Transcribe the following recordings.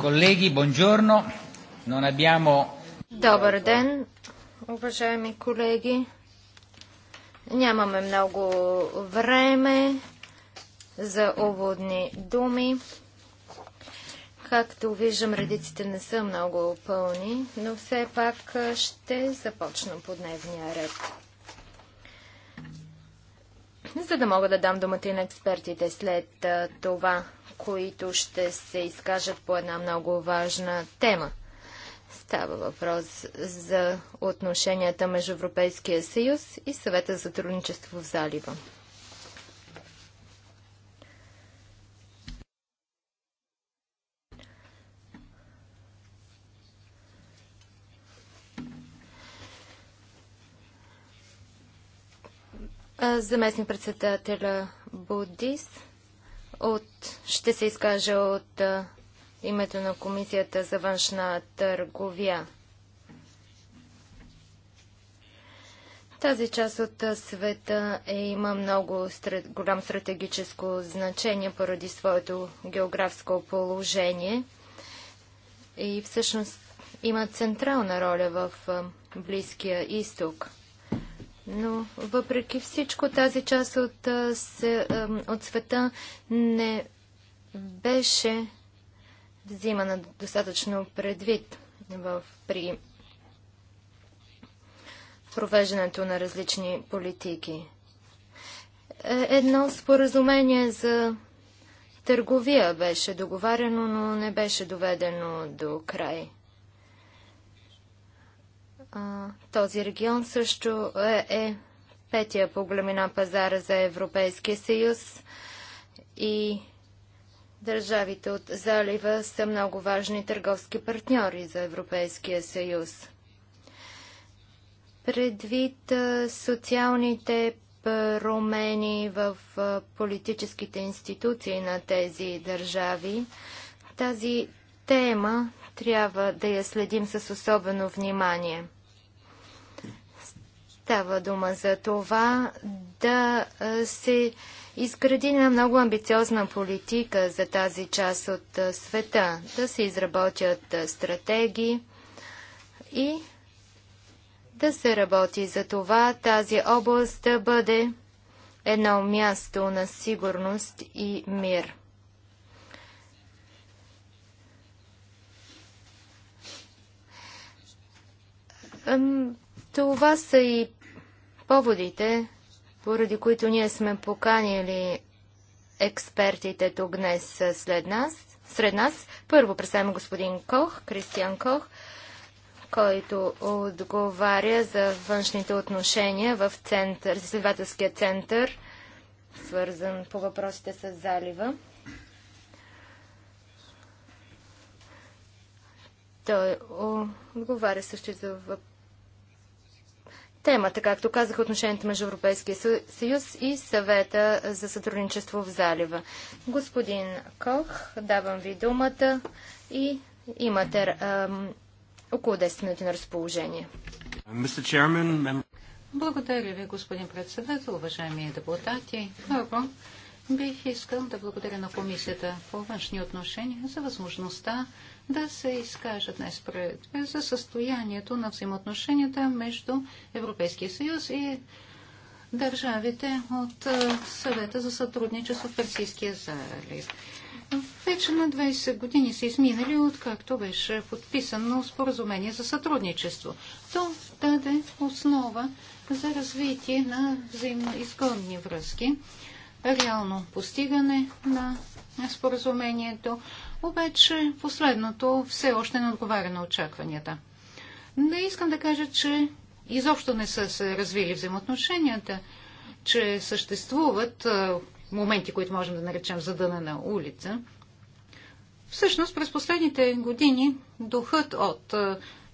Колеги, Non abbiamo... Добър ден, уважаеми колеги. Нямаме много време за уводни думи. Както виждам, редиците не са много пълни, но все пак ще започна по дневния ред. За да мога да дам думата и на експертите след това които ще се изкажат по една много важна тема. Става въпрос за отношенията между Европейския съюз и съвета за сътрудничество в залива. Заместник председателя Будис от, ще се изкажа от а, името на Комисията за външна търговия. Тази част от света е, има много голям стратегическо значение поради своето географско положение и всъщност има централна роля в а, Близкия изток – но въпреки всичко тази част от, от света не беше взимана достатъчно предвид в, при провеждането на различни политики. Е, едно споразумение за търговия беше договарено, но не беше доведено до край а, този регион също е, е петия по големина пазара за Европейския съюз и държавите от залива са много важни търговски партньори за Европейския съюз. Предвид социалните промени в политическите институции на тези държави, тази тема трябва да я следим с особено внимание – Става дума за това да се изгради на много амбициозна политика за тази част от света, да се изработят стратегии и да се работи за това тази област да бъде едно място на сигурност и мир. Това са и поводите, поради които ние сме поканили експертите тук днес след нас, сред нас. Първо представяме господин Кох, Кристиан Кох, който отговаря за външните отношения в център, изследователския център, свързан по въпросите с залива. Той отговаря също за въпросите темата, както казах, отношението между Европейския съюз и съвета за сътрудничество в залива. Господин Кох, давам ви думата и имате ам, около 10 минути на разположение. Благодаря ви, господин председател, уважаеми депутати. Първо, бих искал да благодаря на Комисията по външни отношения за възможността да се изкажа днес пред за състоянието на взаимоотношенията между Европейския съюз и държавите от съвета за сътрудничество в Персийския залив. Вече на 20 години са изминали, откакто беше подписано споразумение за сътрудничество. То даде основа за развитие на взаимоизгодни връзки, реално постигане на споразумението, обаче последното все още не отговаря на очакванията. Не искам да кажа, че изобщо не са се развили взаимоотношенията, че съществуват моменти, които можем да наречем на улица. Всъщност през последните години духът от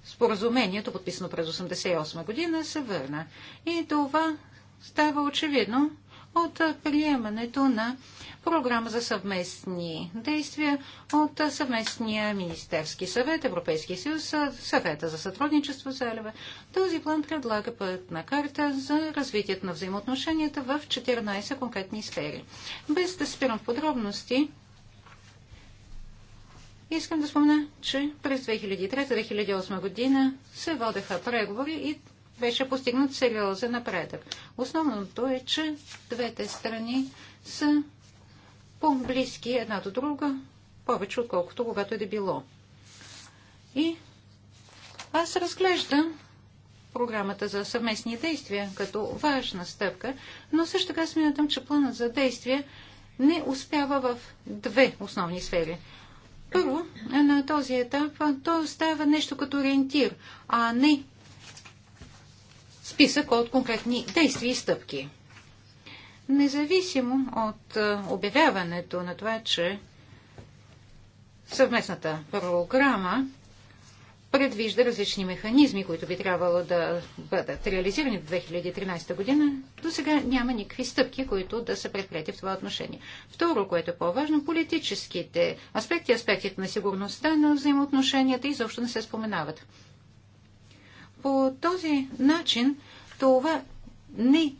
споразумението, подписано през 1988 година, се върна. И това става очевидно от приемането на програма за съвместни действия от съвместния Министерски съвет, Европейския съюз, съвета за сътрудничество за Елеве. Този план предлага пътна карта за развитието на взаимоотношенията в 14 конкретни сфери. Без да спирам в подробности, Искам да спомня, че през 2003-2008 година се водеха преговори и беше постигнат сериозен напредък. Основното е, че двете страни са по-близки една до друга, повече отколкото когато е да било. И аз разглеждам програмата за съвместни действия като важна стъпка, но също така смятам, че планът за действие не успява в две основни сфери. Първо, на този етап то става нещо като ориентир, а не списък от конкретни действия и стъпки. Независимо от е, обявяването на това, че съвместната програма предвижда различни механизми, които би трябвало да бъдат реализирани в 2013 година, до сега няма никакви стъпки, които да са предприяти в това отношение. Второ, което е по-важно, политическите аспекти, аспектите на сигурността на взаимоотношенията изобщо не се споменават. По този начин това не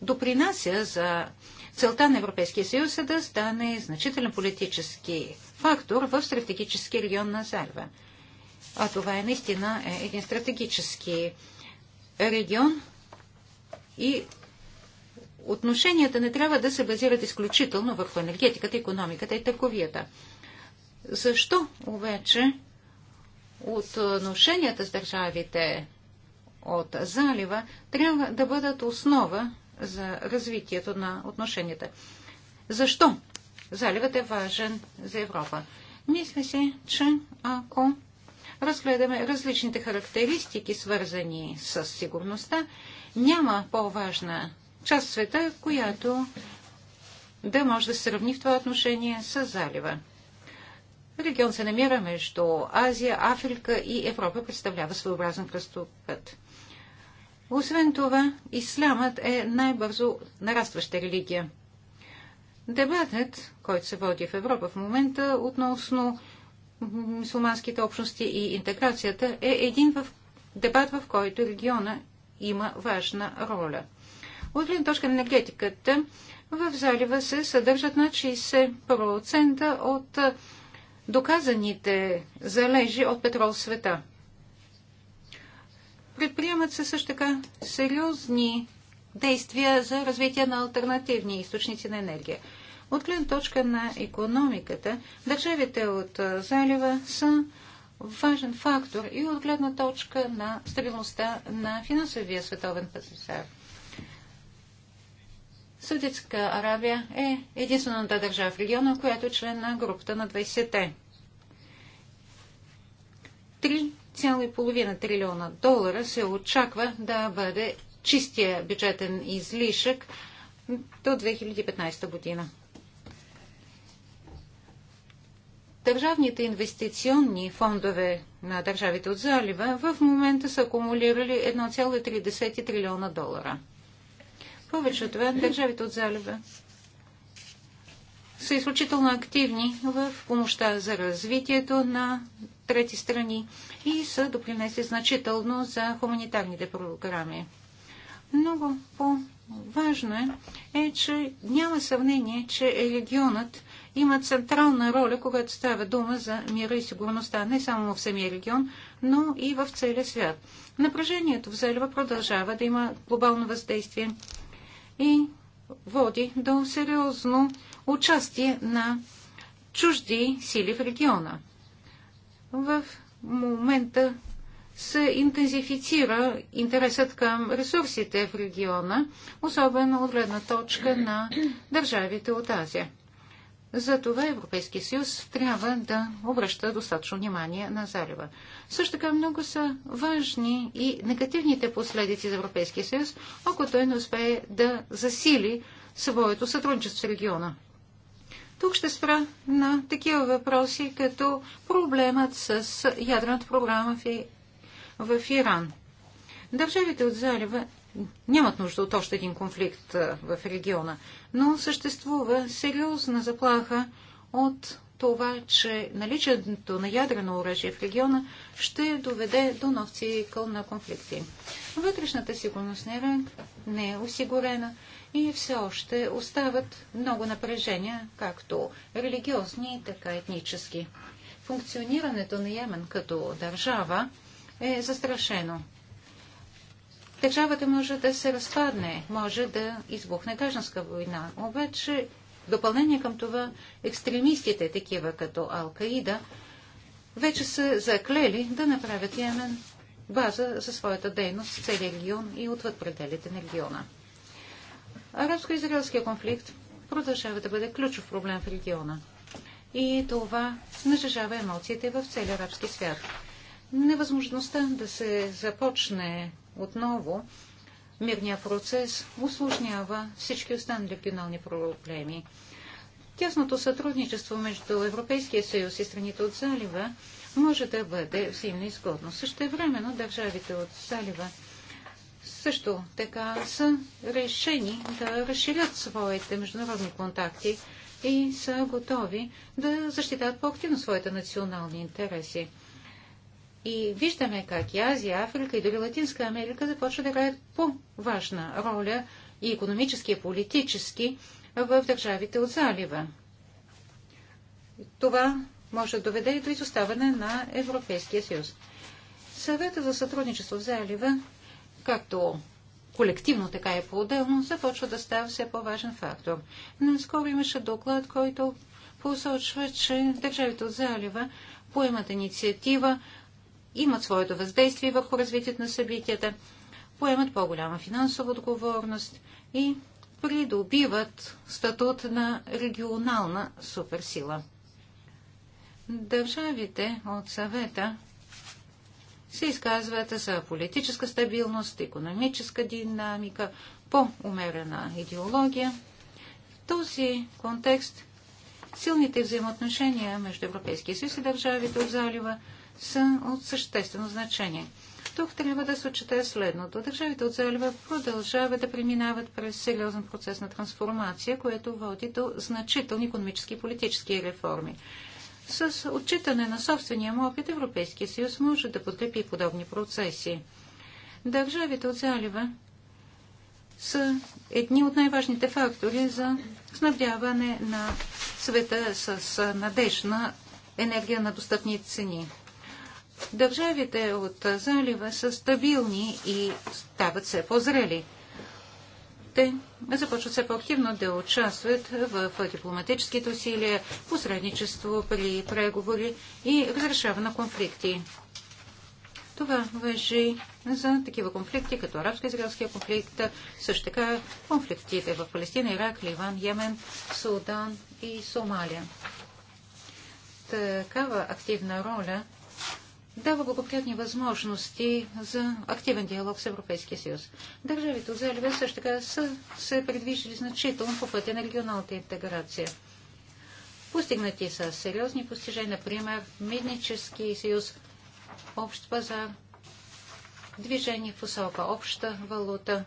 допринася за целта на Европейския съюз е да стане значителен политически фактор в стратегически регион на Зарва. А това е наистина е един стратегически регион и отношенията не трябва да се базират изключително върху енергетиката, економиката и търговията. Защо обаче отношенията с държавите от залива трябва да бъдат основа за развитието на отношенията. Защо заливът е важен за Европа? Мисля се, че ако разгледаме различните характеристики, свързани с сигурността, няма по-важна част света, която да може да се сравни в това отношение с залива. Регион се намира между Азия, Африка и Европа, представлява своеобразен кръстопът. Освен това, ислямът е най-бързо нарастваща религия. Дебатът, който се води в Европа в момента относно мусулманските общности и интеграцията, е един в дебат, в който региона има важна роля. От гледна точка на енергетиката, в залива се съдържат на 60% от доказаните залежи от петрол света. Предприемат се също така сериозни действия за развитие на альтернативни източници на енергия. От гледна точка на економиката, държавите от залива са важен фактор и от гледна точка на стабилността на финансовия световен пазар. Саудитска Арабия е единствената държава в региона, която е член на групата на 20-те. Три 1,5 трилиона долара се очаква да бъде чистия бюджетен излишък до 2015 година. Държавните инвестиционни фондове на държавите от залива в момента са акумулирали 1,3 трилиона долара. Повече от това, държавите от залива са изключително активни в помощта за развитието на трети страни и са допринесли значително за хуманитарните програми. Много по-важно е, е, че няма съмнение, че регионът има централна роля, когато става дума за мира и сигурността, не само в самия регион, но и в целия свят. Напрежението в залива продължава да има глобално въздействие и води до сериозно участие на чужди сили в региона. В момента се интензифицира интересът към ресурсите в региона, особено от гледна точка на държавите от Азия. Затова Европейския съюз трябва да обръща достатъчно внимание на залива. Също така много са важни и негативните последици за Европейския съюз, ако той не успее да засили своето сътрудничество с региона. Тук ще спра на такива въпроси, като проблемът с ядрената програма в, и... в Иран. Държавите от залива нямат нужда от още един конфликт в региона, но съществува сериозна заплаха от това, че наличието на ядрено оръжие в региона ще доведе до нов цикъл на конфликти. Вътрешната сигурност на не е осигурена и все още остават много напрежения, както религиозни, така и етнически. Функционирането на Йемен като държава е застрашено. Държавата може да се разпадне, може да избухне гражданска война. Обаче, в допълнение към това, екстремистите, такива като Ал-Каида, вече са заклели да направят Йемен база за своята дейност в целия регион и отвъд пределите на региона. Арабско-израелския конфликт продължава да бъде ключов проблем в региона. И това нажежава емоциите в целия арабски свят. Невъзможността да се започне отново мирния процес усложнява всички останали регионални проблеми. Тясното сътрудничество между Европейския съюз и страните от залива може да бъде взаимно изгодно. Същевременно държавите от залива също така са решени да разширят своите международни контакти и са готови да защитават по-активно своите национални интереси. И виждаме как и Азия, Африка и дори Латинска Америка започват да играят по-важна роля и економически, и политически в държавите от залива. Това може да доведе и до изоставане на Европейския съюз. Съвета за сътрудничество в залива както колективно, така и по-отделно, започва да става все по-важен фактор. Наскоро имаше доклад, който посочва, че държавите от залива поемат инициатива, имат своето въздействие върху развитието на събитията, поемат по-голяма финансова отговорност и придобиват статут на регионална суперсила. Държавите от съвета се изказват за политическа стабилност, економическа динамика, по-умерена идеология. В този контекст силните взаимоотношения между Европейския съюз и държавите от залива са от съществено значение. Тук трябва да се отчете следното. Държавите от залива продължават да преминават през сериозен процес на трансформация, което води до значителни економически и политически реформи. С отчитане на собствения му опит Европейския съюз може да подкрепи подобни процеси. Държавите от залива са едни от най-важните фактори за снабдяване на света с надежна енергия на достъпни цени. Държавите от залива са стабилни и стават все по-зрели те започват все по-активно да участват в дипломатическите усилия, посредничество при преговори и разрешаване на конфликти. Това въжи за такива конфликти, като арабско-израелския конфликт, също така конфликтите в Палестина, Ирак, Ливан, Йемен, Судан и Сомалия. Такава активна роля дава благоприятни възможности за активен диалог с Европейския съюз. Държавите от залива също така са се предвижили значително по пътя на регионалната интеграция. Постигнати са сериозни постижения, например, Миднически съюз, общ пазар, движение в посока обща валута,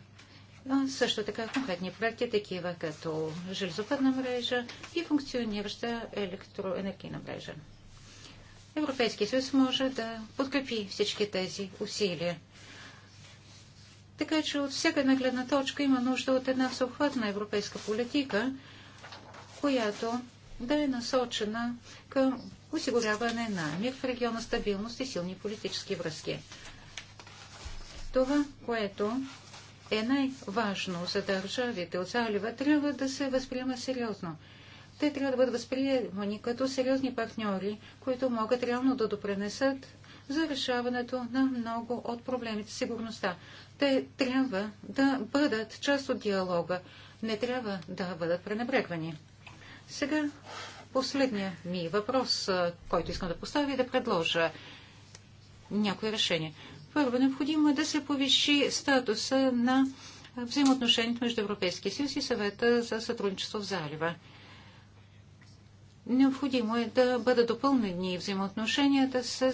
също така конкретни проекти, такива като железопътна мрежа и функционираща електроенергийна мрежа. Европейския съюз може да подкрепи всички тези усилия. Така че от всяка една гледна точка има нужда от една съобхватна европейска политика, която да е насочена към осигуряване на мир в региона, стабилност и силни политически връзки. Това, което е най-важно за държавите от залива, трябва да се възприема сериозно – те трябва да бъдат възприемани като сериозни партньори, които могат реално да допренесат за решаването на много от проблемите с сигурността. Те трябва да бъдат част от диалога, не трябва да бъдат пренебрегвани. Сега последния ми въпрос, който искам да поставя и да предложа някои решения. Първо, необходимо е да се повиши статуса на взаимоотношението между Европейския съюз и съвета за сътрудничество в залива. Необходимо е да бъдат допълнени взаимоотношенията с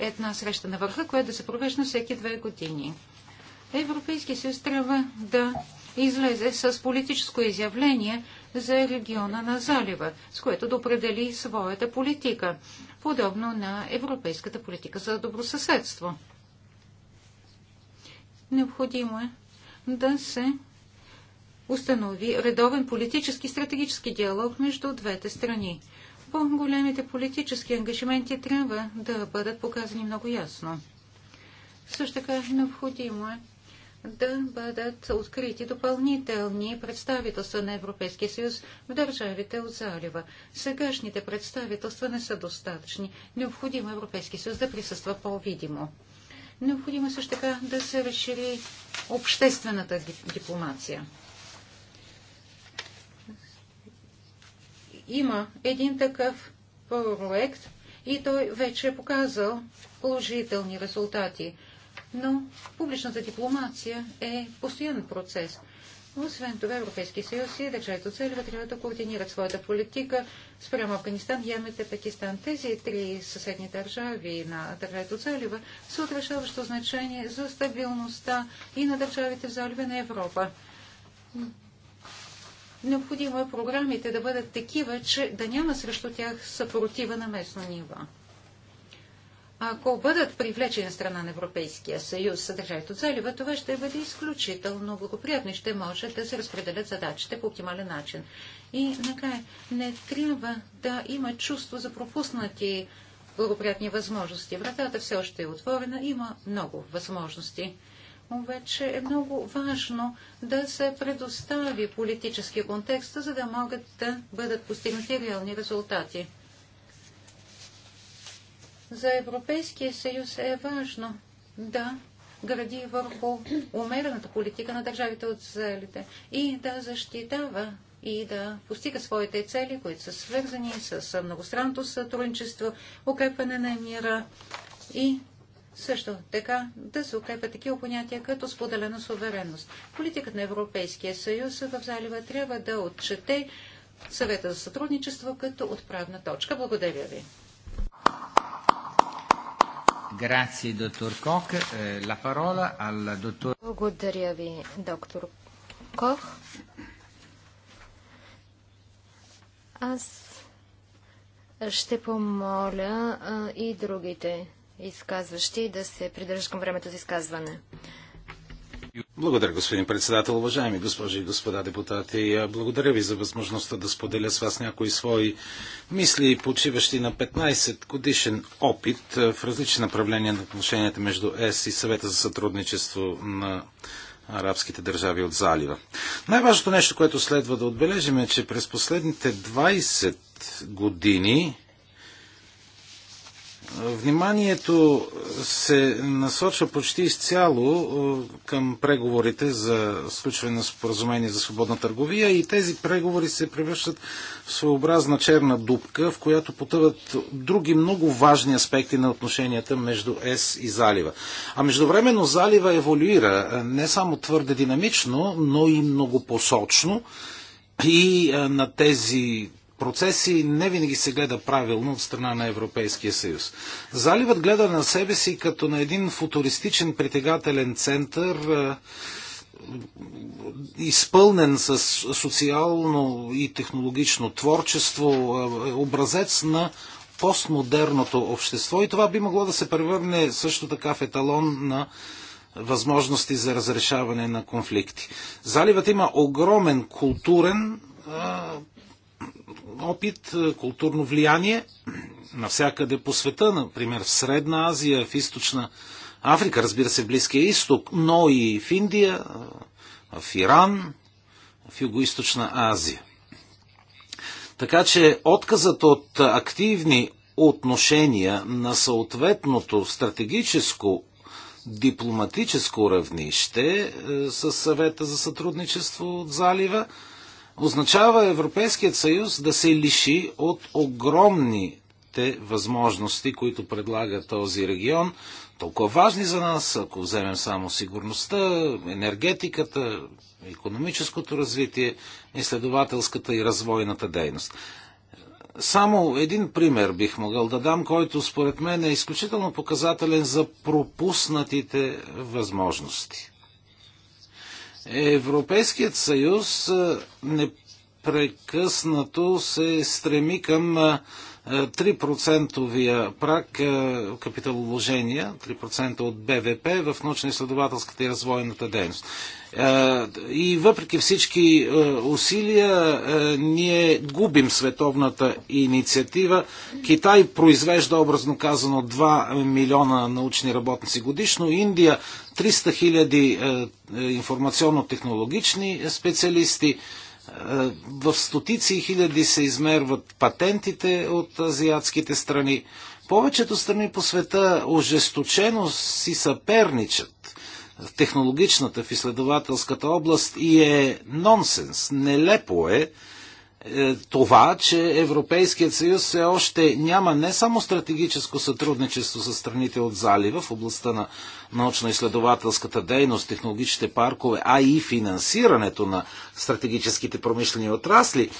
една среща на върха, която да се провежда всеки две години. Европейски съюз трябва да излезе с политическо изявление за региона на залива, с което да определи своята политика, подобно на европейската политика за добросъседство. Необходимо е да се установи редовен политически и стратегически диалог между двете страни. По-големите политически ангажименти трябва да бъдат показани много ясно. Също така необходимо е да бъдат открити допълнителни представителства на Европейския съюз в държавите от залива. Сегашните представителства не са достатъчни. Необходимо е Европейския съюз да присъства по-видимо. Необходимо е също така да се разшири обществената дипломация. има един такъв проект и той вече е показал положителни резултати. Но публичната дипломация е постоянен процес. Освен това, Европейски съюз и държавите от Сърбия трябва да координират своята политика спрямо Афганистан, Ямете, Пакистан. Тези три съседни държави на държавите от са от решаващо значение за стабилността и на държавите в Залива на Европа. Необходимо е програмите да бъдат такива, че да няма срещу тях съпротива на местно ниво. Ако бъдат привлечени страна на Европейския съюз, съдържанието залива, това ще бъде изключително благоприятно и ще може да се разпределят задачите по оптимален начин. И накрая, не трябва да има чувство за пропуснати благоприятни възможности. Вратата все още е отворена, има много възможности обаче е много важно да се предостави политически контекст, за да могат да бъдат постигнати реални резултати. За Европейския съюз е важно да гради върху умерената политика на държавите от целите и да защитава и да постига своите цели, които са свързани с многостранното сътрудничество, укрепване на мира и също така да се укрепят такива понятия като споделена суверенност. Политиката на Европейския съюз в залива трябва да отчете съвета за сътрудничество като отправна точка. Благодаря ви. Е, Благодаря ви, доктор Кох. Аз ще помоля а, и другите изказващи да се придържат към времето за изказване. Благодаря, господин председател. Уважаеми госпожи и господа депутати, благодаря ви за възможността да споделя с вас някои свои мисли, почиващи на 15 годишен опит в различни направления на отношенията между ЕС и съвета за сътрудничество на арабските държави от залива. Най-важното нещо, което следва да отбележим е, че през последните 20 години Вниманието се насочва почти изцяло е, към преговорите за случване на споразумение за свободна търговия и тези преговори се превръщат в своеобразна черна дупка, в която потъват други много важни аспекти на отношенията между ЕС и залива. А междувременно залива еволюира е, не само твърде динамично, но и многопосочно и е, на тези процеси не винаги се гледа правилно от страна на Европейския съюз. Заливът гледа на себе си като на един футуристичен притегателен център, е, изпълнен с социално и технологично творчество, е, е образец на постмодерното общество и това би могло да се превърне също така в еталон на възможности за разрешаване на конфликти. Заливът има огромен културен опит, е, културно влияние навсякъде по света, например в Средна Азия, в Източна Африка, разбира се, в Близкия изток, но и в Индия, е, в Иран, в юго источна Азия. Така че отказът от активни отношения на съответното стратегическо дипломатическо равнище е, с съвета за сътрудничество от залива означава Европейският съюз да се лиши от огромните възможности, които предлага този регион, толкова важни за нас, ако вземем само сигурността, енергетиката, економическото развитие, изследователската и развойната дейност. Само един пример бих могъл да дам, който според мен е изключително показателен за пропуснатите възможности. Европейският съюз непрекъснато се стреми към 3 прак капиталовложения, 3% от БВП в научно-изследователската и развойната дейност. И въпреки всички усилия, ние губим световната инициатива. Китай произвежда, образно казано, 2 милиона научни работници годишно, Индия 300 хиляди информационно-технологични специалисти. В стотици хиляди се измерват патентите от азиатските страни. Повечето страни по света ожесточено си съперничат в технологичната, в изследователската област и е нонсенс. Нелепо е, е, това, че Европейският съюз все още няма не само стратегическо сътрудничество с страните от залива в областта на научно-изследователската дейност, технологичните паркове, а и финансирането на стратегическите промишлени отрасли,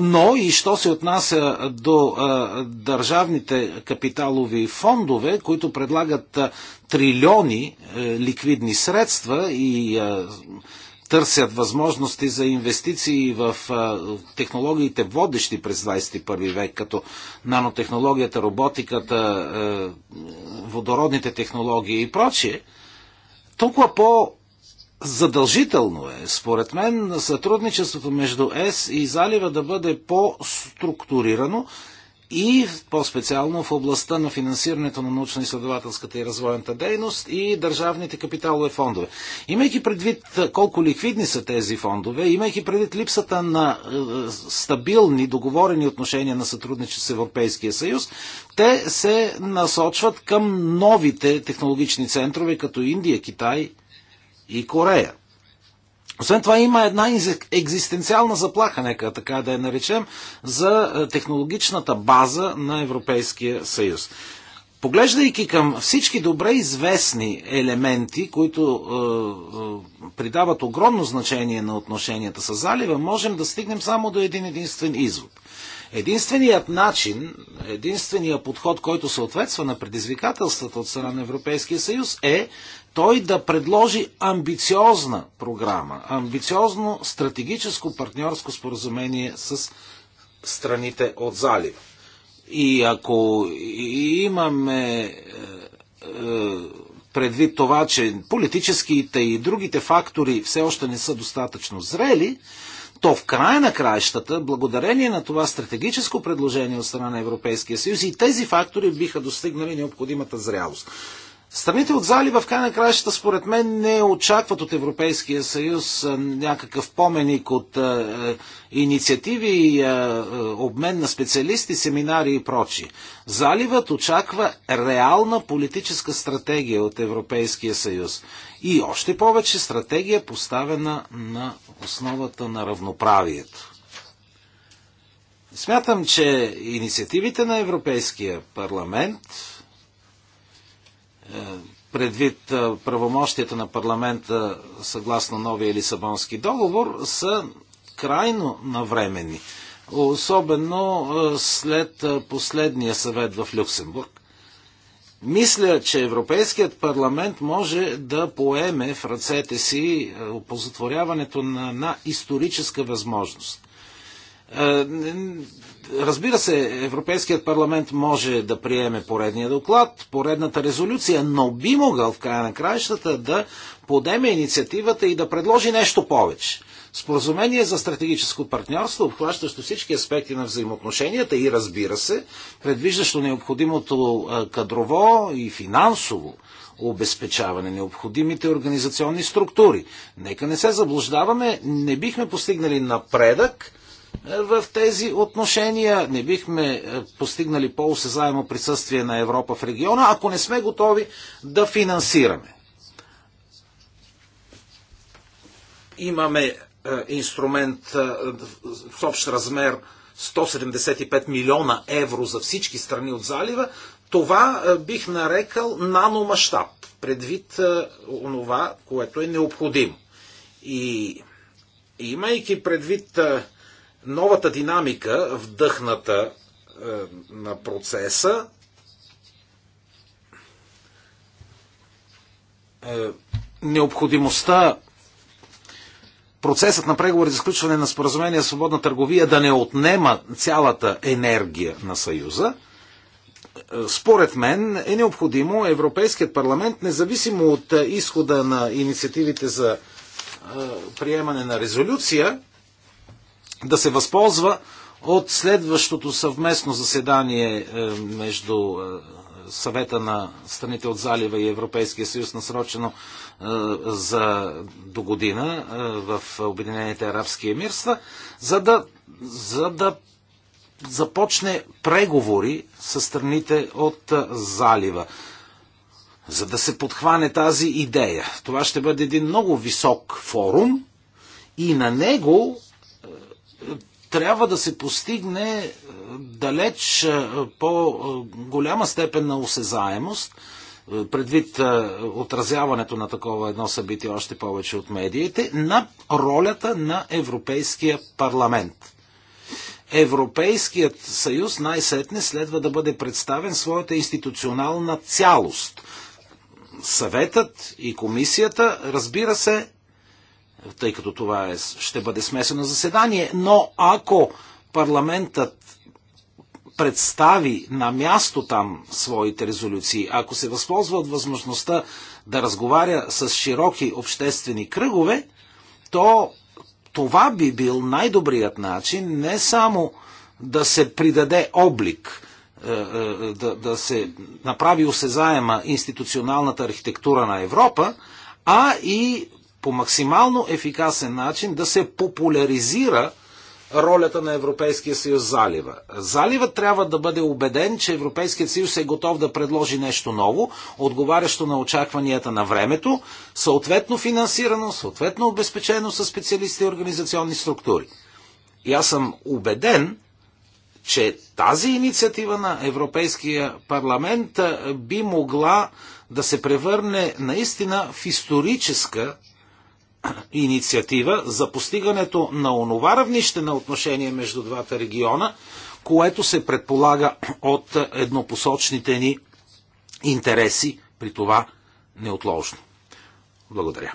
но и що се отнася до а, държавните капиталови фондове, които предлагат а, трилиони а, е, ликвидни средства и а, търсят възможности за инвестиции в а, технологиите водещи през 21 век, като нанотехнологията, роботиката, а, е, водородните технологии и прочие, толкова по- Задължително е, според мен, сътрудничеството между ЕС и залива да бъде по-структурирано и по-специално в областта на финансирането на научно-изследователската и развойната дейност и държавните капиталови фондове. Имайки предвид колко ликвидни са тези фондове, имайки предвид липсата на е, стабилни договорени отношения на сътрудничество с Европейския съюз, те се насочват към новите технологични центрове, като Индия, Китай и Корея. Освен това има една екзистенциална заплаха, нека така да я наречем, за е, технологичната база на Европейския съюз. Поглеждайки към всички добре известни елементи, които е, е, придават огромно значение на отношенията с залива, можем да стигнем само до един единствен извод. Единственият начин, единственият подход, който съответства на предизвикателствата от страна на Европейския съюз е той да предложи амбициозна програма, амбициозно стратегическо партньорско споразумение с страните от залива. И ако имаме е, е, предвид това, че политическите и другите фактори все още не са достатъчно зрели, то в края на краищата, благодарение на това стратегическо предложение от страна на Европейския съюз и тези фактори биха достигнали необходимата зрялост. Страните от залива в край краищата, според мен, не очакват от Европейския съюз някакъв поменик от е, инициативи, е, обмен на специалисти, семинари и прочи. Заливът очаква реална политическа стратегия от Европейския съюз. И още повече стратегия поставена на основата на равноправието. Смятам, че инициативите на Европейския парламент е, предвид е, правомощията на парламента съгласно новия Лисабонски договор, са крайно навремени. Особено е, след последния съвет в Люксембург. Мисля, че Европейският парламент може да поеме в ръцете си опозотворяването на на историческа възможност. Разбира се, Европейският парламент може да приеме поредния доклад, поредната резолюция, но би могъл в края на краищата да подеме инициативата и да предложи нещо повече. Споразумение за стратегическо партньорство, обхващащо всички аспекти на взаимоотношенията и, разбира се, предвиждащо необходимото кадрово и финансово обезпечаване, необходимите организационни структури. Нека не се заблуждаваме, не бихме постигнали напредък, в тези отношения. Не бихме е, постигнали по-осезаемо присъствие на Европа в региона, ако не сме готови да финансираме. Имаме е, инструмент с е, общ размер 175 милиона евро за всички страни от залива, това бих нарекал наномащаб, предвид онова, което е необходимо. И имайки предвид Новата динамика, вдъхната е, на процеса, е, необходимостта процесът на преговори за сключване на споразумение за свободна търговия да не отнема цялата енергия на Съюза, е, според мен е необходимо Европейският парламент, независимо от е, изхода на инициативите за е, приемане на резолюция, да се възползва от следващото съвместно заседание е, между е, съвета на страните от залива и Европейския съюз, насрочено е, за до година в Обединените арабски емирства, за да, за да започне преговори с страните от залива. За да се подхване тази идея. Това ще бъде един много висок форум и на него трябва да се постигне е, далеч е, по-голяма степен на осезаемост, е, предвид отразяването на такова едно събитие още повече от медиите, на ролята на Европейския парламент. Европейският съюз най-сетне следва да бъде представен своята институционална цялост. Съветът и комисията, разбира се, тъй като това е, ще бъде смесено заседание, но ако парламентът представи на място там своите резолюции, ако се възползва от възможността да разговаря с широки обществени кръгове, то това би бил най-добрият начин не само да се придаде облик, е, е, е, да, да се направи осезаема институционалната архитектура на Европа, а и по максимално ефикасен начин да се популяризира ролята на Европейския съюз залива. Залива трябва да бъде убеден, че Европейският съюз е готов да предложи нещо ново, отговарящо на очакванията на времето, съответно финансирано, съответно обезпечено с специалисти и организационни структури. И аз съм убеден, че тази инициатива на Европейския парламент би могла да се превърне наистина в историческа инициатива за постигането на онова равнище на отношение между двата региона, което се предполага от еднопосочните ни интереси, при това неотложно. Благодаря.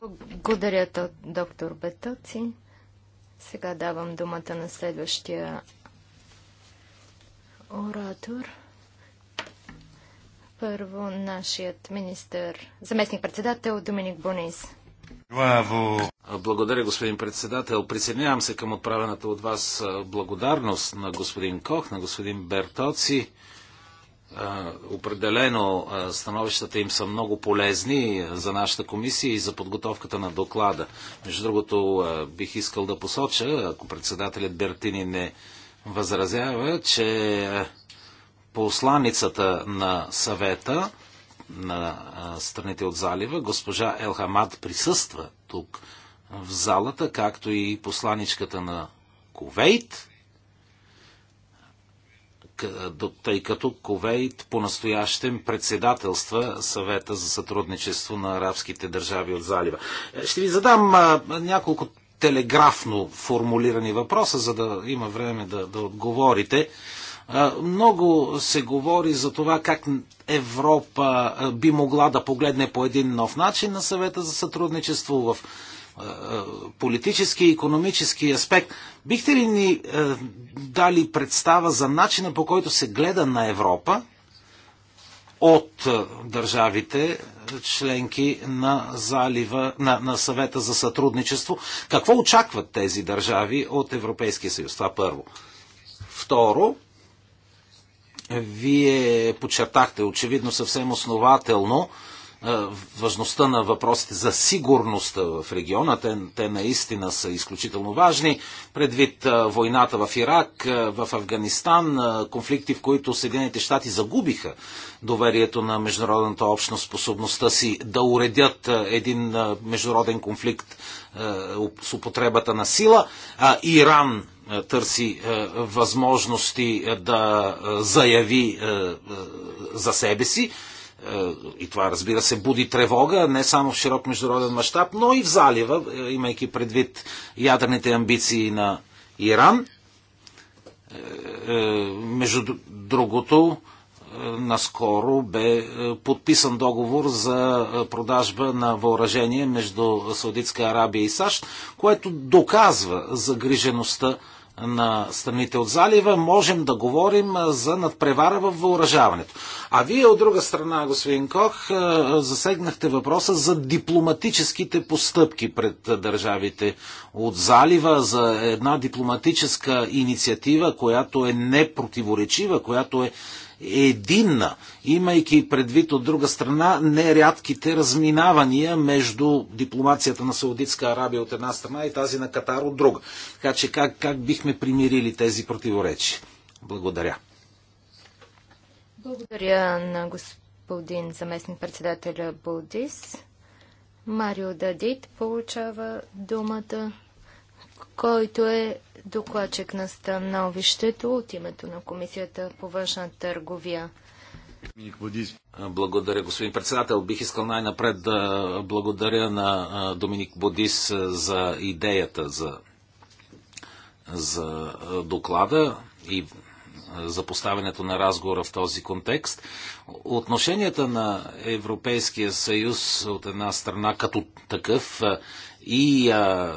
Благодаря, доктор Бетоци. Сега давам думата на следващия оратор. Първо нашият министър, заместник-председател Доминик Бонис. Браво! Благодаря, господин председател. Присъединявам се към отправената от вас благодарност на господин Кох, на господин Бертоци. Определено становищата им са много полезни за нашата комисия и за подготовката на доклада. Между другото, бих искал да посоча, ако председателят Бертини не възразява, че е, посланицата на съвета на е, страните от залива, госпожа Елхамад присъства тук в залата, както и посланичката на Кувейт, тъй като Кувейт по-настоящем председателства съвета за сътрудничество на арабските държави от залива. Е, ще ви задам няколко телеграфно формулирани въпроса, за да има време да, да отговорите. Много се говори за това как Европа би могла да погледне по един нов начин на съвета за сътрудничество в политически и економически аспект. Бихте ли ни дали представа за начина по който се гледа на Европа от е, държавите е, членки на залива, на, на съвета за сътрудничество. Какво очакват тези държави от Европейския съюз? Това първо. Второ, вие подчертахте очевидно съвсем основателно, важността на въпросите за сигурността в региона. Те, те наистина са изключително важни, предвид войната в Ирак, в Афганистан, конфликти, в които Съединените щати загубиха доверието на международната общност, способността си да уредят един международен конфликт с употребата на сила. Иран търси възможности да заяви за себе си е, и това, разбира се, буди тревога не само в широк международен мащаб, но и в залива, е, имайки предвид ядрените амбиции на Иран. Е, между другото, наскоро бе подписан договор за продажба на въоръжение между Саудитска Арабия и САЩ, което доказва загрижеността на страните от залива, можем да говорим за надпревара в въоръжаването. А вие от друга страна, господин Кох, засегнахте въпроса за дипломатическите постъпки пред държавите от залива, за една дипломатическа инициатива, която е непротиворечива, която е единна, имайки предвид от друга страна нерядките разминавания между дипломацията на Саудитска Арабия от една страна и тази на Катар от друга. Така че как, как бихме примирили тези противоречия? Благодаря. Благодаря на господин заместник председателя Булдис. Марио Дадит получава думата който е докладчик на становището от името на Комисията по външна търговия. Благодаря, господин председател. Бих искал най-напред да благодаря на Доминик Бодис за идеята за, за доклада и за поставянето на разговора в този контекст. Отношенията на Европейския съюз от една страна като такъв и а,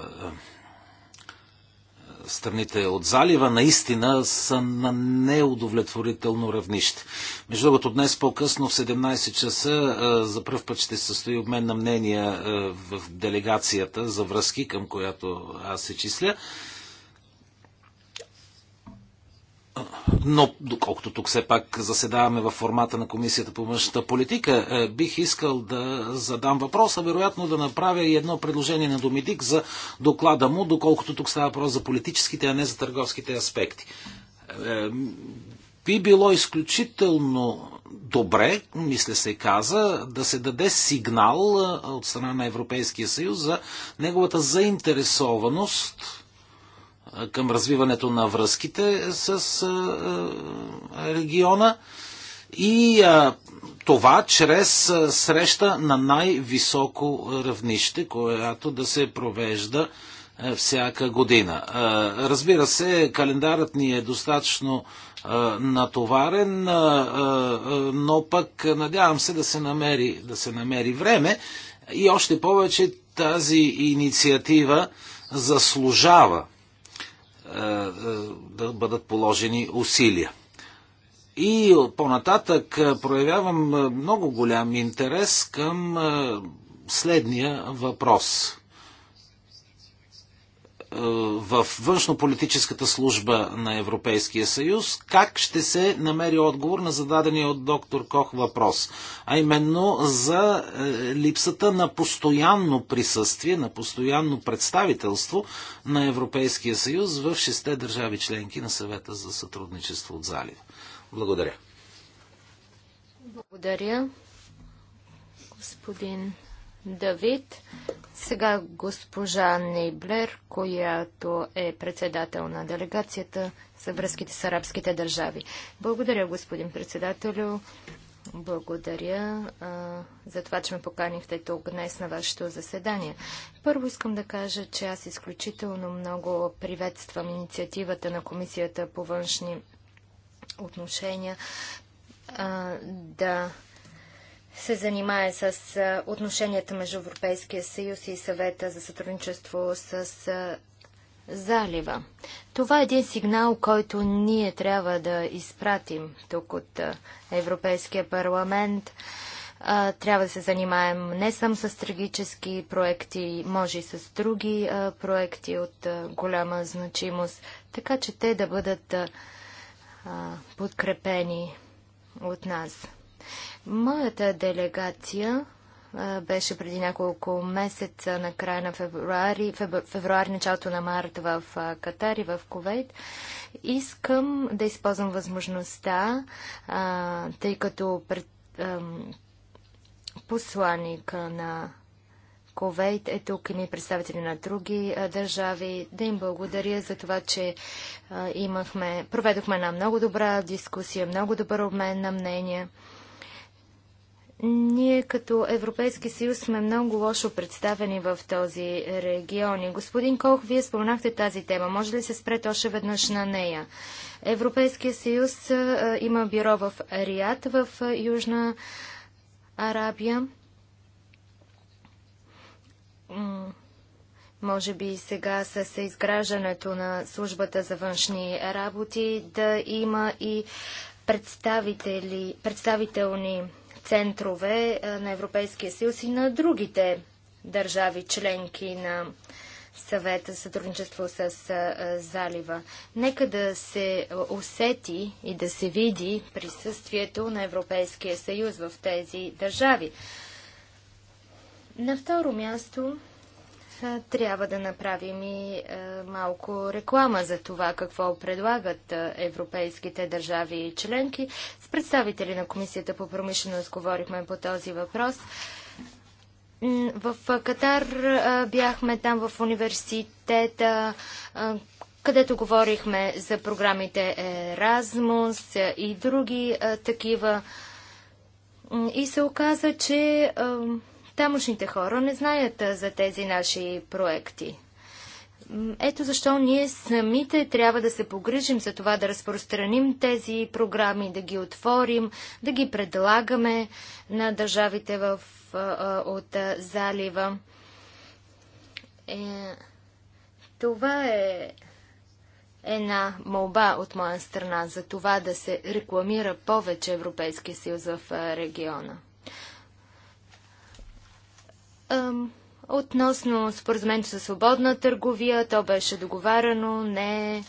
страните от залива наистина са на неудовлетворително равнище. Между другото, днес по-късно в 17 часа за първ път ще се състои обмен на мнения в делегацията за връзки, към която аз се числя. но доколкото тук все пак заседаваме в формата на Комисията по външната политика, е, бих искал да задам въпроса, вероятно да направя и едно предложение на Домидик за доклада му, доколкото тук става въпрос за политическите, а не за търговските аспекти. Е, би било изключително добре, мисля се каза, да се даде сигнал е, от страна на Европейския съюз за неговата заинтересованост към развиването на връзките с региона и а, това чрез а, среща на най-високо равнище, която да се провежда а, всяка година. А, разбира се, календарът ни е достатъчно а, натоварен, а, а, но пък надявам се да се намери, да се намери време и още повече тази инициатива заслужава е, е, да бъдат положени усилия. И по-нататък е, проявявам много голям интерес към следния въпрос. Е, в външнополитическата служба на Европейския съюз, как ще се намери отговор на зададения от доктор Кох въпрос, а именно за е, липсата на постоянно присъствие, на постоянно представителство на Европейския съюз в шесте държави членки на съвета за сътрудничество от залив. Благодаря. Благодаря, господин Давид. Сега госпожа Нейблер, която е председател на делегацията за връзките с арабските държави. Благодаря, господин председателю. Благодаря а, за това, че ме поканихте тук днес на вашето заседание. Първо искам да кажа, че аз изключително много приветствам инициативата на Комисията по външни отношения а, да се занимае с отношенията между Европейския съюз и съвета за сътрудничество с залива. Това е един сигнал, който ние трябва да изпратим тук от Европейския парламент. Трябва да се занимаем не само с трагически проекти, може и с други проекти от голяма значимост, така че те да бъдат подкрепени от нас. Моята делегация беше преди няколко месеца на края на февруари, февруари началото на март в Катар и в Ковейт. Искам да използвам възможността, тъй като пред, посланник на Ковейт е тук и ни представители на други държави. Да им благодаря за това, че имахме, проведохме една много добра дискусия, много добър обмен на мнения. Ние като Европейски съюз сме много лошо представени в този регион. И господин Колх, вие споменахте тази тема. Може ли се спрете още веднъж на нея? Европейския съюз има бюро в Риад в Южна Арабия. може би сега с изграждането на службата за външни работи да има и представители, представителни центрове на Европейския съюз и на другите държави членки на съвета сътрудничество с залива. Нека да се усети и да се види присъствието на Европейския съюз в тези държави. На второ място е, трябва да направим и е, малко реклама за това какво предлагат е, европейските държави и членки. С представители на Комисията по промишленост говорихме по този въпрос. В Катар бяхме там в университета, където говорихме за програмите Еразмус и други такива. И се оказа, че Тамошните хора не знаят за тези наши проекти. Ето защо ние самите трябва да се погрижим за това да разпространим тези програми, да ги отворим, да ги предлагаме на държавите в, от залива. Е, това е една молба от моя страна за това да се рекламира повече Европейския съюз в региона. Относно споразумението за свободна търговия, то беше договарано, не е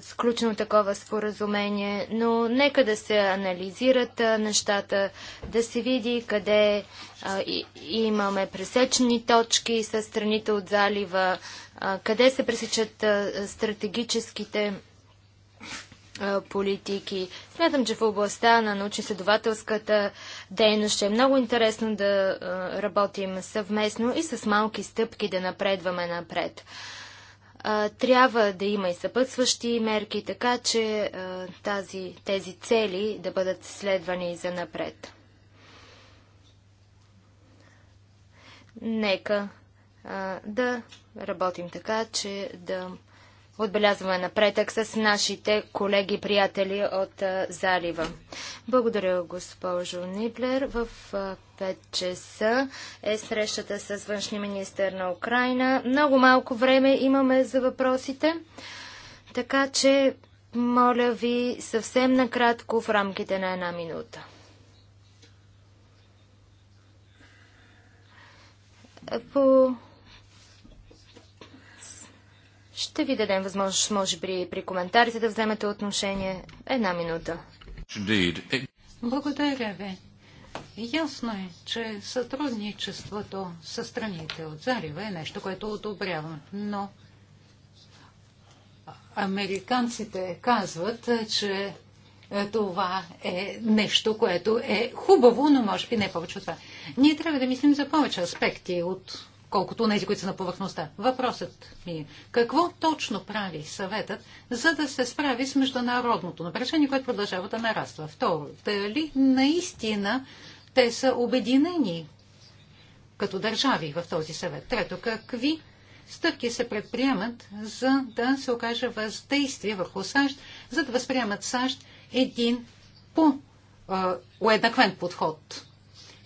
сключено такова споразумение, но нека да се анализират нещата, да се види къде а, и, имаме пресечни точки с страните от залива, а, къде се пресечат а, стратегическите политики. Смятам, че в областта на научно следователската дейност ще е много интересно да работим съвместно и с малки стъпки да напредваме напред. Трябва да има и съпътстващи мерки, така че тази, тези цели да бъдат следвани за напред. Нека да работим така, че да Отбелязваме напредък с нашите колеги и приятели от залива. Благодаря, госпожо Ниблер. В 5 часа е срещата с външния министр на Украина. Много малко време имаме за въпросите, така че моля ви съвсем накратко в рамките на една минута. По ще ви дадем възможност, може би, при коментарите да вземете отношение. Една минута. Благодаря ви. Ясно е, че сътрудничеството с страните от Зарева е нещо, което одобрявам, но американците казват, че това е нещо, което е хубаво, но може би не повече от това. Ние трябва да мислим за повече аспекти от колкото тези, които са на повърхността. Въпросът ми е, какво точно прави съветът, за да се справи с международното напрежение, което продължава да нараства? Второ, дали наистина те са обединени като държави в този съвет? Трето, какви стъпки се предприемат, за да се окаже въздействие върху САЩ, за да възприемат САЩ един по-уеднаквен подход?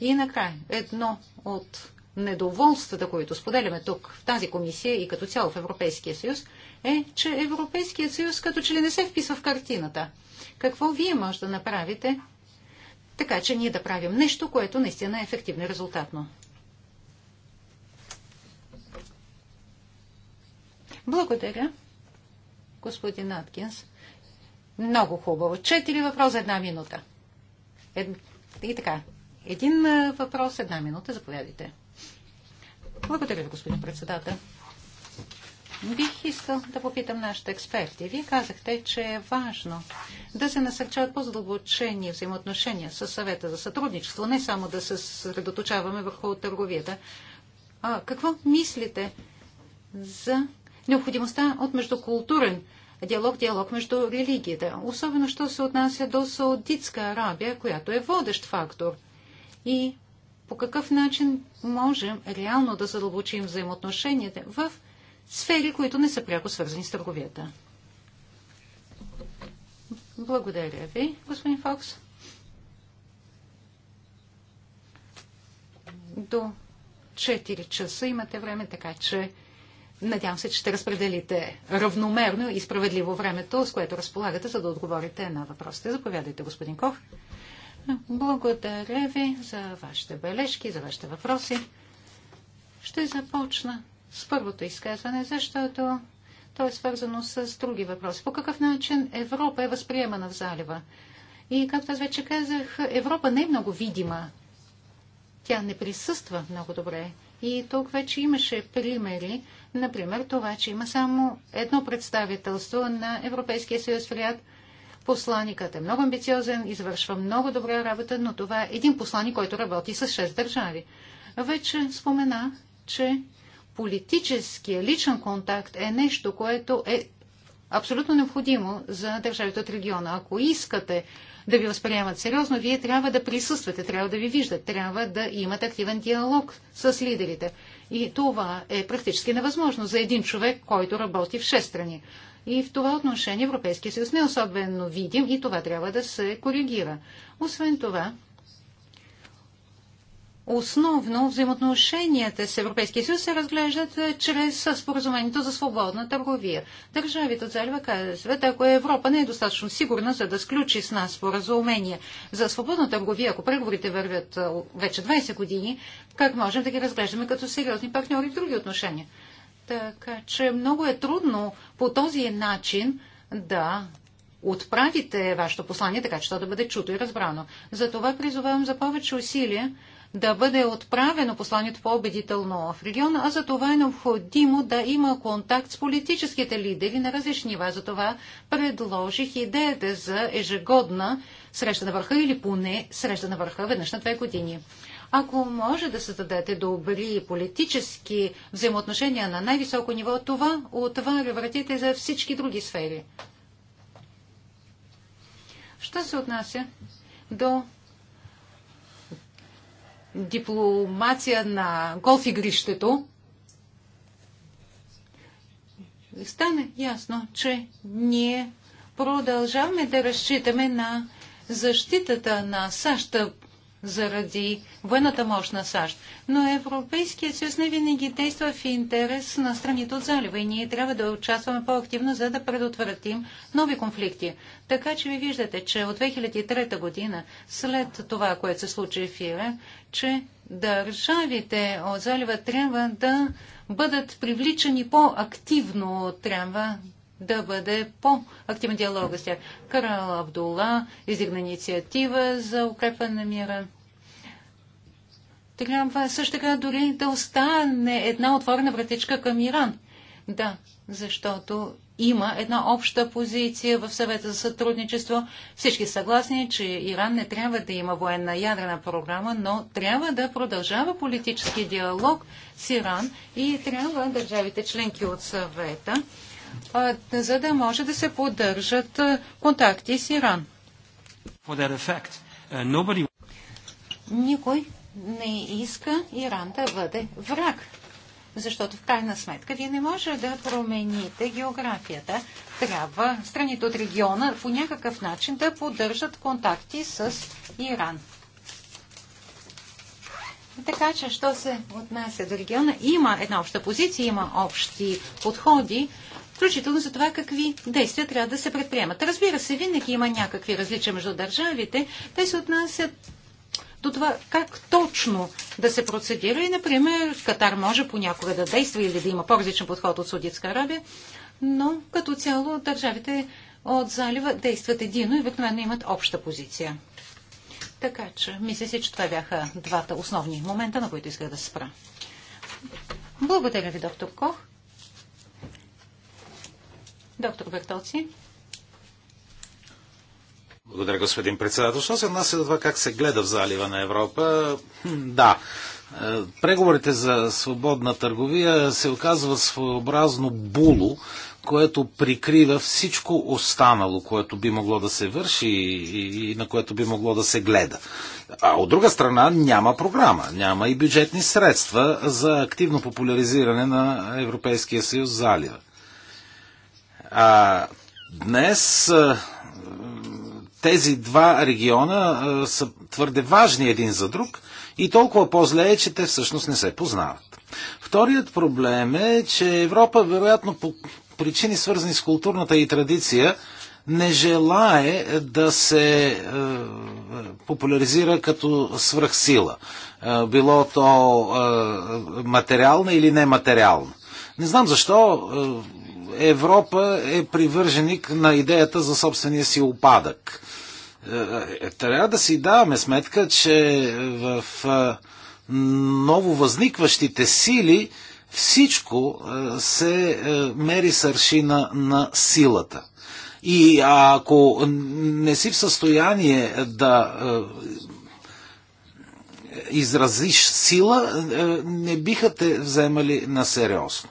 И накрая, едно от недоволствата, които споделяме тук в тази комисия и като цяло в Европейския съюз, е, че Европейският съюз като че ли не се вписва в картината. Какво вие може да направите, така че ние да правим нещо, което наистина е ефективно и резултатно? Благодаря, господин Аткинс. Много хубаво. Четири въпроса, една минута. Ед... И така. Един въпрос, една минута. Заповядайте. Благодаря ви, господин председател. Бих искал да попитам нашите експерти. Вие казахте, че е важно да се насърчават по-задълбочени взаимоотношения с съвета за сътрудничество, не само да се съсредоточаваме върху търговията. А, какво мислите за необходимостта от междукултурен диалог, диалог между религиите, особено що се отнася до Саудитска Арабия, която е водещ фактор и по какъв начин можем реално да задълбочим взаимоотношенията в сфери, които не са пряко свързани с търговията. Благодаря ви, господин Фокс. До 4 часа имате време, така че надявам се, че ще разпределите равномерно и справедливо времето, с което разполагате, за да отговорите на въпросите. Заповядайте, господин Ков. Благодаря ви за вашите бележки, за вашите въпроси. Ще започна с първото изказване, защото то е свързано с други въпроси. По какъв начин Европа е възприемана в залива? И, както аз вече казах, Европа не е много видима. Тя не присъства много добре. И тук вече имаше примери, например това, че има само едно представителство на Европейския съюз в ряд – Посланикът е много амбициозен, извършва много добра работа, но това е един посланик, който работи с 6 държави. Вече спомена, че политическия личен контакт е нещо, което е абсолютно необходимо за държавите от региона. Ако искате да ви възприемат сериозно, вие трябва да присъствате, трябва да ви виждат, трябва да имате активен диалог с лидерите. И това е практически невъзможно за един човек, който работи в 6 страни. И в това отношение Европейския съюз не е особено видим и това трябва да се коригира. Освен това, Основно взаимоотношенията с Европейския съюз се разглеждат е, чрез споразумението за свободна търговия. Държавите от залива казват, ако Европа не е достатъчно сигурна, за да сключи с нас споразумение за свободна търговия, ако преговорите вървят е, вече 20 години, как можем да ги разглеждаме като сериозни партньори в други отношения? Така че много е трудно по този начин да отправите вашето послание, така че то да бъде чуто и разбрано. Затова призовавам за повече усилия да бъде отправено посланието по-убедително в региона, а за това е необходимо да има контакт с политическите лидери на различни нива. За това предложих идеята за ежегодна среща на върха или поне среща на върха веднъж на две години. Ако може да създадете добри политически взаимоотношения на най-високо ниво, това отваря вратите за всички други сфери. Що се отнася до дипломация на голф игрището, стане ясно, че ние продължаваме да разчитаме на защитата на САЩ заради военната мощ на САЩ. Но Европейският съюз не винаги действа в интерес на страните от залива и ние трябва да участваме по-активно, за да предотвратим нови конфликти. Така че ви виждате, че от 2003 година, след това, което се случи в Ира, че държавите от залива трябва да бъдат привличани по-активно, трябва да бъде по-активен диалог с тях. Карал Абдула издигна инициатива за укрепване на мира. Трябва също така дори да остане една отворена вратичка към Иран. Да, защото има една обща позиция в съвета за сътрудничество. Всички съгласни, че Иран не трябва да има военна ядрена програма, но трябва да продължава политически диалог с Иран и трябва държавите членки от съвета за да може да се поддържат контакти с Иран. Uh, Никой не иска Иран да бъде враг защото в крайна сметка вие не може да промените географията. Трябва страните от региона по някакъв начин да поддържат контакти с Иран. Така че, що се отнася до региона, има една обща позиция, има общи подходи, включително за това какви действия трябва да се предприемат. Разбира се, винаги има някакви различия между държавите. Те се отнасят до това как точно да се процедира. И, например, Катар може понякога да действа или да има по-различен подход от Судитска Арабия, но като цяло държавите от залива действат едино и обикновено имат обща позиция. Така че, мисля си, че това бяха двата основни момента, на които исках да спра. Благодаря ви, доктор Кох. Доктор Бертоци. Благодаря, господин председател. Що се отнася до това как се гледа в залива на Европа? Да. Е, преговорите за свободна търговия се оказва своеобразно було, което прикрива всичко останало, което би могло да се върши и, на което би могло да се гледа. А от друга страна няма програма, няма и бюджетни средства за активно популяризиране на Европейския съюз залива. А, днес тези два региона са твърде важни един за друг и толкова по-зле е, че те всъщност не се познават. Вторият проблем е, че Европа, вероятно по причини свързани с културната и традиция, не желае да се е, популяризира като свръхсила. Е, било то е, материална или нематериална. Не знам защо Европа е привърженик на идеята за собствения си опадък. Е, е, трябва да си даваме сметка, че в е, нововъзникващите сили всичко се мери с аршина на силата. И ако не си в състояние да изразиш сила, не биха те вземали на сериозно.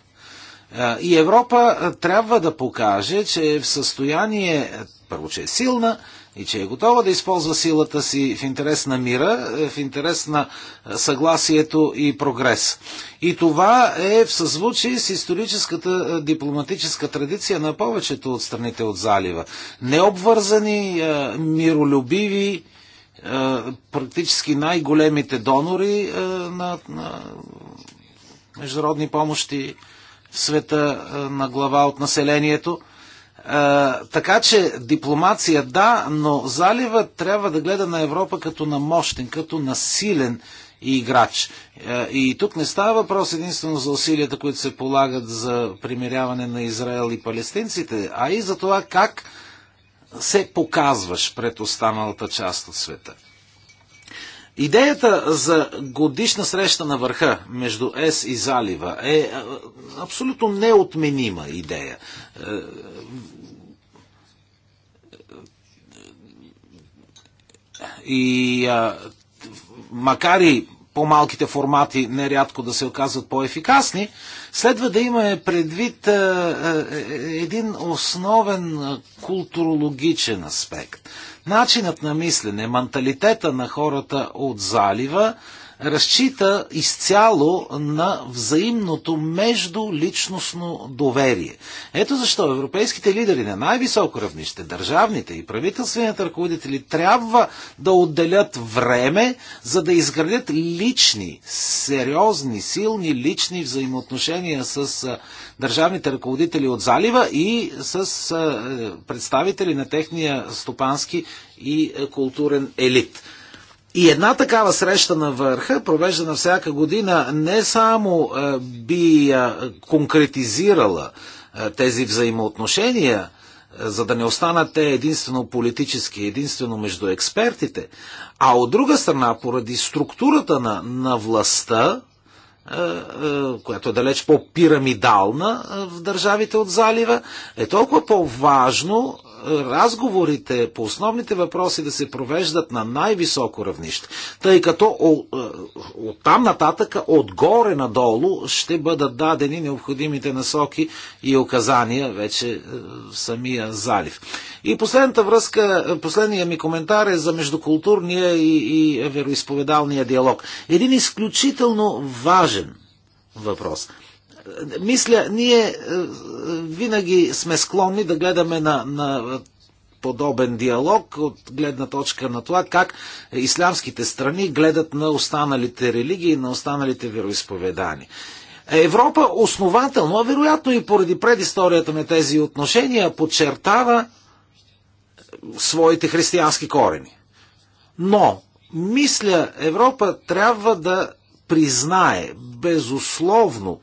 И Европа трябва да покаже, че е в състояние, първо, че е силна и че е готова да използва силата си в интерес на мира, в интерес на съгласието и прогрес. И това е в съзвучие с историческата дипломатическа традиция на повечето от страните от залива. Необвързани, миролюбиви, практически най-големите донори на, на международни помощи в света е, на глава от населението. Е, така че дипломация да, но залива трябва да гледа на Европа като на мощен, като на силен играч. Е, и тук не става въпрос единствено за усилията, които се полагат за примиряване на Израел и палестинците, а и за това как се показваш пред останалата част от света. Идеята за годишна среща на върха между ЕС и залива е, е абсолютно неотменима идея. Е, е, и а, макар и по-малките формати нерядко да се оказват по-ефикасни, Следва да имаме предвид е, един основен културологичен аспект. Начинът на мислене, менталитета на хората от залива разчита изцяло на взаимното междуличностно доверие. Ето защо европейските лидери на най-високо равнище, държавните и правителствените ръководители трябва да отделят време, за да изградят лични, сериозни, силни лични взаимоотношения с държавните ръководители от залива и с представители на техния стопански и културен елит. И една такава среща на върха, провеждана всяка година, не само е, би е, конкретизирала е, тези взаимоотношения, за да не останат те единствено политически, единствено между експертите, а от друга страна, поради структурата на, на властта, която е далеч по-пирамидална в държавите от залива, е толкова по-важно разговорите по основните въпроси да се провеждат на най-високо равнище, тъй като е, от там нататък, отгоре надолу, ще бъдат дадени необходимите насоки и указания вече е, в самия залив. И последната връзка, е, последният ми коментар е за междукултурния и, и вероисповедалния диалог. Един изключително важен въпрос – мисля, ние е, винаги сме склонни да гледаме на, на подобен диалог от гледна точка на това как ислямските страни гледат на останалите религии, на останалите вероисповедания. Европа основателно, а вероятно и поради предисторията на тези отношения, подчертава своите християнски корени. Но, мисля, Европа трябва да признае безусловно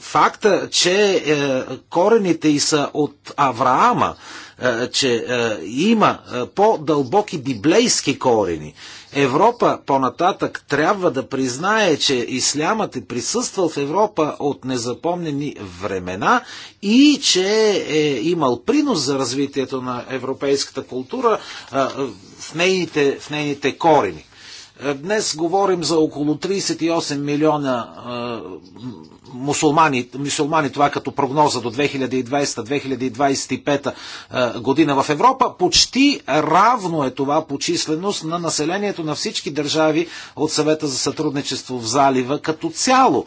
факта, че е, корените й са от Авраама, е, че е, има по-дълбоки библейски корени. Европа по-нататък трябва да признае, че ислямът е присъствал в Европа от незапомнени времена и че е имал принос за развитието на европейската култура в нейните, в нейните корени. Днес говорим за около 38 милиона мусулмани, мусулмани, това като прогноза до 2020-2025 година в Европа. Почти равно е това по численост на населението на всички държави от съвета за сътрудничество в залива като цяло.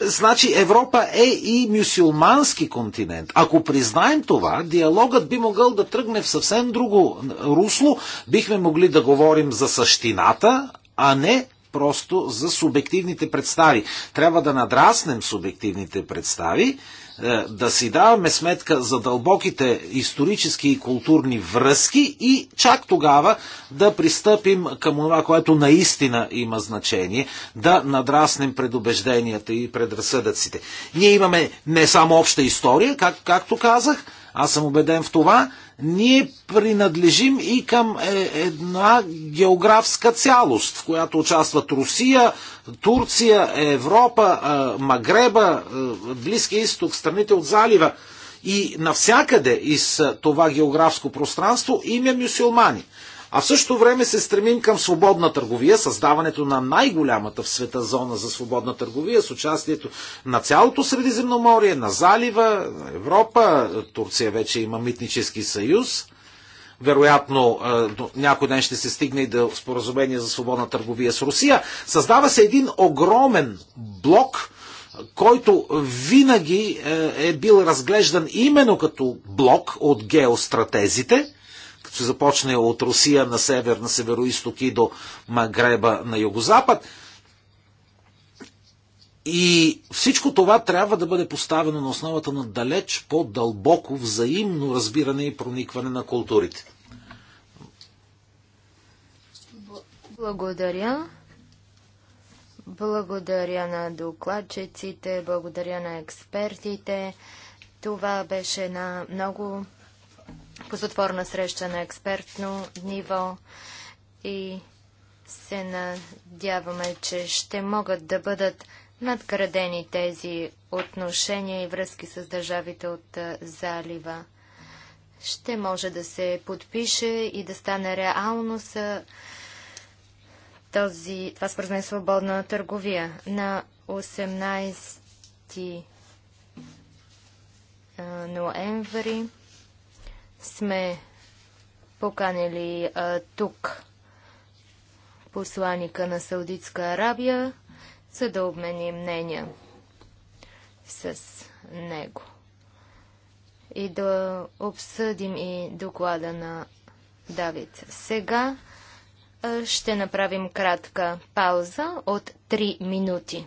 Значи Европа е и мюсюлмански континент. Ако признаем това, диалогът би могъл да тръгне в съвсем друго русло. Бихме могли да говорим за същината, а не просто за субективните представи. Трябва да надраснем субективните представи е, да си даваме сметка за дълбоките исторически и културни връзки и чак тогава да пристъпим към това, което наистина има значение, да надраснем предубежденията и предразсъдъците. Ние имаме не само обща история, как, както казах, аз съм убеден в това, ние принадлежим и към е, една географска цялост, в която участват Русия, Турция, Европа, е, Магреба, е, Близкия изток, страните от залива. И навсякъде из това географско пространство има мюсюлмани а в същото време се стремим към свободна търговия, създаването на най-голямата в света зона за свободна търговия с участието на цялото Средиземноморие, на залива, на Европа, Турция вече има митнически съюз. Вероятно, някой ден ще се стигне и до споразумение за свободна търговия с Русия. Създава се един огромен блок, който винаги е, е бил разглеждан именно като блок от геостратезите – като се започне от Русия на север, на северо-исток и до Магреба на югозапад. И всичко това трябва да бъде поставено на основата на далеч по-дълбоко взаимно разбиране и проникване на културите. Благодаря. Благодаря на докладчиците, благодаря на експертите. Това беше една много позотворна среща на експертно ниво и се надяваме, че ще могат да бъдат надградени тези отношения и връзки с държавите от залива. Ще може да се подпише и да стане реално с този, това свързване свободна търговия. На 18 ноември сме поканили а, тук посланика на Саудитска Арабия, за да обмени мнения с него и да обсъдим и доклада на Давид. Сега ще направим кратка пауза от 3 минути.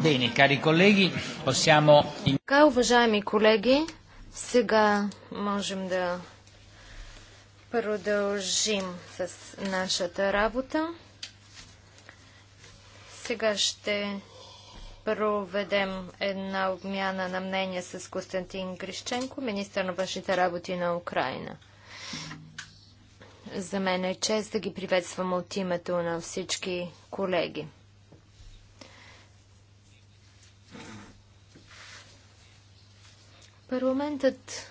Bene, cari colleghi, possiamo... Така, уважаеми колеги, сега можем да продължим с нашата работа. Сега ще проведем една обмяна на мнение с Костантин Грищенко, министър на външните работи на Украина. За мен е чест да ги приветствам от името на всички колеги. Парламентът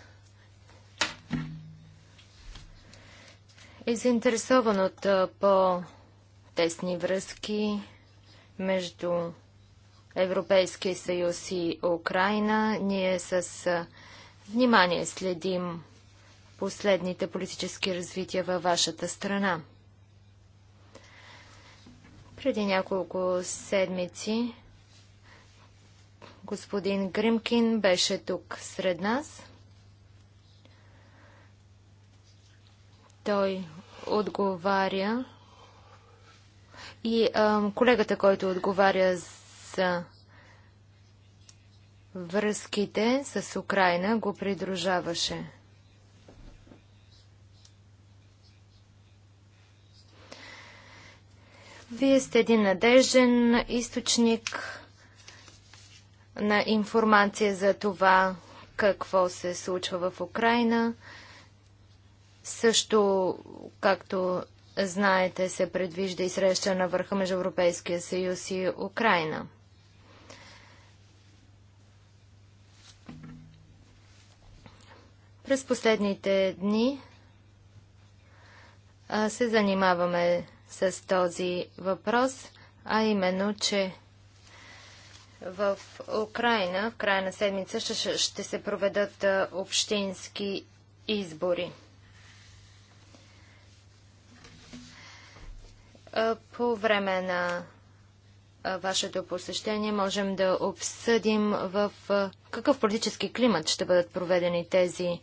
е заинтересован от по-тесни връзки между Европейския съюз и Украина. Ние с внимание следим последните политически развития във вашата страна. Преди няколко седмици Господин Гримкин беше тук сред нас. Той отговаря и а, колегата, който отговаря за връзките с Украина, го придружаваше. Вие сте един надежден източник на информация за това какво се случва в Украина. Също, както знаете, се предвижда и среща на върха между Европейския съюз и Украина. През последните дни се занимаваме с този въпрос, а именно, че в Украина в края на седмица ще, ще се проведат общински избори. По време на вашето посещение можем да обсъдим в какъв политически климат ще бъдат проведени тези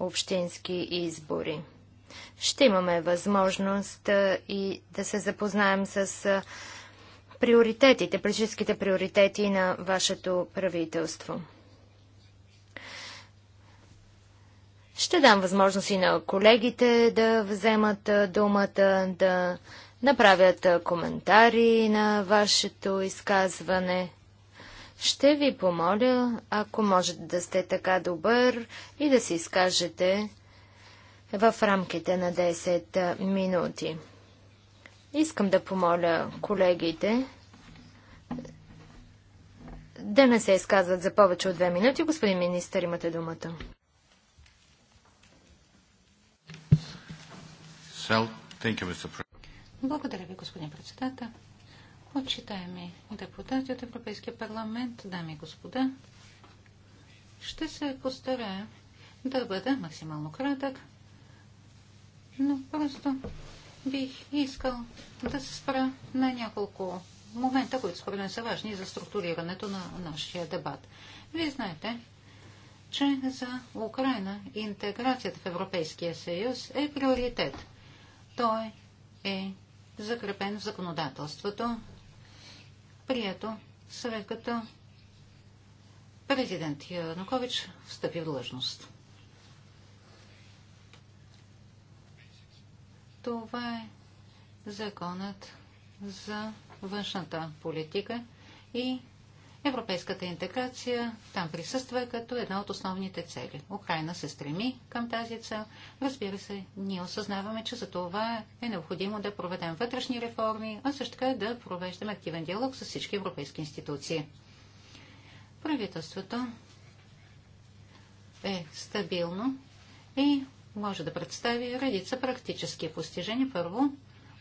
общински избори. Ще имаме възможност и да се запознаем с приоритетите, политическите приоритети на вашето правителство. Ще дам възможност и на колегите да вземат думата, да направят коментари на вашето изказване. Ще ви помоля, ако можете да сте така добър и да се изкажете в рамките на 10 минути. Искам да помоля колегите да не се изказват за повече от две минути. Господин министър, имате думата. Благодаря ви, господин председател. Отчитаеми депутати от Европейския парламент, дами и господа, ще се постарая да бъда максимално кратък, но просто бих искал да се спра на няколко момента, които според мен са важни за структурирането на нашия дебат. Вие знаете, че за Украина интеграцията в Европейския съюз е приоритет. Той е закрепен в законодателството, прието след като президент Янукович встъпи в длъжност. Това е законът за външната политика и европейската интеграция там присъства като една от основните цели. Украина се стреми към тази цел. Разбира се, ние осъзнаваме, че за това е необходимо да проведем вътрешни реформи, а също така да провеждаме активен диалог с всички европейски институции. Правителството е стабилно и може да представи редица практически постижения. Първо,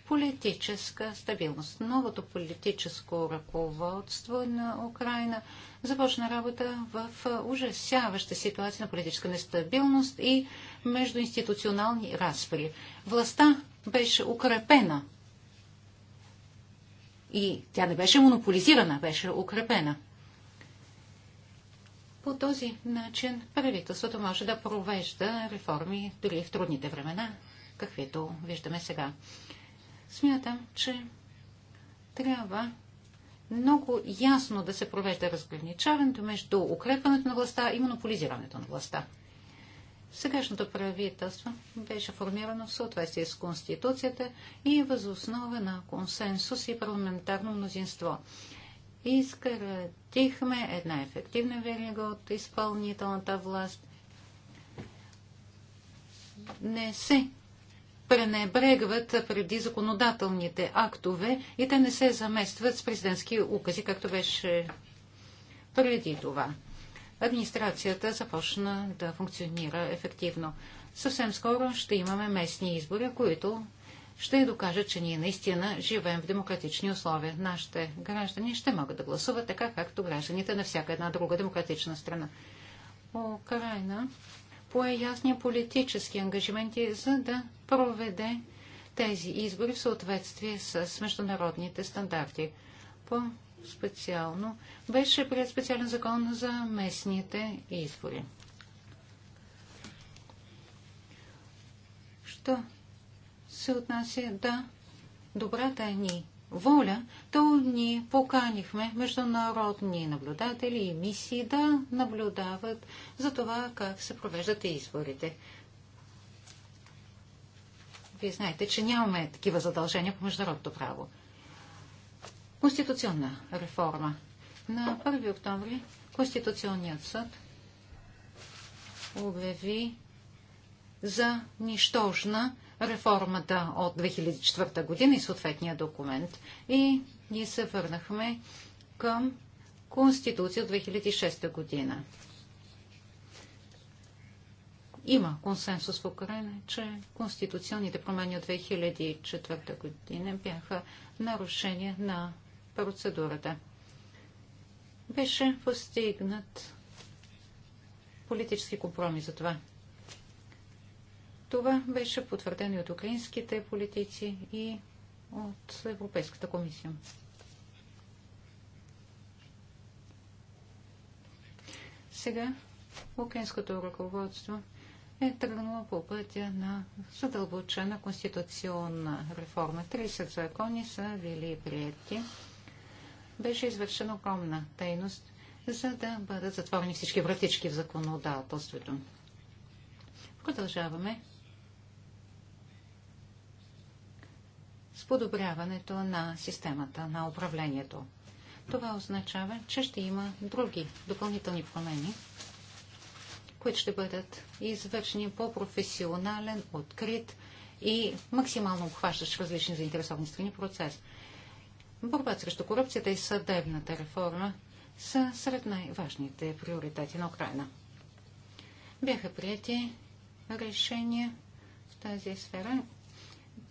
политическа стабилност. Новото политическо ръководство на Украина започна работа в ужасяваща ситуация на политическа нестабилност и междуинституционални разпри. Властта беше укрепена и тя не беше монополизирана, беше укрепена. По този начин правителството може да провежда реформи дори в трудните времена, каквито виждаме сега. Смятам, че трябва много ясно да се провежда разграничаването между укрепването на властта и монополизирането на властта. Сегашното правителство беше формирано в съответствие с Конституцията и е възоснова на консенсус и парламентарно мнозинство изкратихме една ефективна верига от изпълнителната власт. Не се пренебрегват преди законодателните актове и те не се заместват с президентски укази, както беше преди това. Администрацията започна да функционира ефективно. Съвсем скоро ще имаме местни избори, които ще докажа, че ние наистина живеем в демократични условия. Нашите граждани ще могат да гласуват така, както гражданите на всяка една друга демократична страна. Украина пое ясни политически ангажименти, за да проведе тези избори в съответствие с международните стандарти. По-специално беше прият специален закон за местните избори. Що се отнася да, добрата ни воля, то ни поканихме международни наблюдатели и мисии да наблюдават за това как се провеждат изборите. Вие знаете, че нямаме такива задължения по международното право. Конституционна реформа. На 1 октомври Конституционният съд обяви за нищожна реформата от 2004 година и съответния документ. И ние се върнахме към Конституция от 2006 година. Има консенсус в Украина, че конституционните промени от 2004 година бяха нарушение на процедурата. Беше постигнат политически компромис за това. Това беше потвърдено и от украинските политици и от Европейската комисия. Сега украинското ръководство е тръгнало по пътя на задълбочена конституционна реформа. 30 закони са били приети. Беше извършена огромна дейност, за да бъдат затворени всички вратички в законодателството. Продължаваме подобряването на системата на управлението. Това означава, че ще има други допълнителни промени, които ще бъдат извършени по-професионален, открит и максимално обхващащ различни заинтересовани страни процес. Борбата срещу корупцията и съдебната реформа са сред най-важните приоритети на Украина. Бяха прияти решения в тази сфера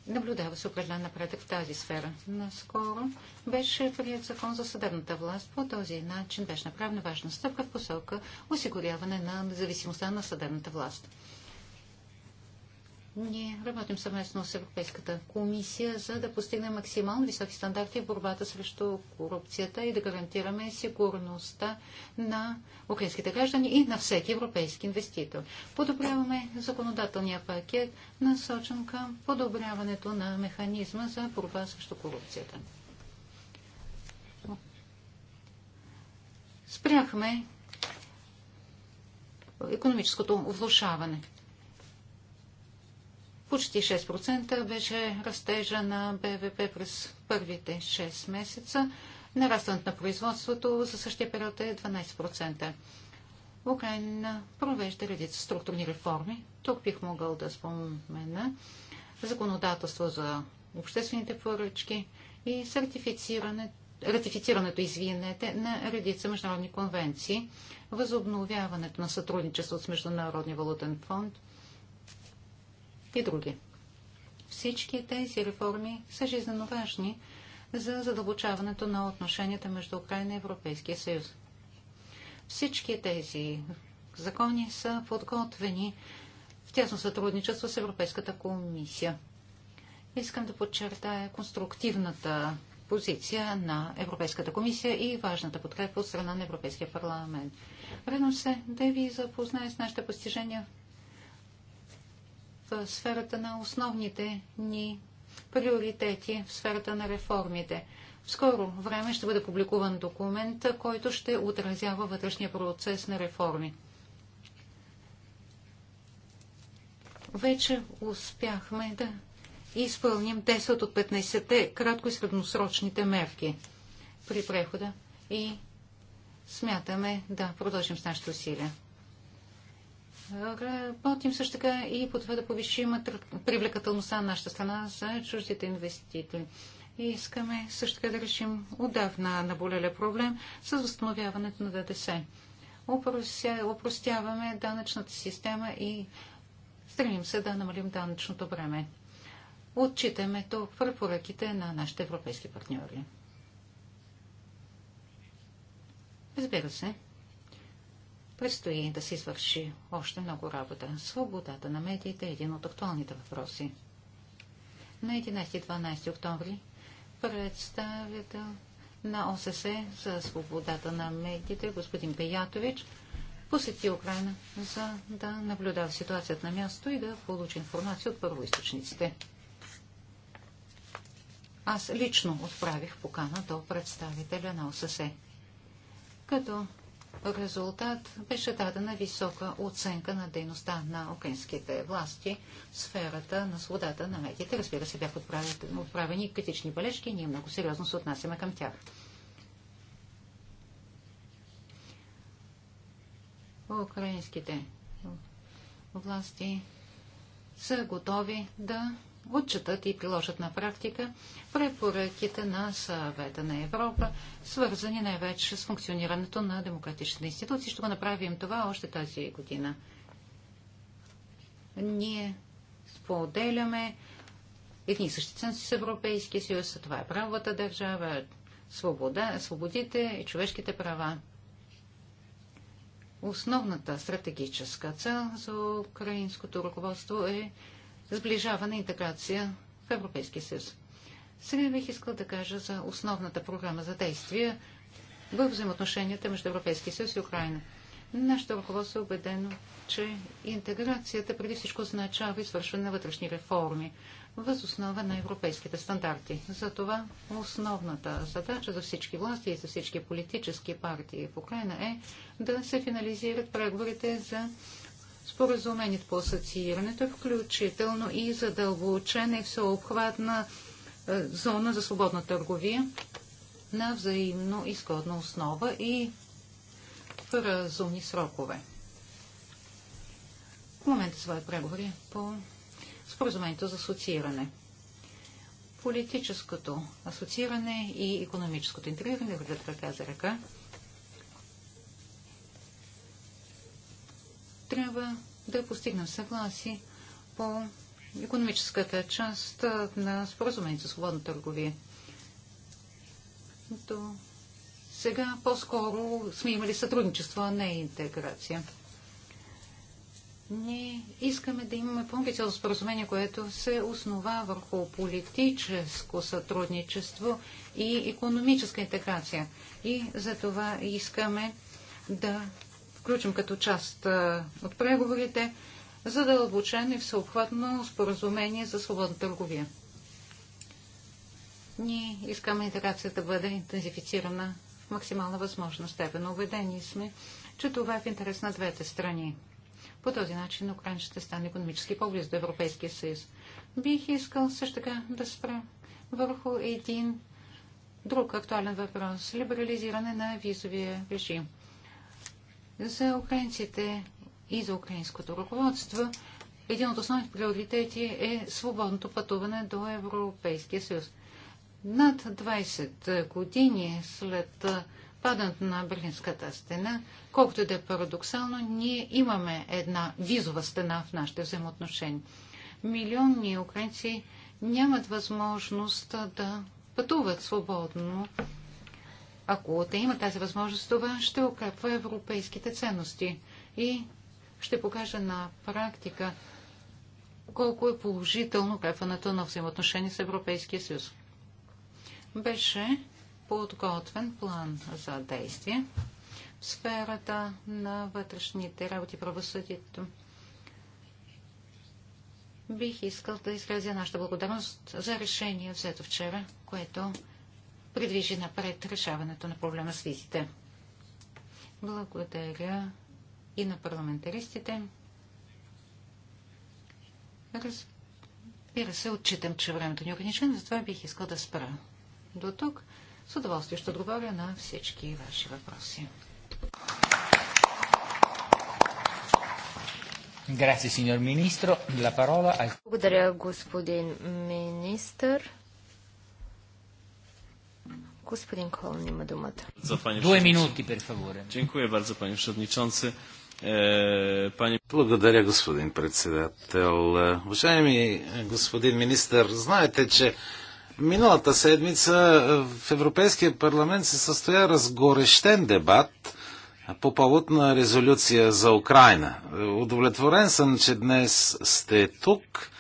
Наблюдава се определен напредък в тази сфера. Наскоро беше прият закон за съдебната власт. По този начин беше направена важна стъпка в посока осигуряване на независимостта на съдебната власт. Ние работим съвместно с Европейската комисия, за да постигнем максимално високи стандарти в борбата срещу корупцията и да гарантираме сигурността на украинските граждани и на всеки европейски инвеститор. Подобряваме законодателния пакет, насочен към подобряването на механизма за борба срещу корупцията. Спряхме економическото влушаване – почти 6% беше растежа на БВП през първите 6 месеца. Нарастването на производството за същия период е 12%. Украина провежда редица структурни реформи. Тук бих могъл да спомена законодателство за обществените поръчки и сертифициране, ратифицирането, извинете, на редица международни конвенции, възобновяването на сътрудничество с Международния валутен фонд, и други. Всички тези реформи са жизненно важни за задълбочаването на отношенията между Украина и Европейския съюз. Всички тези закони са подготвени в тясно сътрудничество с Европейската комисия. Искам да подчертая конструктивната позиция на Европейската комисия и важната подкрепа от страна на Европейския парламент. Рено се да ви запознае с нашите постижения в сферата на основните ни приоритети, в сферата на реформите. В скоро време ще бъде публикуван документ, който ще отразява вътрешния процес на реформи. Вече успяхме да изпълним 10 от 15-те кратко и средносрочните мерки при прехода и смятаме да продължим с нашите усилия. Работим също така и по това да повишим привлекателността на нашата страна за чуждите инвеститори. И искаме също така да решим отдавна наболелия проблем с възстановяването на ДДС. Опростяваме данъчната система и стремим се да намалим данъчното време. Отчитаме то в препоръките на нашите европейски партньори. Разбира се, Предстои да се извърши още много работа. Свободата на медиите е един от актуалните въпроси. На 11-12 октомври представител на ОССЕ за свободата на медиите, господин Пеятович, посети Украина, за да наблюдава ситуацията на място и да получи информация от първоисточниците. Аз лично отправих покана до представителя на ОСС. Като резултат беше дадена висока оценка на дейността на украинските власти в сферата на свободата на медиите. Разбира се, бяха отправени критични бележки и ние много сериозно се отнасяме към тях. Украинските власти са готови да отчитат и приложат на практика препоръките на съвета на Европа, свързани най-вече с функционирането на демократичните институции. Ще го направим това още тази година. Ние споделяме едни същи ценности с Европейския съюз. Това е правовата държава, свобода, свободите и човешките права. Основната стратегическа цел за украинското ръководство е сближаване и интеграция в Европейския съюз. Сега бих искал да кажа за основната програма за действие в взаимоотношенията между Европейския съюз и Украина. Нашето ръководство е убедено, че интеграцията преди всичко означава извършване на вътрешни реформи въз основа на европейските стандарти. Затова основната задача за всички власти и за всички политически партии в Украина е да се финализират преговорите за Споразумението по асоциирането, е включително и задълбочена и всеобхватна е, зона за свободна търговия на взаимно изгодна основа и в разумни срокове. В момента своят е преговори по споразумението за асоцииране. Политическото асоцииране и економическото интегриране вървят ръка за ръка. трябва да постигнем съгласие по економическата част на споразумението за свободна търговия. До сега по-скоро сме имали сътрудничество, а не интеграция. Ние искаме да имаме по-амбициозно споразумение, което се основа върху политическо сътрудничество и економическа интеграция. И за това искаме да включим като част от преговорите, задълбочено е и всеобхватно споразумение за свободна търговия. Ние искаме интеграцията да бъде интензифицирана в максимална възможна степен. Убедени сме, че това е в интерес на двете страни. По този начин Украина ще стане економически по-близо до Европейския съюз. Бих искал също така да спра върху един друг актуален въпрос – либерализиране на визовия режим. За украинците и за украинското руководство един от основните приоритети е свободното пътуване до Европейския съюз. Над 20 години след падането на Берлинската стена, колкото да е парадоксално, ние имаме една визова стена в нашите взаимоотношения. Милионни украинци нямат възможност да пътуват свободно ако те имат тази възможност, това ще укрепва европейските ценности и ще покаже на практика колко е положително укрепването на взаимоотношения с Европейския съюз. Беше подготвен план за действие в сферата на вътрешните работи правосъдието. Бих искал да изразя нашата благодарност за решение, взето вчера, което придвижи напред решаването на проблема с визите. Благодаря и на парламентаристите. Разбира се, отчитам, че времето ни е ограничено, затова бих искал да спра до тук. С удоволствие ще отговоря на всички ваши въпроси. Благодаря, господин министр. Господин Колн има думата. Две минути, пер фаворе. Дякую bardzo, panie przewodniczący. Пани... Благодаря, господин председател. Уважаеми господин министр, знаете, че миналата седмица в Европейския парламент се състоя разгорещен дебат по повод на резолюция за Украина. Удовлетворен съм, че днес сте тук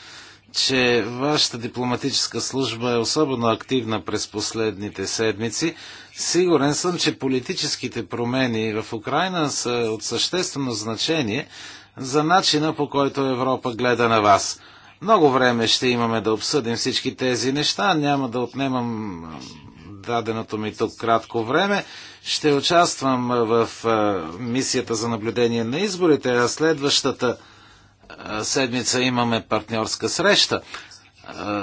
че вашата дипломатическа служба е особено активна през последните седмици. Сигурен съм, че политическите промени в Украина са от съществено значение за начина по който Европа гледа на вас. Много време ще имаме да обсъдим всички тези неща. Няма да отнемам даденото ми тук кратко време. Ще участвам в мисията за наблюдение на изборите, а следващата седмица имаме партньорска среща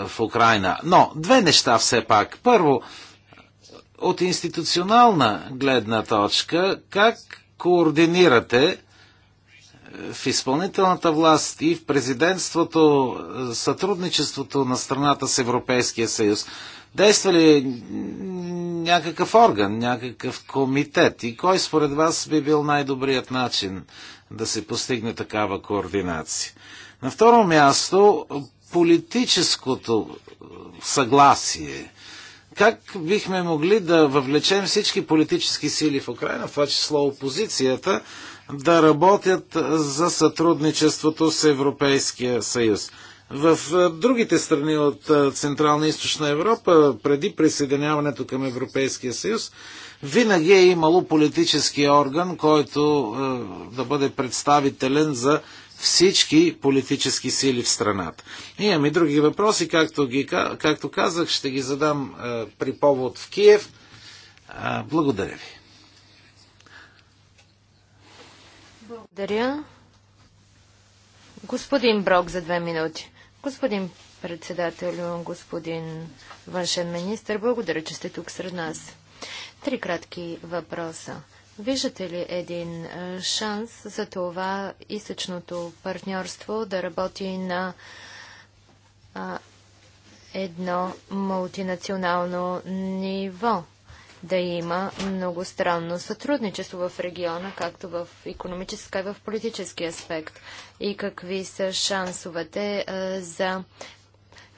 в Украина. Но две неща все пак. Първо, от институционална гледна точка, как координирате в изпълнителната власт и в президентството сътрудничеството на страната с Европейския съюз? Действа ли някакъв орган, някакъв комитет? И кой според вас би бил най-добрият начин да се постигне такава координация. На второ място, политическото е, съгласие. Как бихме могли да въвлечем всички политически сили в Украина, в това число опозицията, да работят за сътрудничеството с Европейския съюз? В е, другите страни от е, Централна и Източна Европа, преди присъединяването към Европейския съюз, винаги е имало политически орган, който е, да бъде представителен за всички политически сили в страната. Имам и други въпроси, както, ги, както казах, ще ги задам е, при повод в Киев. Е, благодаря ви. Благодаря. Господин Брок за две минути. Господин председател, господин външен министр, благодаря, че сте тук сред нас. Три кратки въпроса. Виждате ли един е, шанс за това източното партньорство да работи на едно мултинационално ниво? Да има многостранно сътрудничество в региона, както в економическа и в политически аспект? И какви са шансовете е, за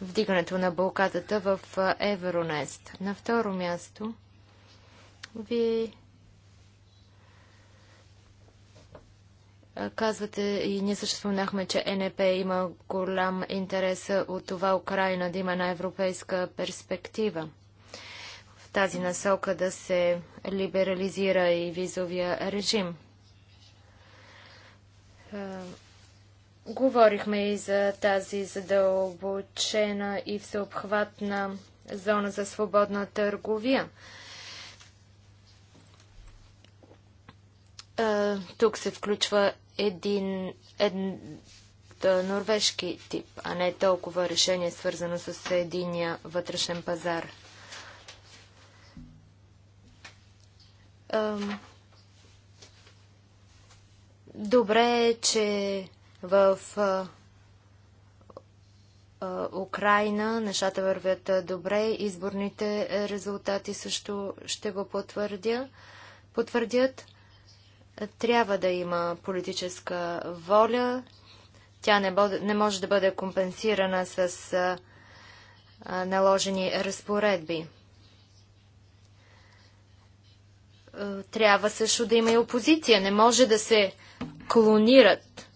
вдигането на блокадата в е, Евронест? На второ място вие Казвате и ние също спомняхме, че НП има голям интерес от това Украина да има една европейска перспектива. В тази насока да се либерализира и визовия режим. Говорихме и за тази задълбочена и всеобхватна зона за свободна търговия. тук се включва един, един норвежки тип, а не толкова решение свързано с единия вътрешен пазар. добре е, че в а, Украина нещата вървят добре, изборните резултати също ще го потвърдя, потвърдят. Трябва да има политическа воля. Тя не, бъде, не може да бъде компенсирана с а, наложени разпоредби. Трябва също да има и опозиция. Не може да се клонират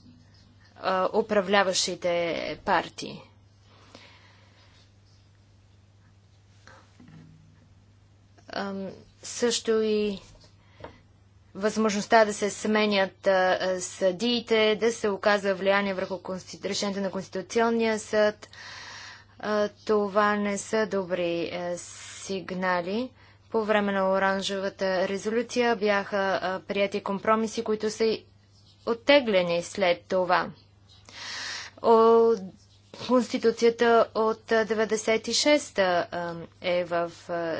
а, управляващите партии. също и възможността да се сменят съдиите, да се оказва влияние върху решението на Конституционния съд. това не са добри сигнали. По време на оранжевата резолюция бяха прияти компромиси, които са оттеглени след това. Конституцията от 96-та е в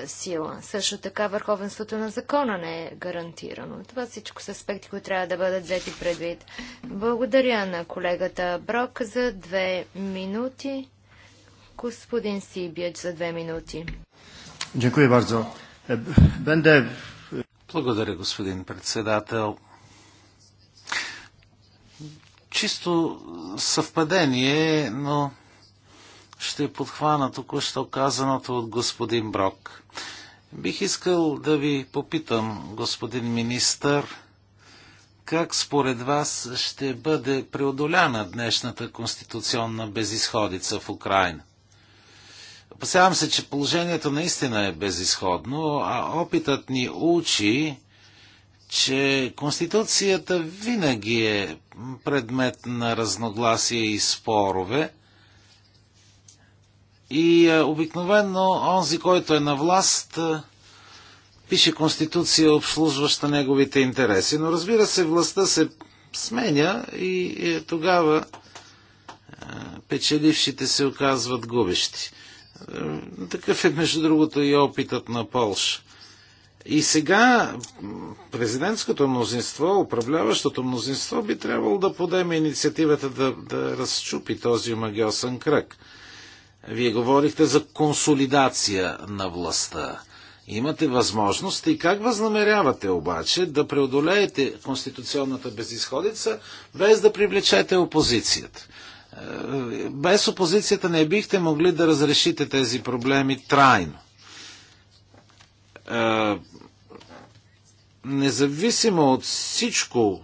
сила. Също така върховенството на закона не е гарантирано. Това всичко са аспекти, които трябва да бъдат взети предвид. Благодаря на колегата Брок за две минути. Господин Сибиеч за две минути. Е, Благодаря, господин председател чисто съвпадение, но ще подхвана току-що казаното от господин Брок. Бих искал да ви попитам, господин министър, как според вас ще бъде преодоляна днешната конституционна безисходица в Украина? Опасявам се, че положението наистина е безисходно, а опитът ни учи, че Конституцията винаги е предмет на разногласия и спорове. И е, обикновено онзи, който е на власт, е, пише конституция, обслужваща неговите интереси. Но разбира се, властта се сменя и е, тогава печелившите се оказват губещи. Такъв е, между другото, и опитът на Полша. И сега президентското мнозинство, управляващото мнозинство би трябвало да подеме инициативата да, да разчупи този магиосен кръг. Вие говорихте за консолидация на властта. Имате възможност и как възнамерявате обаче да преодолеете конституционната безисходица, без да привлечете опозицията? Е, без опозицията не бихте могли да разрешите тези проблеми трайно независимо от всичко,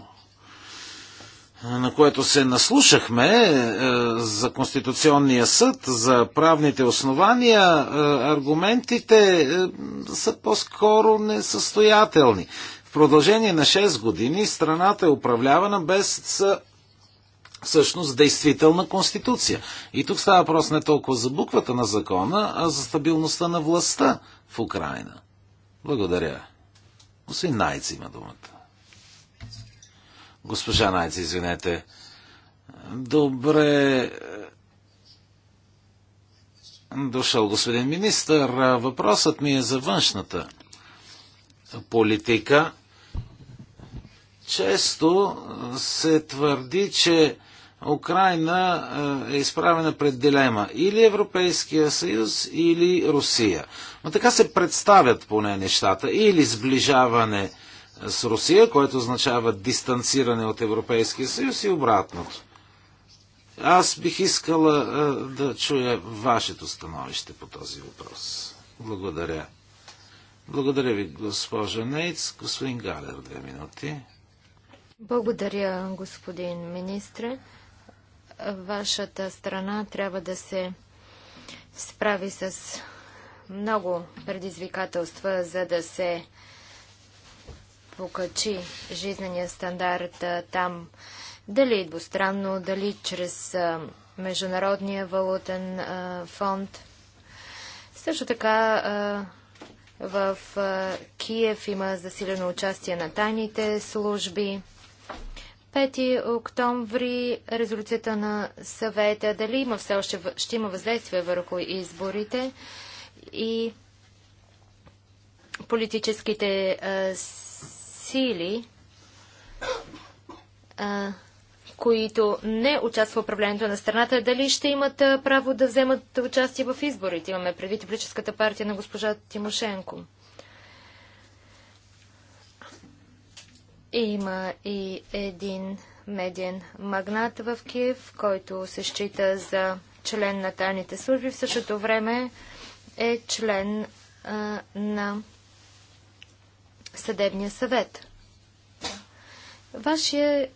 на което се наслушахме за Конституционния съд, за правните основания, аргументите са по-скоро несъстоятелни. В продължение на 6 години страната е управлявана без всъщност действителна конституция. И тук става въпрос не толкова за буквата на закона, а за стабилността на властта в Украина. Благодаря. Господин Найц има думата. Госпожа Найц, извинете. Добре. Дошъл, господин министър. Въпросът ми е за външната политика. Често се твърди, че Украина е, е изправена пред дилема или Европейския съюз, или Русия. Но така се представят поне нещата. Или сближаване е, с Русия, което означава дистанциране от Европейския съюз и обратното. Аз бих искала е, да чуя вашето становище по този въпрос. Благодаря. Благодаря ви, госпожа Нейц. Господин Галер, две минути. Благодаря, господин министре вашата страна трябва да се справи с много предизвикателства, за да се покачи жизнения стандарт там. Дали двустранно, дали чрез Международния валутен фонд. Също така в Киев има засилено участие на тайните служби. 5 октомври резолюцията на съвета, дали има все още, ще има въздействие върху изборите и политическите а, сили, а, които не участват в управлението на страната, дали ще имат право да вземат участие в изборите. Имаме предвид политическата партия на госпожа Тимошенко. Има и един медиен магнат в Киев, който се счита за член на тайните служби. В същото време е член а, на съдебния съвет. Вашия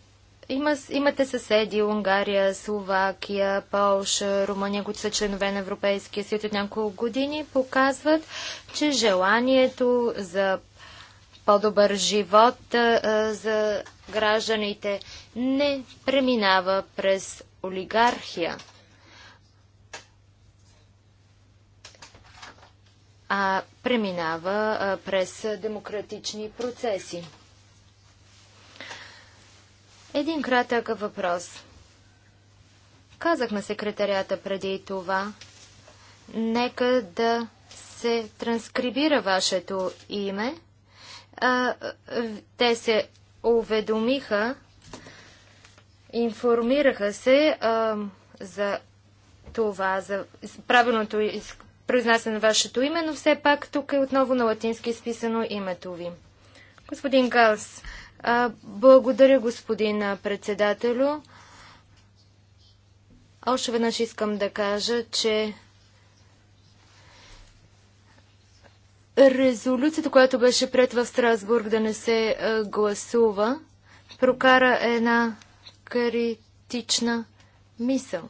има, имате съседи Унгария, Словакия, Полша, Румъния, които са членове на Европейския съюз от няколко години, показват, че желанието за по-добър живот за гражданите не преминава през олигархия, а преминава през демократични процеси. Един кратък въпрос. Казах на секретарята преди това. Нека да се транскрибира вашето име те се уведомиха, информираха се а, за това, за правилното произнасяне на вашето име, но все пак тук е отново на латински изписано името ви. Господин Галс, а, благодаря господин председателю. Още веднъж искам да кажа, че резолюцията, която беше пред в Страсбург да не се а, гласува, прокара една критична мисъл.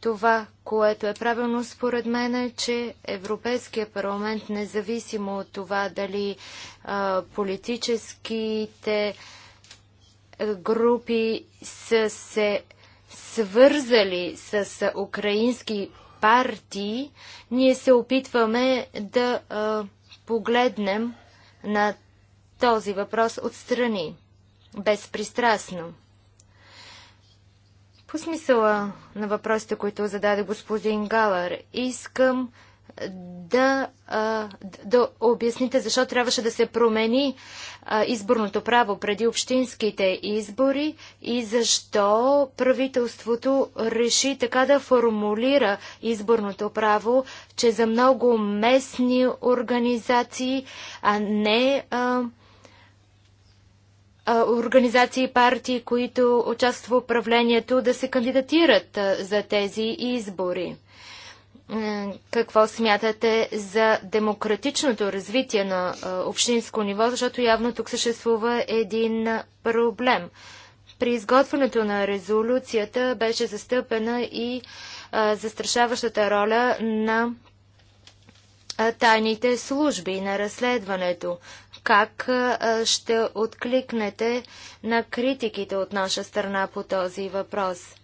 Това, което е правилно според мен е, че Европейския парламент, независимо от това дали а, политическите групи са се свързали с украински партии, ние се опитваме да а, погледнем на този въпрос отстрани, безпристрастно. По смисъла на въпросите, които зададе господин Галар, искам да, да обясните защо трябваше да се промени изборното право преди общинските избори и защо правителството реши така да формулира изборното право, че за много местни организации, а не а, организации и партии, които участват в управлението, да се кандидатират за тези избори какво смятате за демократичното развитие на общинско ниво, защото явно тук съществува един проблем. При изготвянето на резолюцията беше застъпена и застрашаващата роля на тайните служби на разследването. Как ще откликнете на критиките от наша страна по този въпрос?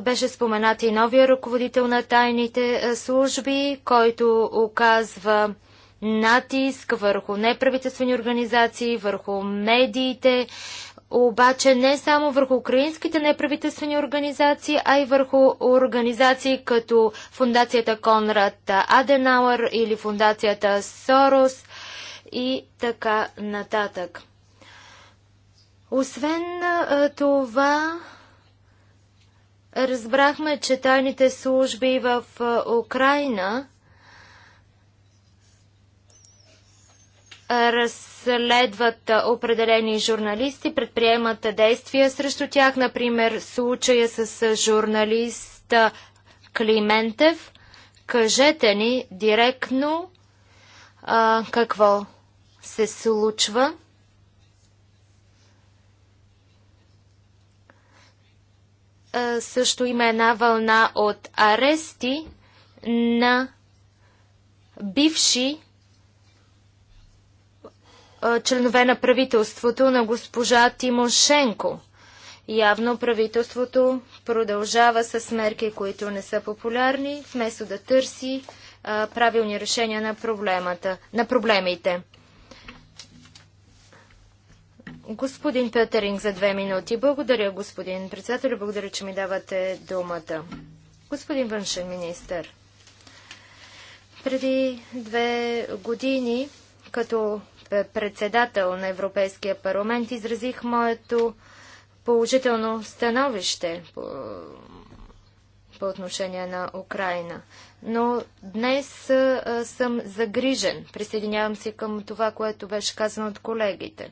Беше споменат и новия ръководител на тайните служби, който оказва натиск върху неправителствени организации, върху медиите, обаче не само върху украинските неправителствени организации, а и върху организации като фундацията Конрад Аденауър или фундацията Сорос и така нататък. Освен това, Разбрахме, че тайните служби в Украина разследват определени журналисти, предприемат действия срещу тях, например случая с журналист Климентев. Кажете ни директно а, какво се случва. също има една вълна от арести на бивши членове на правителството на госпожа Тимошенко. Явно правителството продължава с мерки, които не са популярни, вместо да търси правилни решения на, проблемата, на проблемите. Господин Петеринг за две минути. Благодаря, господин председател. Благодаря, че ми давате думата. Господин външен министр, преди две години, като председател на Европейския парламент, изразих моето положително становище по, по отношение на Украина. Но днес а, съм загрижен. Присъединявам се към това, което беше казано от колегите.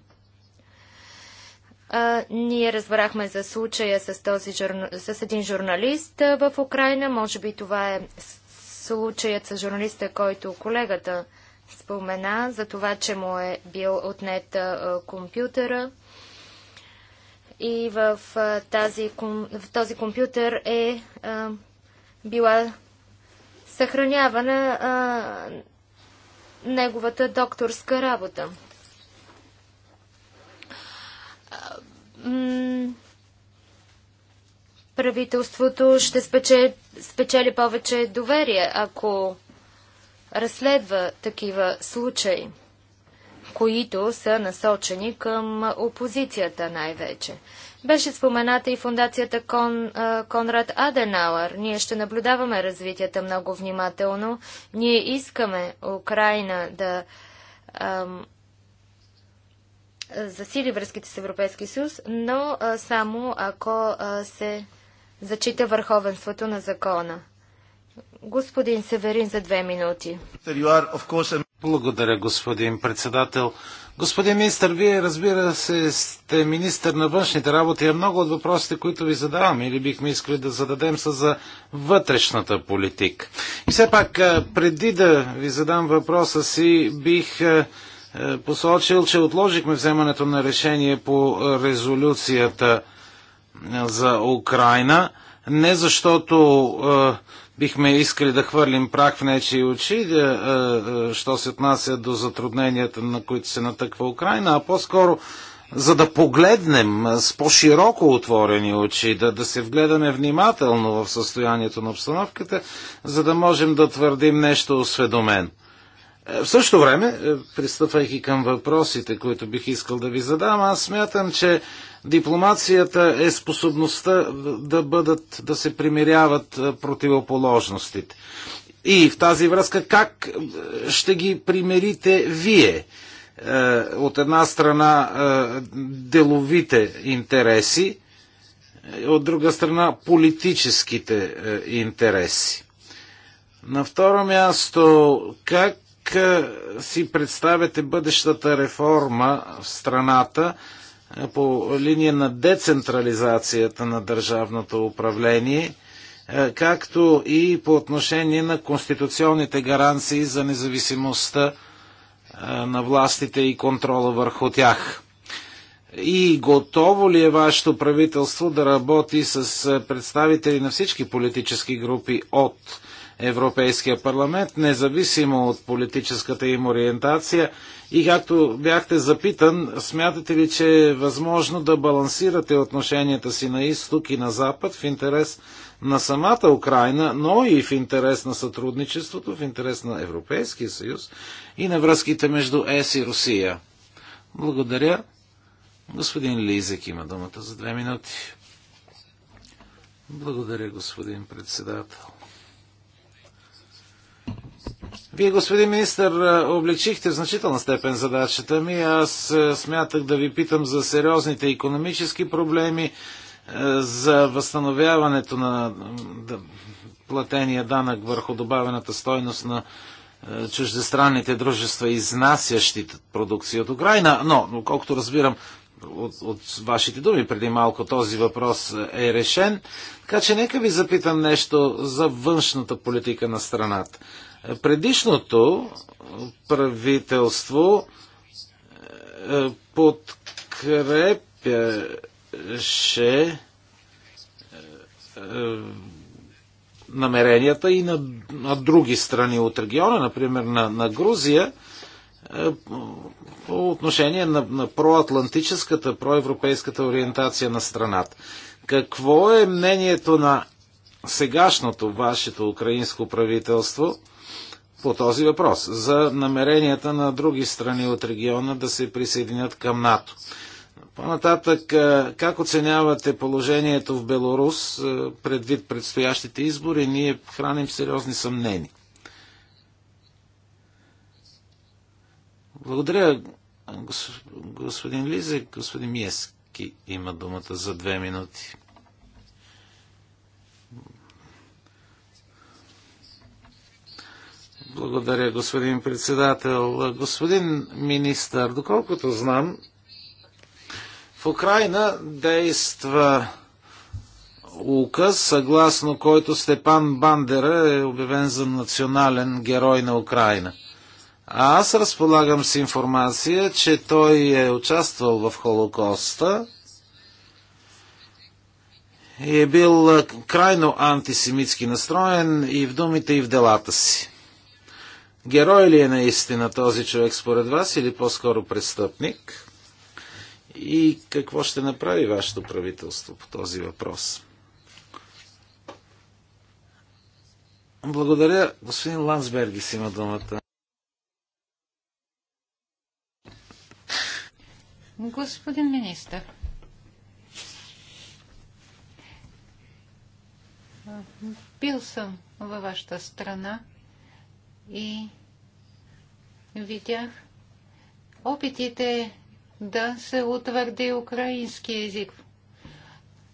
А, ние разбрахме за случая с, този журна... с един журналист в Украина. Може би това е случаят с журналиста, който колегата спомена, за това, че му е бил отнет а, компютъра. И в, а, тази, ком... в този компютър е а, била съхранявана неговата докторска работа. правителството ще спечели, спечели повече доверие, ако разследва такива случаи, които са насочени към опозицията най-вече. Беше спомената и фундацията Кон, Конрад Аденауър. Ние ще наблюдаваме развитията много внимателно. Ние искаме Украина да ам, засили връзките с Европейския съюз, но само ако се зачита върховенството на закона. Господин Северин за две минути. Благодаря, господин председател. Господин министр, вие разбира се сте министр на външните работи, а много от въпросите, които ви задавам или бихме искали да зададем са за вътрешната политика. И все пак, преди да ви задам въпроса си, бих е, посочил, че отложихме вземането на решение по резолюцията е, за Украина, не защото е, бихме искали да хвърлим прах в нечи очи, що се отнася до затрудненията, на които се натъква Украина, а по-скоро за да погледнем с по-широко отворени очи, да, да се вгледаме внимателно в състоянието на обстановката, за да можем да твърдим нещо осведомено. Е, в същото време, е, пристъпвайки към въпросите, които бих искал да ви задам, аз смятам, че дипломацията е способността да бъдат, да се примиряват е, противоположностите. И в тази връзка, как ще ги примерите вие? От една страна деловите интереси, от друга страна политическите интереси. На второ място, как си представяте бъдещата реформа в страната е, по линия на децентрализацията на държавното управление, е, както и по отношение на конституционните гаранции за независимостта е, на властите и контрола върху тях? И готово ли е вашето правителство да работи с представители на всички политически групи от Европейския парламент, независимо от политическата им ориентация. И както бяхте запитан, смятате ли, че е възможно да балансирате отношенията си на изток и на запад в интерес на самата Украина, но и в интерес на сътрудничеството, в интерес на Европейския съюз и на връзките между ЕС и Русия? Благодаря. Господин Лизек има думата за две минути. Благодаря, господин председател. Вие, господин министр, облегчихте в значителна степен задачата ми. Аз смятах да ви питам за сериозните економически проблеми, за възстановяването на платения данък върху добавената стойност на чуждестранните дружества, изнасящите продукции от Украина. Но, колкото разбирам, от, от вашите думи преди малко този въпрос е решен. Така че нека ви запитам нещо за външната политика на страната. Предишното правителство е, подкрепяше е, намеренията и на, на други страни от региона, например на, на Грузия, е, по отношение на, на проатлантическата, проевропейската ориентация на страната. Какво е мнението на сегашното вашето украинско правителство – по този въпрос за намеренията на други страни от региона да се присъединят към НАТО. По-нататък, как оценявате положението в Беларус предвид предстоящите избори? Ние храним сериозни съмнени. Благодаря, господин Лизек. Господин Миески има думата за две минути. Благодаря, господин председател. Господин министър, доколкото знам, в Украина действа указ, съгласно който Степан Бандера е обявен за национален герой на Украина. А аз разполагам с информация, че той е участвал в Холокоста и е бил крайно антисемитски настроен и в думите, и в делата си. Герой ли е наистина този човек според вас или по-скоро престъпник? И какво ще направи вашето правителство по този въпрос? Благодаря. Господин Лансберги си има думата. Господин министр, бил съм във вашата страна и видях опитите да се утвърди украински език.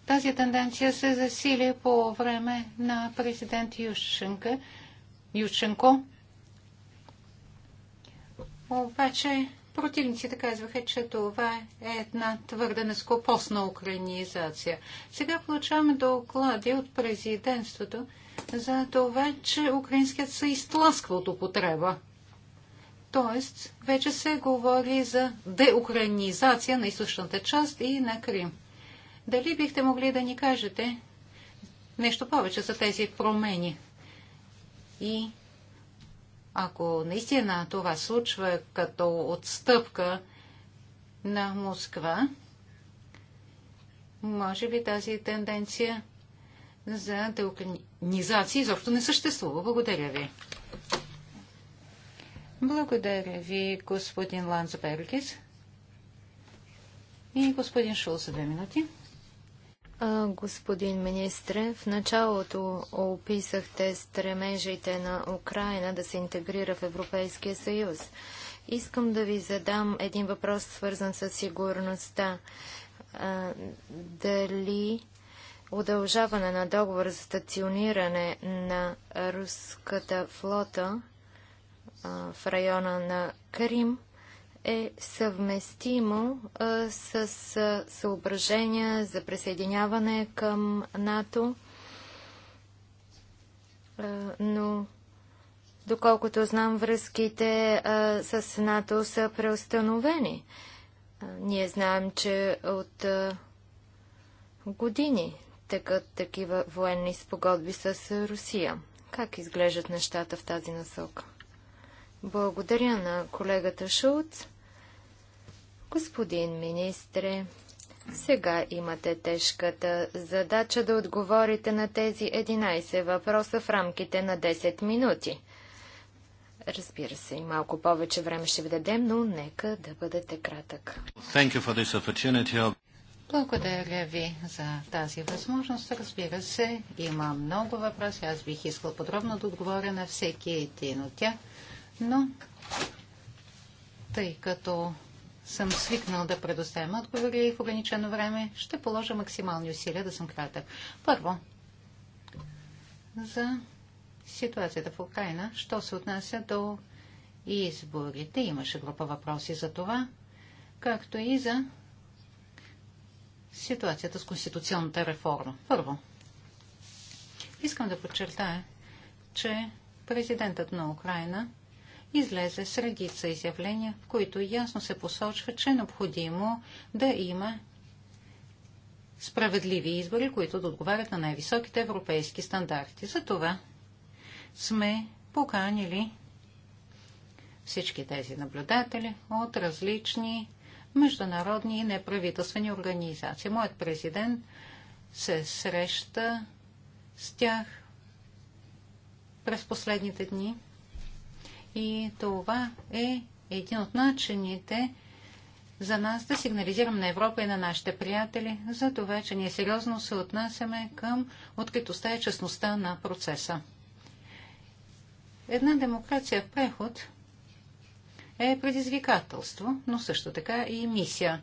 Тази тенденция се засили по време на президент Ющенко. Ющенко. Обаче противниците казваха, че това е една твърда нескопосна украинизация. Сега получаваме доклади от президентството, за това, че украинският се изтласква от употреба. Тоест, вече се говори за деукраинизация на източната част и на Крим. Дали бихте могли да ни кажете нещо повече за тези промени? И ако наистина това случва като отстъпка на Москва, може би тази тенденция за организация изобщо не съществува. Благодаря ви. Благодаря ви, господин Ландсбергис. И господин Шул за две минути. Господин министре, в началото описахте стремежите на Украина да се интегрира в Европейския съюз. Искам да ви задам един въпрос, свързан с сигурността. А, дали удължаване на договор за стациониране на руската флота в района на Крим е съвместимо с съображения за присъединяване към НАТО, но доколкото знам, връзките с НАТО са преустановени. Ние знаем, че от години Текат такива военни спогодби с Русия. Как изглеждат нещата в тази насока? Благодаря на колегата Шулц. Господин министре, сега имате тежката задача да отговорите на тези 11 въпроса в рамките на 10 минути. Разбира се, и малко повече време ще ви дадем, но нека да бъдете кратък. Благодаря ви за тази възможност. Разбира се, има много въпроси. Аз бих искал подробно да отговоря на всеки един от тях, но тъй като съм свикнал да предоставям отговори в ограничено време, ще положа максимални усилия да съм кратък. Първо, за ситуацията в Украина, що се отнася до изборите. Имаше група въпроси за това, както и за ситуацията с конституционната реформа. Първо, искам да подчертая, че президентът на Украина излезе с редица изявления, в които ясно се посочва, че е необходимо да има справедливи избори, които да отговарят на най-високите европейски стандарти. За това сме поканили всички тези наблюдатели от различни международни и неправителствени организации. Моят президент се среща с тях през последните дни и това е един от начините за нас да сигнализирам на Европа и на нашите приятели за това, че ние сериозно се отнасяме към откритостта и честността на процеса. Една демокрация в преход – е предизвикателство, но също така и мисия.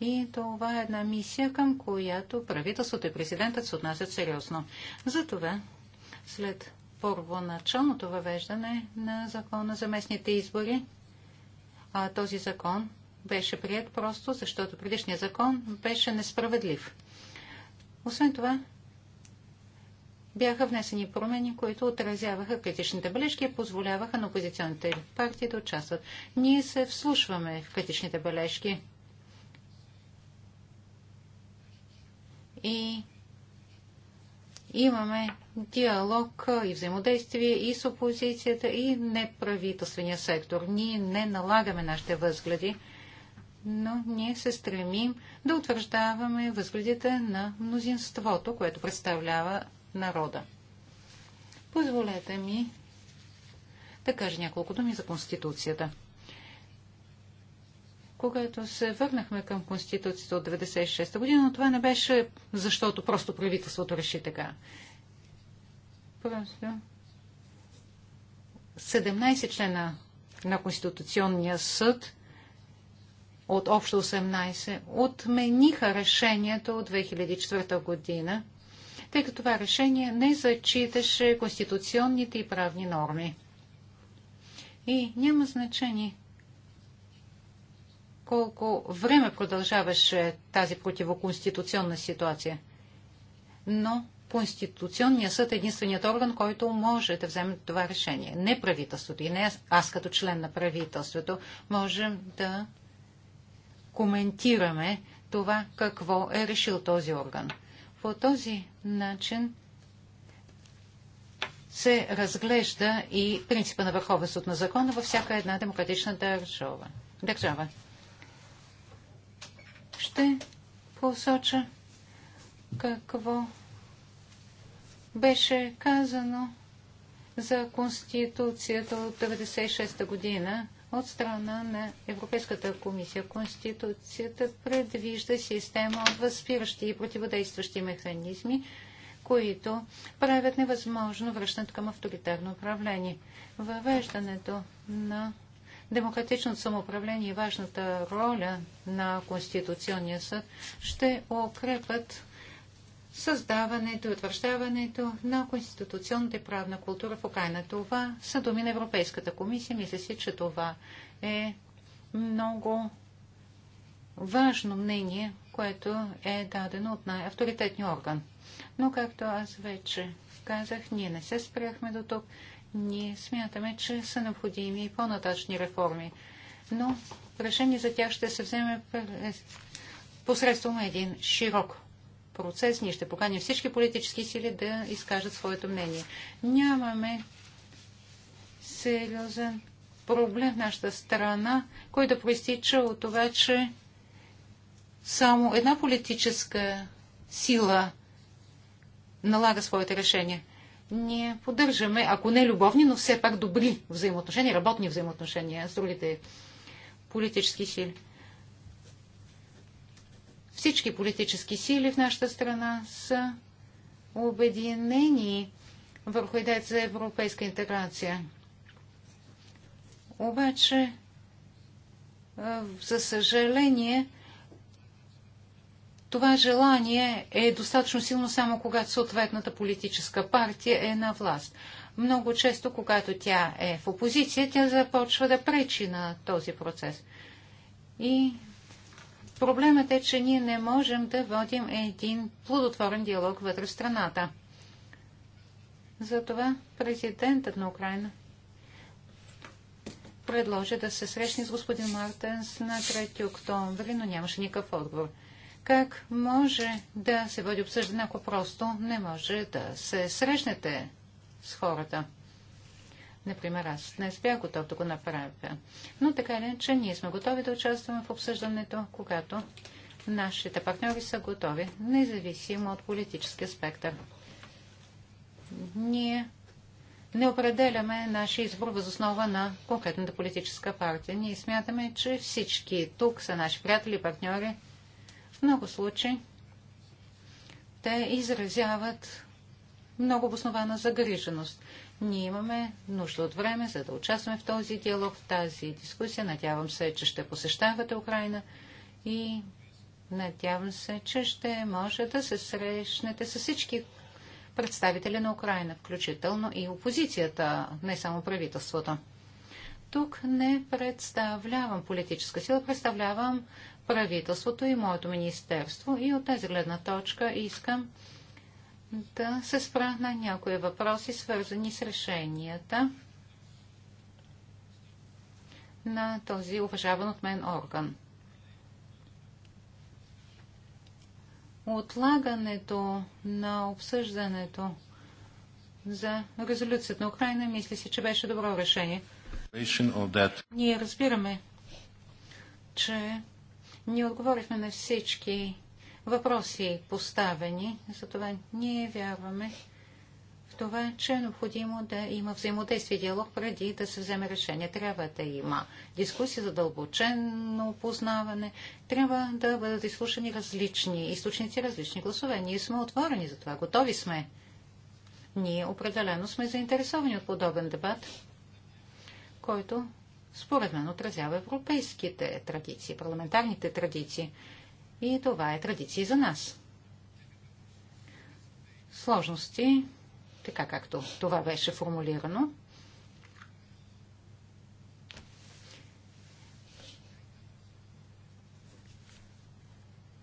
И това е една мисия, към която правителството и президентът се отнасят сериозно. Затова, след първоначалното въвеждане на закона за местните избори, а този закон беше прият просто защото предишният закон беше несправедлив. Освен това, бяха внесени промени, които отразяваха критичните бележки и позволяваха на опозиционните партии да участват. Ние се вслушваме в критичните бележки. И имаме диалог и взаимодействие и с опозицията, и неправителствения сектор. Ние не налагаме нашите възгледи, но ние се стремим да утвърждаваме възгледите на мнозинството, което представлява народа. Позволете ми да кажа няколко думи за Конституцията. Когато се върнахме към Конституцията от 1996 година, но това не беше защото просто правителството реши така. Просто 17 члена на Конституционния съд от общо 18 отмениха решението от 2004 година тъй като това решение не зачиташе конституционните и правни норми. И няма значение колко време продължаваше тази противоконституционна ситуация. Но Конституционният съд е единственият орган, който може да вземе това решение. Не правителството и не аз, аз като член на правителството можем да коментираме това какво е решил този орган. По този начин се разглежда и принципа на върховенството на закона във всяка една демократична държава. държава. Ще посоча какво беше казано за Конституцията от 1996 година от страна на Европейската комисия. Конституцията предвижда система от възпиращи и противодействащи механизми, които правят невъзможно връщането към авторитарно управление. Въвеждането на демократичното самоуправление и важната роля на Конституционния съд ще укрепят създаването и утвърждаването на конституционната и правна култура в Украина. Това са думи на Европейската комисия. Мисля си, че това е много важно мнение, което е дадено от най-авторитетния орган. Но, както аз вече казах, ние не се спряхме до тук. Ние смятаме, че са необходими и по натачни реформи. Но решение за тях ще се вземе посредством един широк процес. Ние ще поканим всички политически сили да изкажат своето мнение. Нямаме сериозен проблем в нашата страна, който да проистича от това, че само една политическа сила налага своите решения. Ние поддържаме, ако не любовни, но все пак добри взаимоотношения, работни взаимоотношения с другите политически сили. Всички политически сили в нашата страна са обединени върху идеята за европейска интеграция. Обаче, за съжаление, това желание е достатъчно силно само когато съответната политическа партия е на власт. Много често, когато тя е в опозиция, тя започва да пречи на този процес. И Проблемът е, че ние не можем да водим един плодотворен диалог вътре в страната. Затова президентът на Украина предложи да се срещне с господин Мартенс на 3 октомври, но нямаше никакъв отговор. Как може да се води обсъждане, ако просто не може да се срещнете с хората? Например, аз днес бях готов да го направя. Но така или иначе, ние сме готови да участваме в обсъждането, когато нашите партньори са готови, независимо от политическия спектър. Ние не определяме нашия избор въз основа на конкретната политическа партия. Ние смятаме, че всички тук са наши приятели и партньори. В много случаи те изразяват много обоснована загриженост. Ние имаме нужда от време, за да участваме в този диалог, в тази дискусия. Надявам се, че ще посещавате Украина и надявам се, че ще може да се срещнете с всички представители на Украина, включително и опозицията, не само правителството. Тук не представлявам политическа сила, представлявам правителството и моето министерство и от тази гледна точка искам да се спра на някои въпроси, свързани с решенията на този уважаван от мен орган. Отлагането на обсъждането за резолюцията на Украина, мисля си, че беше добро решение. Ние разбираме, че ние отговорихме на всички въпроси поставени. Затова ние вярваме в това, че е необходимо да има взаимодействие и диалог преди да се вземе решение. Трябва да има дискусия за дълбочено опознаване. Трябва да бъдат изслушани различни източници, различни гласове. Ние сме отворени за това. Готови сме. Ние определено сме заинтересовани от подобен дебат, който според мен отразява европейските традиции, парламентарните традиции. И това е традиция за нас. Сложности, така както това беше формулирано,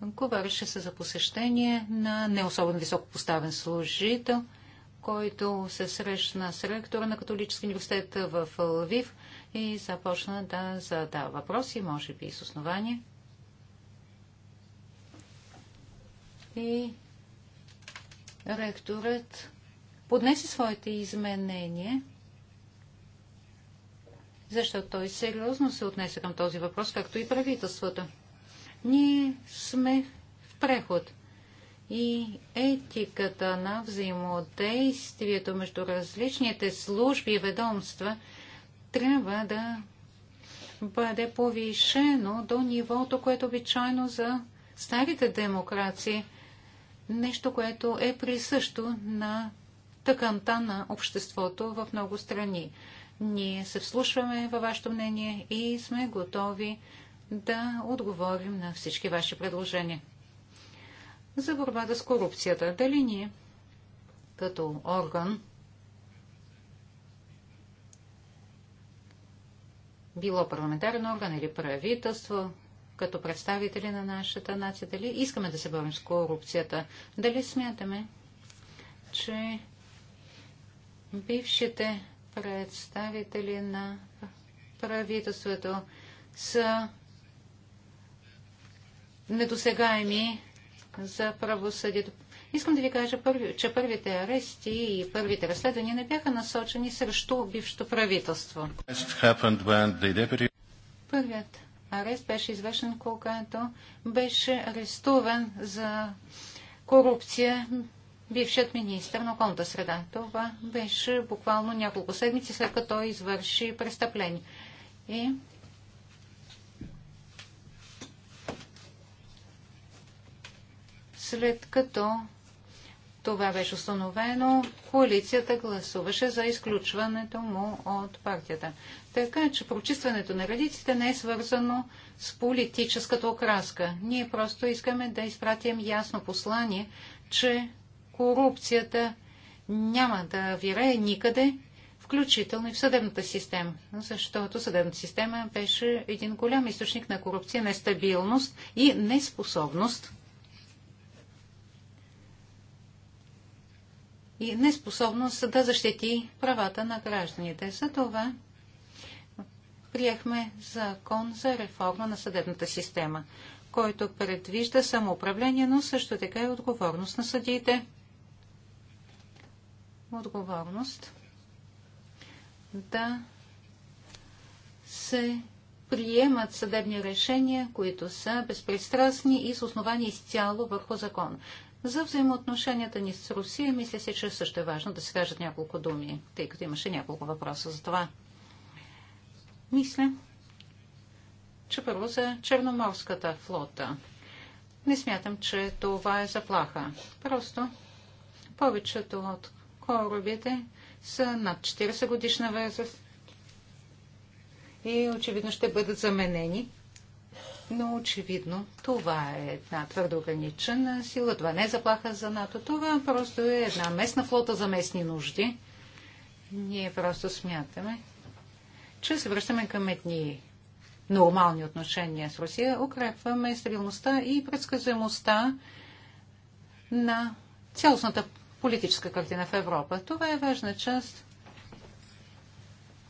Говореше се за посещение на не особено високо поставен служител, който се срещна с ректора на католически университет в Лвив и започна да задава въпроси, може би и с основание. и ректорът поднесе своите изменения, защото той сериозно се отнесе към този въпрос, както и правителството. Ние сме в преход и етиката на взаимодействието между различните служби и ведомства трябва да бъде повишено до нивото, което обичайно за старите демокрации – нещо, което е присъщо на тъканта на обществото в много страни. Ние се вслушваме във вашето мнение и сме готови да отговорим на всички ваши предложения. За борбата с корупцията, дали ние като орган било парламентарен орган или правителство, като представители на нашата нация, дали искаме да се борим с корупцията, дали смятаме, че бившите представители на правителството са недосегаеми за правосъдието. Искам да ви кажа, че първите арести и първите разследвания не бяха насочени срещу бившето правителство. Първият арест беше извършен, когато беше арестуван за корупция бившият министр на околната среда. Това беше буквално няколко седмици след като той извърши престъпление. И след като това беше установено, коалицията гласуваше за изключването му от партията. Така че прочистването на редиците не е свързано с политическата окраска. Ние просто искаме да изпратим ясно послание, че корупцията няма да вирее никъде, включително и в съдебната система, защото съдебната система беше един голям източник на корупция, нестабилност и неспособност и неспособност да защити правата на гражданите. За това приехме закон за реформа на съдебната система, който предвижда самоуправление, но също така и отговорност на съдиите. Отговорност да се приемат съдебни решения, които са безпристрастни и с основани изцяло върху закон. За взаимоотношенията ни с Русия, мисля се, че също е важно да се кажат няколко думи, тъй като имаше няколко въпроса за това. Мисля, че първо за Черноморската флота. Не смятам, че това е заплаха. Просто повечето от корабите са над 40 годишна възраст и очевидно ще бъдат заменени но очевидно това е една твърдо ограничена сила. Това не е заплаха за НАТО. Това просто е една местна флота за местни нужди. Ние просто смятаме, че се връщаме към едни нормални отношения с Русия, укрепваме стабилността и предсказуемостта на цялостната политическа картина в Европа. Това е важна част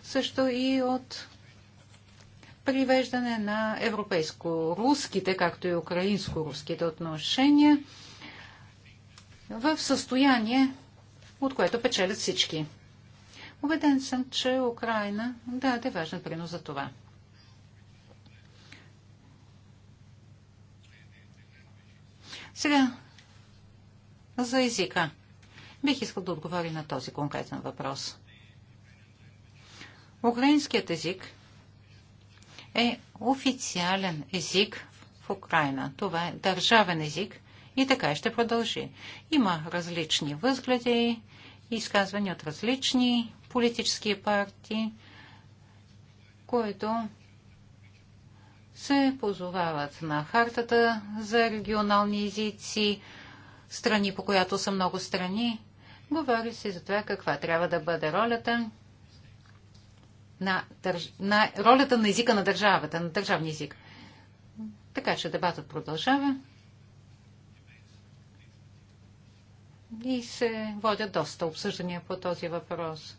също и от привеждане на европейско-руските, както и украинско-руските отношения в състояние, от което печелят всички. Убеден съм, че Украина даде важен принос за това. Сега за езика. Бих искал да отговоря на този конкретен въпрос. Украинският език е официален език в Украина. Това е държавен език и така ще продължи. Има различни възгледи, изказвани от различни политически партии, които се позовават на хартата за регионални езици, страни, по която са много страни. Говори се за това каква трябва да бъде ролята на, държ... на ролята на езика на държавата, на държавния език. Така че дебатът продължава. И се водят доста обсъждания по този въпрос.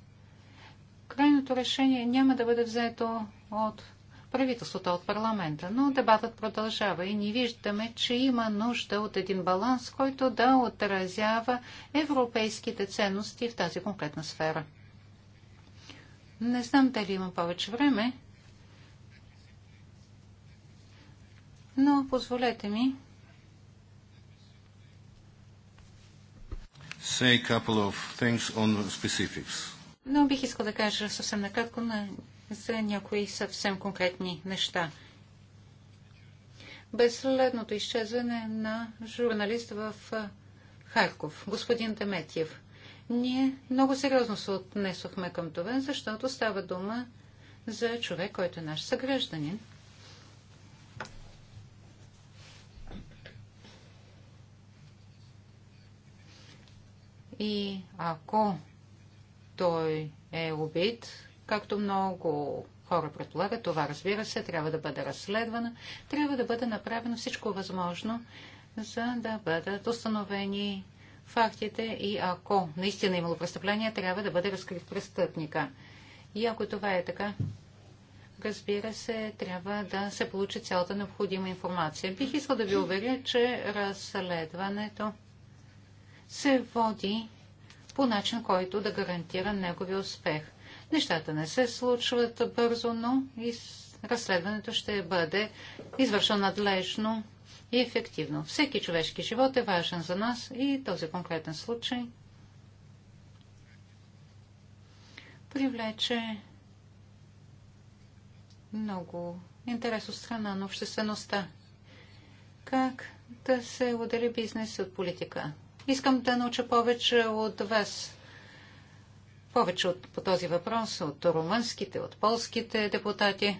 Крайното решение няма да бъде взето от правителството, от парламента, но дебатът продължава и ние виждаме, че има нужда от един баланс, който да отразява европейските ценности в тази конкретна сфера. Не знам дали има повече време, но позволете ми say a couple of things on specifics. Но бих искал да кажа съвсем накратко на, за някои съвсем конкретни неща. Безследното изчезване на журналист в Харков, господин Деметьев. Ние много сериозно се отнесохме към това, защото става дума за човек, който е наш съгражданин. И ако той е убит, както много хора предполагат, това разбира се, трябва да бъде разследвано, трябва да бъде направено всичко възможно, за да бъдат установени фактите и ако наистина е имало престъпление, трябва да бъде разкрит престъпника. И ако това е така, разбира се, трябва да се получи цялата необходима информация. Бих искал да ви уверя, че разследването се води по начин, който да гарантира негови успех. Нещата не се случват бързо, но и разследването ще бъде извършено надлежно и ефективно. Всеки човешки живот е важен за нас и този конкретен случай привлече много интерес от страна на обществеността. Как да се отдели бизнес от политика? Искам да науча повече от вас. Повече от, по този въпрос от румънските, от полските депутати.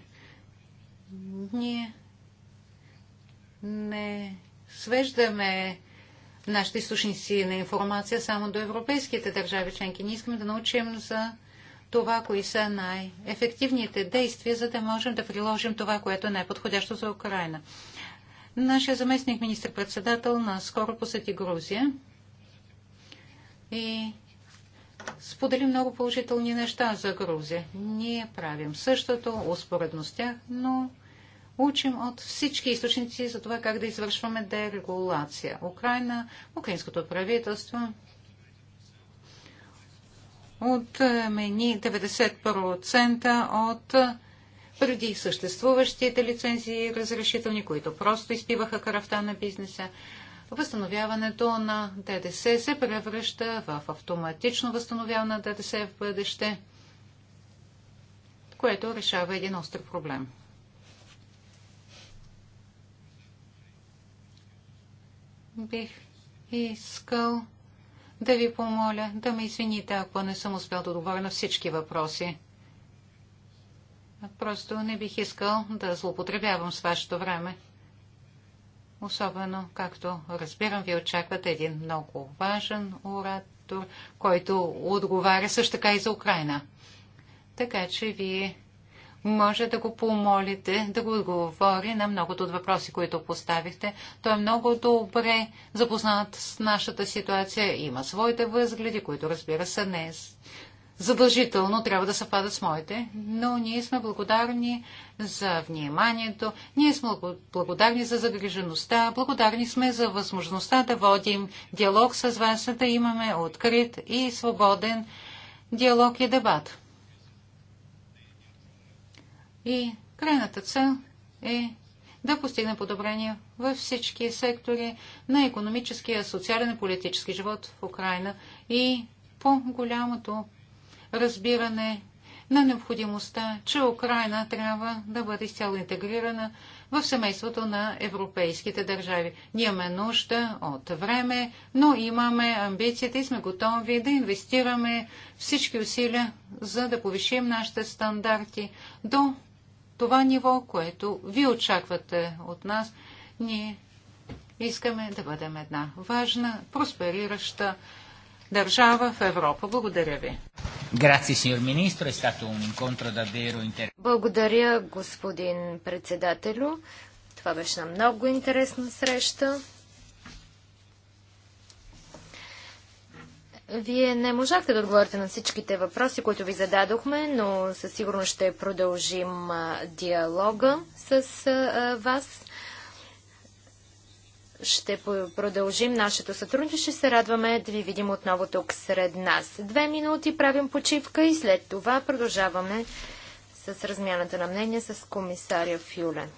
Ние не свеждаме нашите източници на информация само до европейските държави членки. Ние искаме да научим за това, кои са най-ефективните действия, за да можем да приложим това, което е най-подходящо за Украина. Нашия заместник министр-председател наскоро посети Грузия и сподели много положителни неща за Грузия. Ние правим същото, успоредно с тях, но учим от всички източници за това как да извършваме дерегулация. Украина, украинското правителство отмени 90% от преди съществуващите лицензии и разрешителни, които просто изпиваха кръвта на бизнеса. Възстановяването на ДДС се превръща в автоматично възстановяване на ДДС в бъдеще, което решава един остър проблем. бих искал да ви помоля да ме извините, ако не съм успял да отговоря на всички въпроси. Просто не бих искал да злоупотребявам с вашето време. Особено, както разбирам, ви очаквате един много важен оратор, който отговаря също така и за Украина. Така че вие може да го помолите да го отговори на многото от въпроси, които поставихте. Той е много добре запознат с нашата ситуация, има своите възгледи, които разбира се не задължително трябва да съвпадат с моите, но ние сме благодарни за вниманието, ние сме благодарни за загрижеността, благодарни сме за възможността да водим диалог с вас, да имаме открит и свободен диалог и дебат. И крайната цел е да постигне подобрения във всички сектори на економическия, социален и политически живот в Украина и по-голямото разбиране на необходимостта, че Украина трябва да бъде изцяло интегрирана в семейството на европейските държави. Ние имаме нужда от време, но имаме амбицията и сме готови да инвестираме всички усилия, за да повишим нашите стандарти до това ниво, което ви очаквате от нас. Ние искаме да бъдем една важна, просперираща държава в Европа. Благодаря ви. Е Благодаря, господин председателю. Това беше на много интересна среща. Вие не можахте да отговорите на всичките въпроси, които ви зададохме, но със сигурност ще продължим диалога с вас. Ще продължим нашето сътрудничество. Се радваме да ви видим отново тук сред нас. Две минути правим почивка и след това продължаваме с размяната на мнение с комисаря Фюлен.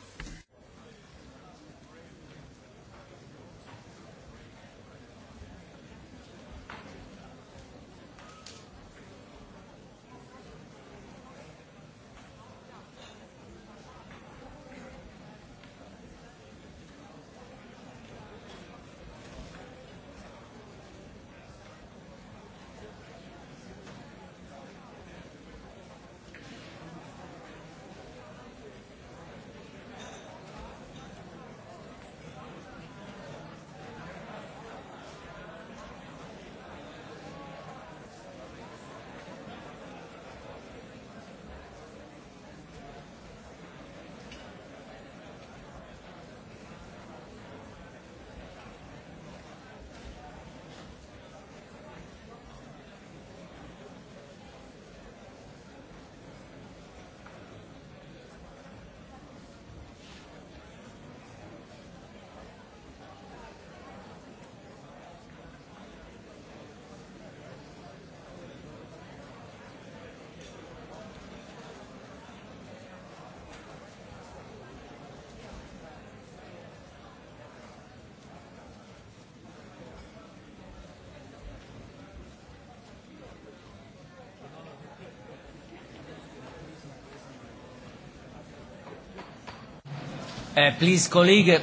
Uh, please, colleague,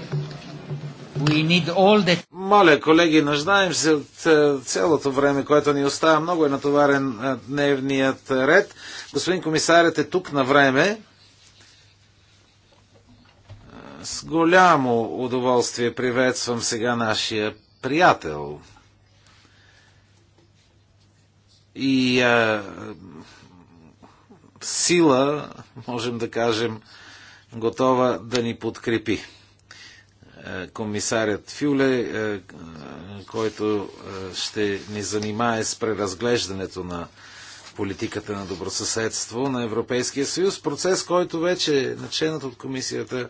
we need all the... Моля, колеги, нуждаем се от е, цялото време, което ни остава. Много е натоварен е, дневният ред. Господин комисарят е тук на време. Е, с голямо удоволствие приветствам сега нашия приятел. И а, сила, можем да кажем, готова да ни подкрепи. Е, комисарят Фюле, е, който е, ще ни занимае с преразглеждането на политиката на добросъседство на Европейския съюз, процес, който вече е начинат от комисията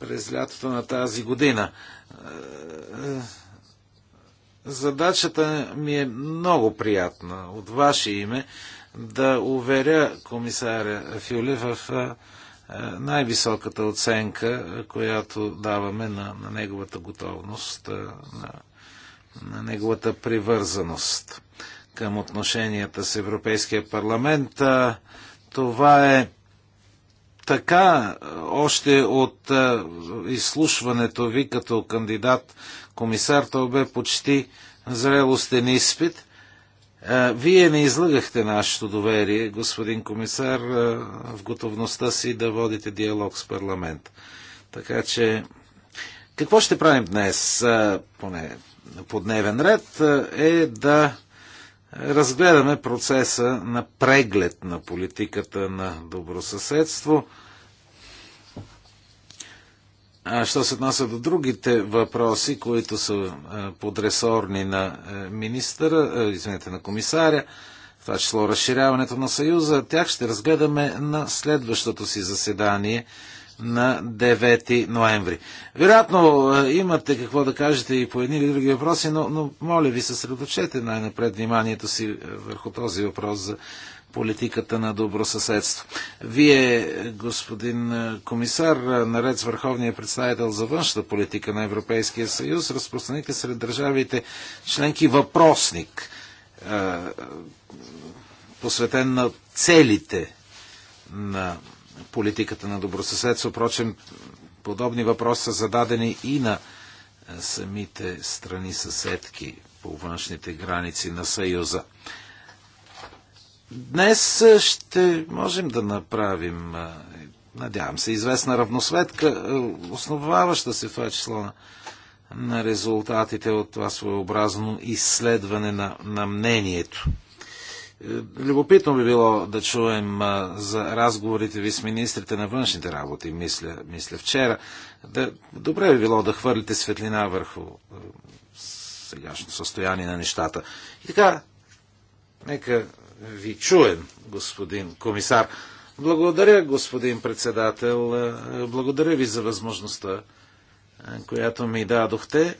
през лятото на тази година. Задачата ми е много приятна от ваше име да уверя комисаря Фюле в е, най-високата оценка, която даваме на, на неговата готовност, е, на, на неговата привързаност към отношенията с Европейския парламент. Е, това е така още от изслушването ви като кандидат комисар, то бе почти зрелостен изпит – вие не излагахте нашето доверие, господин комисар, в готовността си да водите диалог с парламент. Така че, какво ще правим днес, поне по дневен ред, е да разгледаме процеса на преглед на политиката на добросъседство – що се отнася до другите въпроси, които са е, подресорни на е, министъра, е, извинете, на комисаря, в това число разширяването на Съюза, тях ще разгледаме на следващото си заседание на 9 ноември. Вероятно имате какво да кажете и по едни или други въпроси, но, но моля ви, съсредоточете най-напред вниманието си върху този въпрос за политиката на добросъседство. Вие, господин е, комисар, е, наред с върховния представител за външната политика на Европейския съюз, разпространите сред държавите членки въпросник, е, посветен на целите на политиката на добросъседство. Впрочем, подобни въпроси са зададени и на самите страни съседки по външните граници на Съюза. Днес е, ще можем да направим, е, надявам се, известна равносветка, е, основаваща се в това число на, на резултатите от това своеобразно изследване на, на мнението. Любопитно би било да чуем за разговорите ви с министрите на външните работи, мисля, мисля вчера. Да, добре би било да хвърлите светлина върху сегашно състояние на нещата. И така, нека ви чуем, господин комисар. Благодаря, господин председател. Благодаря ви за възможността, която ми дадохте.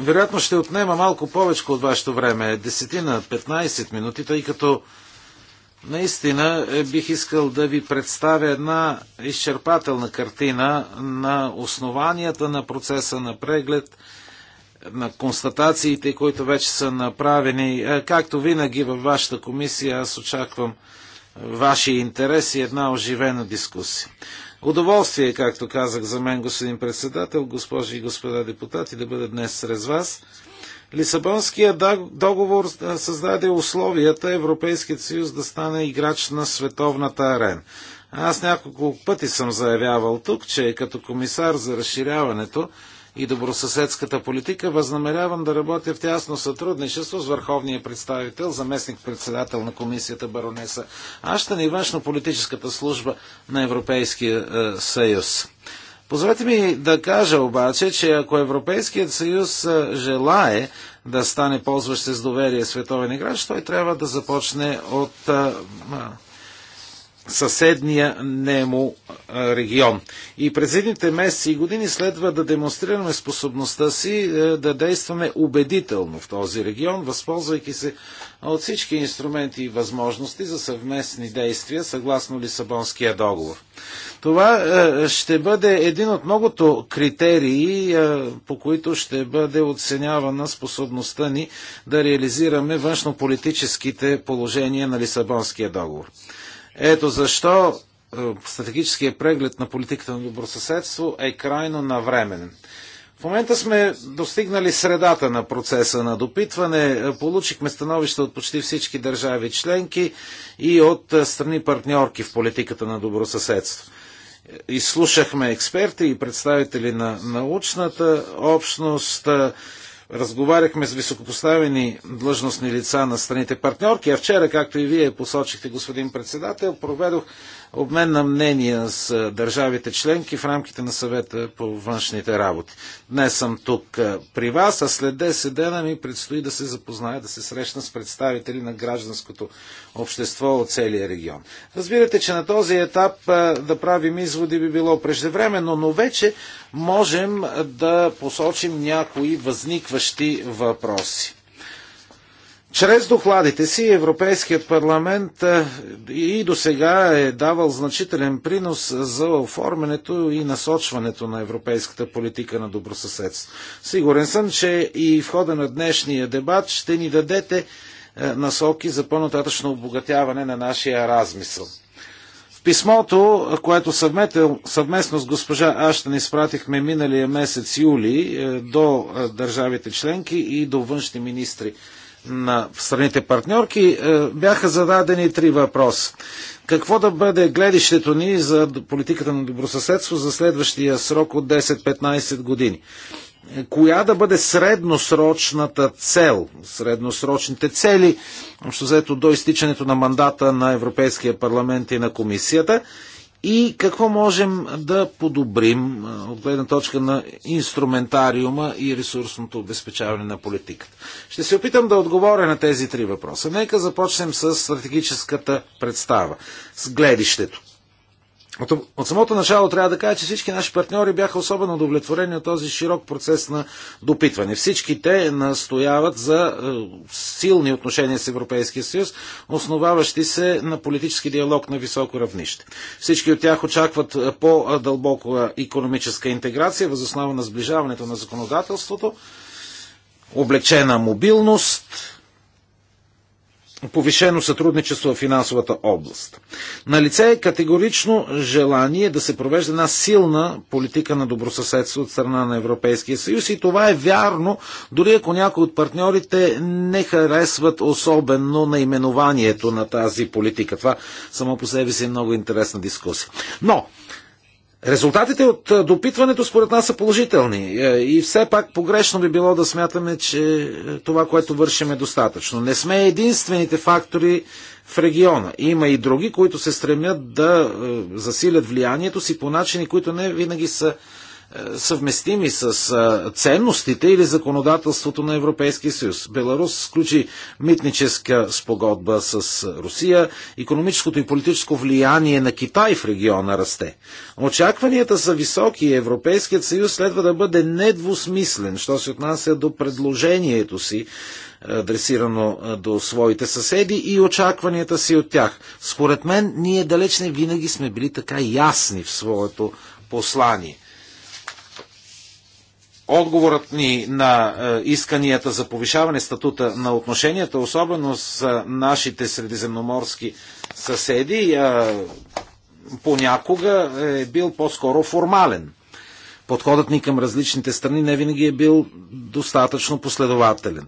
Вероятно ще отнема малко повече от вашето време, 10 на 15 минути, тъй като наистина бих искал да ви представя една изчерпателна картина на основанията на процеса на преглед – на констатациите, които вече са направени. Е, както винаги във вашата комисия, аз очаквам вашия интерес и една оживена дискусия. Удоволствие, както казах за мен, господин председател, госпожи и господа депутати, да бъда днес сред вас. Лисабонския договор създаде условията Европейският съюз да стане играч на световната арена. Аз няколко пъти съм заявявал тук, че като комисар за разширяването, и добросъседската политика, възнамерявам да работя в тясно сътрудничество с върховния представител, заместник-председател на комисията баронеса Аштан и външно-политическата служба на Европейския е, съюз. Позволете ми да кажа обаче, че ако Европейският съюз е, желае да стане ползващ се с доверие световен играч, той трябва да започне от е, съседния нему регион. И през едните месеци и години следва да демонстрираме способността си е, да действаме убедително в този регион, възползвайки се от всички инструменти и възможности за съвместни действия съгласно Лисабонския договор. Това е, ще бъде един от многото критерии, е, по които ще бъде оценявана способността ни да реализираме външнополитическите положения на Лисабонския договор. Ето защо е, стратегическия преглед на политиката на добросъседство е крайно навременен. В момента сме достигнали средата на процеса на допитване. Е, получихме становища от почти всички държави членки и от е, страни партньорки в политиката на добросъседство. Изслушахме експерти и представители на научната общност, разговаряхме с високопоставени длъжностни лица на страните партньорки, а вчера, както и вие посочихте, господин председател, проведох обмен на мнения с държавите членки в рамките на съвета по външните работи. Днес съм тук при вас, а след 10 дена ми предстои да се запозная, да се срещна с представители на гражданското общество от целия регион. Разбирате, че на този етап да правим изводи би било преждевременно, но вече можем да посочим някои възникващи въпроси. Чрез докладите си Европейският парламент и до сега е давал значителен принос за оформянето и насочването на европейската политика на добросъседство. Сигурен съм, че и в хода на днешния дебат ще ни дадете насоки за по-нататъчно обогатяване на нашия размисъл. В писмото, което съвместно с госпожа Аштан изпратихме миналия месец юли е, до е, държавите членки и до външни министри на страните партньорки е, бяха зададени три въпроса. Какво да бъде гледището ни за политиката на добросъседство за следващия срок от 10-15 години? Е, коя да бъде средносрочната цел, средносрочните цели, общо взето до изтичането на мандата на Европейския парламент и на комисията? и какво можем да подобрим от гледна точка на инструментариума и ресурсното обезпечаване на политиката. Ще се опитам да отговоря на тези три въпроса. Нека започнем с стратегическата представа, с гледището. От, от самото начало трябва да кажа, че всички наши партньори бяха особено удовлетворени от този широк процес на допитване. Всички те настояват за е, силни отношения с Европейския съюз, основаващи се на политически диалог на високо равнище. Всички от тях очакват е, по-дълбока економическа интеграция, възоснова на сближаването на законодателството, облегчена мобилност, повишено сътрудничество в финансовата област. На лице е категорично желание да се провежда една силна политика на добросъседство от страна на Европейския съюз и това е вярно, дори ако някои от партньорите не харесват особено наименованието на тази политика. Това само по себе си е много интересна дискусия. Но, Резултатите от допитването според нас са положителни е, и все пак погрешно би било да смятаме, че е, това, което вършим е достатъчно. Не сме единствените фактори в региона. Има и други, които се стремят да е, засилят влиянието си по начини, които не винаги са съвместими с ценностите или законодателството на Европейския съюз. Беларус сключи митническа спогодба с Русия, економическото и политическо влияние на Китай в региона расте. Очакванията са високи и Европейският съюз следва да бъде недвусмислен, що се отнася до предложението си е, адресирано е, до своите съседи и очакванията си от тях. Според мен, ние далеч не винаги сме били така ясни в своето послание. Отговорът ни на е, исканията за повишаване статута на отношенията, особено с нашите средиземноморски съседи, е, понякога е бил по-скоро формален. Подходът ни към различните страни не винаги е бил достатъчно последователен.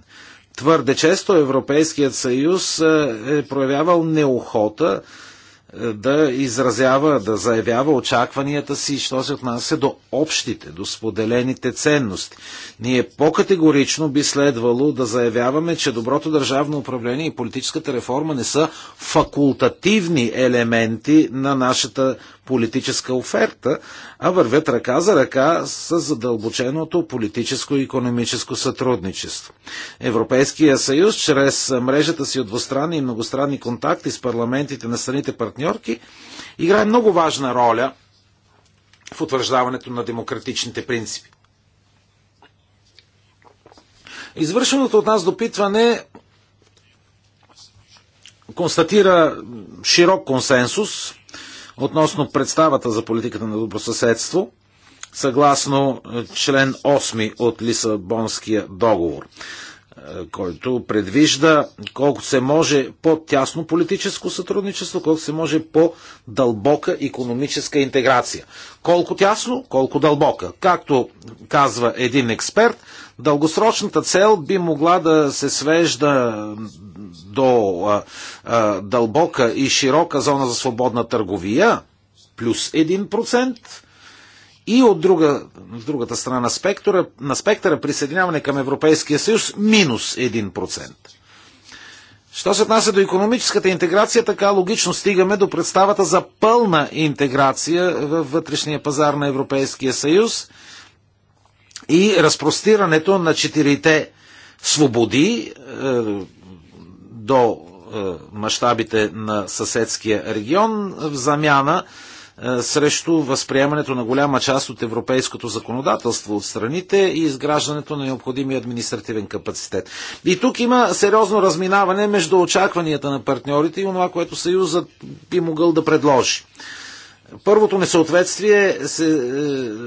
Твърде често Европейският съюз е, е проявявал неохота да изразява, да заявява очакванията си, що се отнася до общите, до споделените ценности. Ние по-категорично би следвало да заявяваме, че доброто държавно управление и политическата реформа не са факултативни елементи на нашата политическа оферта, а вървят ръка за ръка с задълбоченото политическо и економическо сътрудничество. Европейския съюз, чрез мрежата си от двустранни и многостранни контакти с парламентите на страните партньорки, играе много важна роля в утвърждаването на демократичните принципи. Извършеното от нас допитване констатира широк консенсус относно представата за политиката на добросъседство, съгласно член 8 от Лисабонския договор който предвижда колко се може по-тясно политическо сътрудничество, колкото се може по-дълбока економическа интеграция. Колко тясно, колко дълбока. Както казва един експерт, дългосрочната цел би могла да се свежда до а, а, дълбока и широка зона за свободна търговия, плюс 1%, и от друга, в другата страна на спектъра, на спектъра присъединяване към Европейския съюз минус 1%. Що се отнася до економическата интеграция, така логично стигаме до представата за пълна интеграция във вътрешния пазар на Европейския съюз и разпростирането на четирите свободи е, до е, мащабите на съседския регион в замяна е, е, срещу възприемането на голяма част от европейското законодателство от страните и изграждането на необходимия административен капацитет. И тук има сериозно разминаване между очакванията на партньорите и това, което Съюзът би могъл да предложи. Първото несъответствие се е,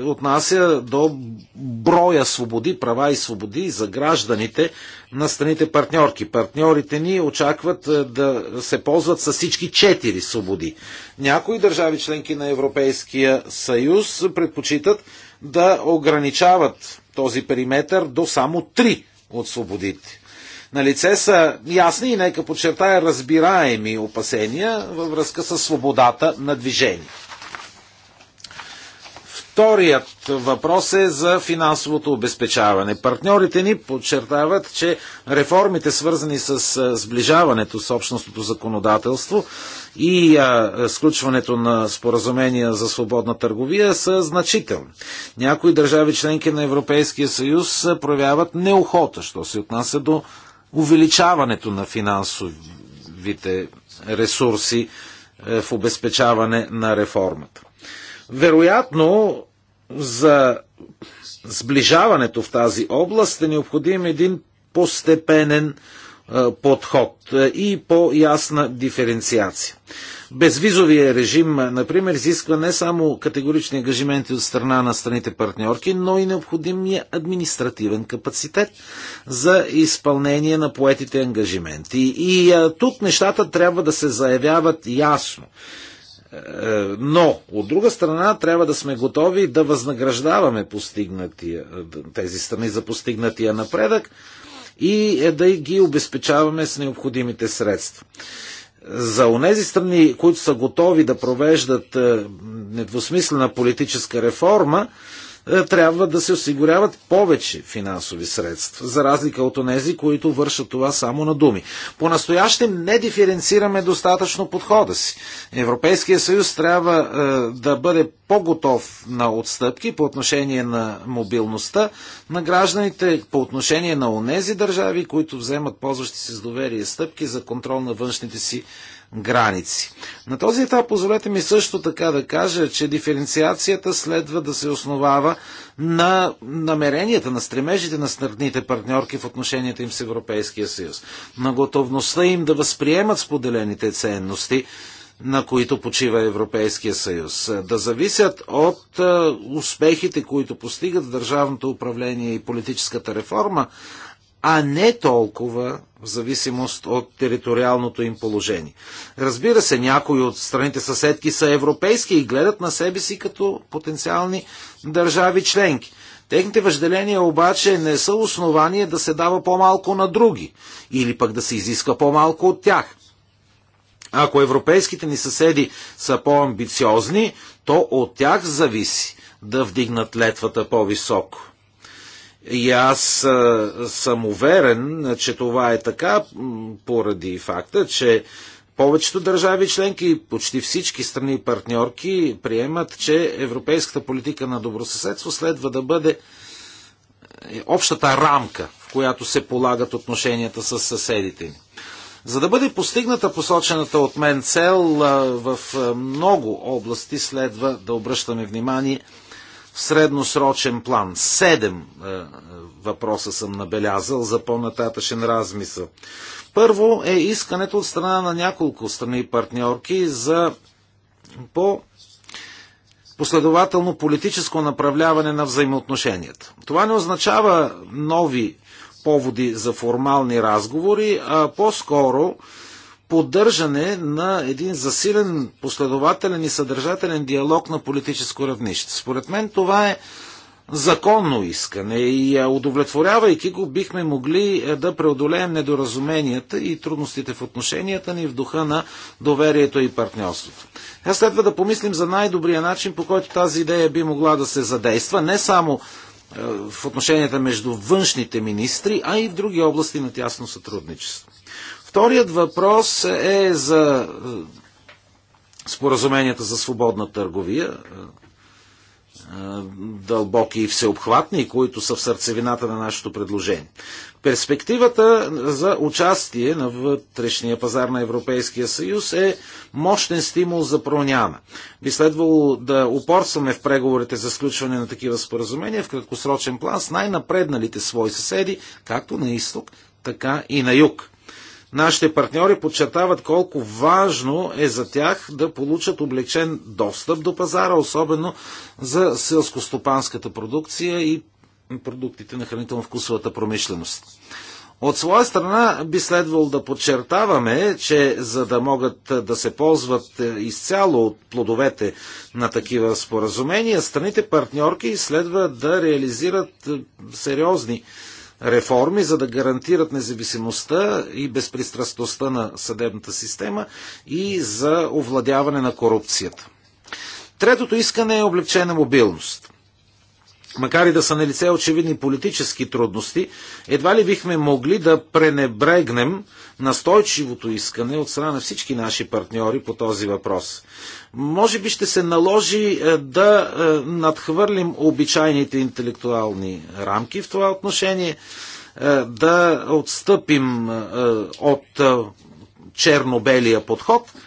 отнася до броя свободи, права и свободи за гражданите на страните партньорки. Партньорите ни очакват е, да се ползват с всички четири свободи. Някои държави членки на Европейския съюз предпочитат да ограничават този периметр до само три от свободите. На лице са ясни и нека подчертая разбираеми опасения във връзка с свободата на движение. Вторият въпрос е за финансовото обезпечаване. Партньорите ни подчертават, че реформите, свързани с сближаването с общностното законодателство и сключването на споразумения за свободна търговия, са значителни. Някои държави членки на Европейския съюз проявяват неохота, що се отнася до увеличаването на финансовите ресурси в обезпечаване на реформата. Вероятно, за сближаването в тази област е необходим един постепенен е, подход е, и по-ясна диференциация. Безвизовия режим, е, например, изисква не само категорични ангажименти от страна на страните партньорки, но и необходимия административен капацитет за изпълнение на поетите ангажименти. И, и тук нещата трябва да се заявяват ясно. Но, от друга страна, трябва да сме готови да възнаграждаваме постигнатия, тези страни за постигнатия напредък и е, да ги обезпечаваме с необходимите средства. За онези страни, които са готови да провеждат е, недвусмислена политическа реформа, е, трябва да се осигуряват повече финансови средства, за разлика от онези, които вършат това само на думи. По-настоящем не диференцираме достатъчно подхода си. Европейския съюз трябва е, да бъде по-готов на отстъпки по отношение на мобилността на гражданите, по отношение на онези държави, които вземат ползващи се с доверие стъпки за контрол на външните си граници. На този етап позволете ми също така да кажа, че диференциацията следва да се основава на намеренията, на стремежите на страните партньорки в отношенията им с Европейския съюз, на готовността им да възприемат споделените ценности, на които почива Европейския съюз, да зависят от е, успехите, които постигат в държавното управление и политическата реформа, а не толкова в зависимост от териториалното им положение. Разбира се, някои от страните съседки са европейски и гледат на себе си като потенциални държави членки. Техните въжделения обаче не са основание да се дава по-малко на други или пък да се изиска по-малко от тях. Ако европейските ни съседи са по-амбициозни, то от тях зависи да вдигнат летвата по-високо. И аз съм уверен, че това е така поради факта, че повечето държави членки, почти всички страни и партньорки приемат, че европейската политика на добросъседство следва да бъде е, общата рамка, в която се полагат отношенията с съседите ни. За да бъде постигната посочената от мен цел в много области следва да обръщаме внимание – в средносрочен план. Седем е, е въпроса съм набелязал за по-нататъчен размисъл. Първо е искането от страна на няколко страни партньорки за по последователно политическо направляване на взаимоотношенията. Това не означава нови поводи за формални разговори, а по-скоро поддържане на един засилен, последователен и съдържателен диалог на политическо равнище. Според мен това е законно искане и удовлетворявайки го бихме могли е, да преодолеем недоразуменията и трудностите в отношенията ни в духа на доверието и партньорството. Аз следва да помислим за най-добрия начин, по който тази идея би могла да се задейства, не само е, в отношенията между външните министри, а и в други области на тясно сътрудничество. Вторият въпрос е за е, споразуменията за свободна търговия, е, е, дълбоки и всеобхватни, които са в сърцевината на нашето предложение. Перспективата за участие на вътрешния пазар на Европейския съюз е мощен стимул за промяна. Би следвало да упорстваме в преговорите за сключване на такива споразумения в краткосрочен план с най-напредналите свои съседи, както на изток, така и на юг. Нашите партньори подчертават колко важно е за тях да получат облегчен достъп до пазара, особено за селскостопанската продукция и продуктите на хранително-вкусовата промишленост. От своя страна би следвало да подчертаваме, че за да могат да се ползват изцяло от плодовете на такива споразумения, страните партньорки следва да реализират сериозни реформи, за да гарантират независимостта и безпристрастността на съдебната система и за овладяване на корупцията. Третото искане е облегчена мобилност макар и да са на лице очевидни политически трудности, едва ли бихме могли да пренебрегнем настойчивото искане от страна на всички наши партньори по този въпрос. Може би ще се наложи е, да е, надхвърлим обичайните интелектуални рамки в това отношение, е, да отстъпим от черно-белия подход –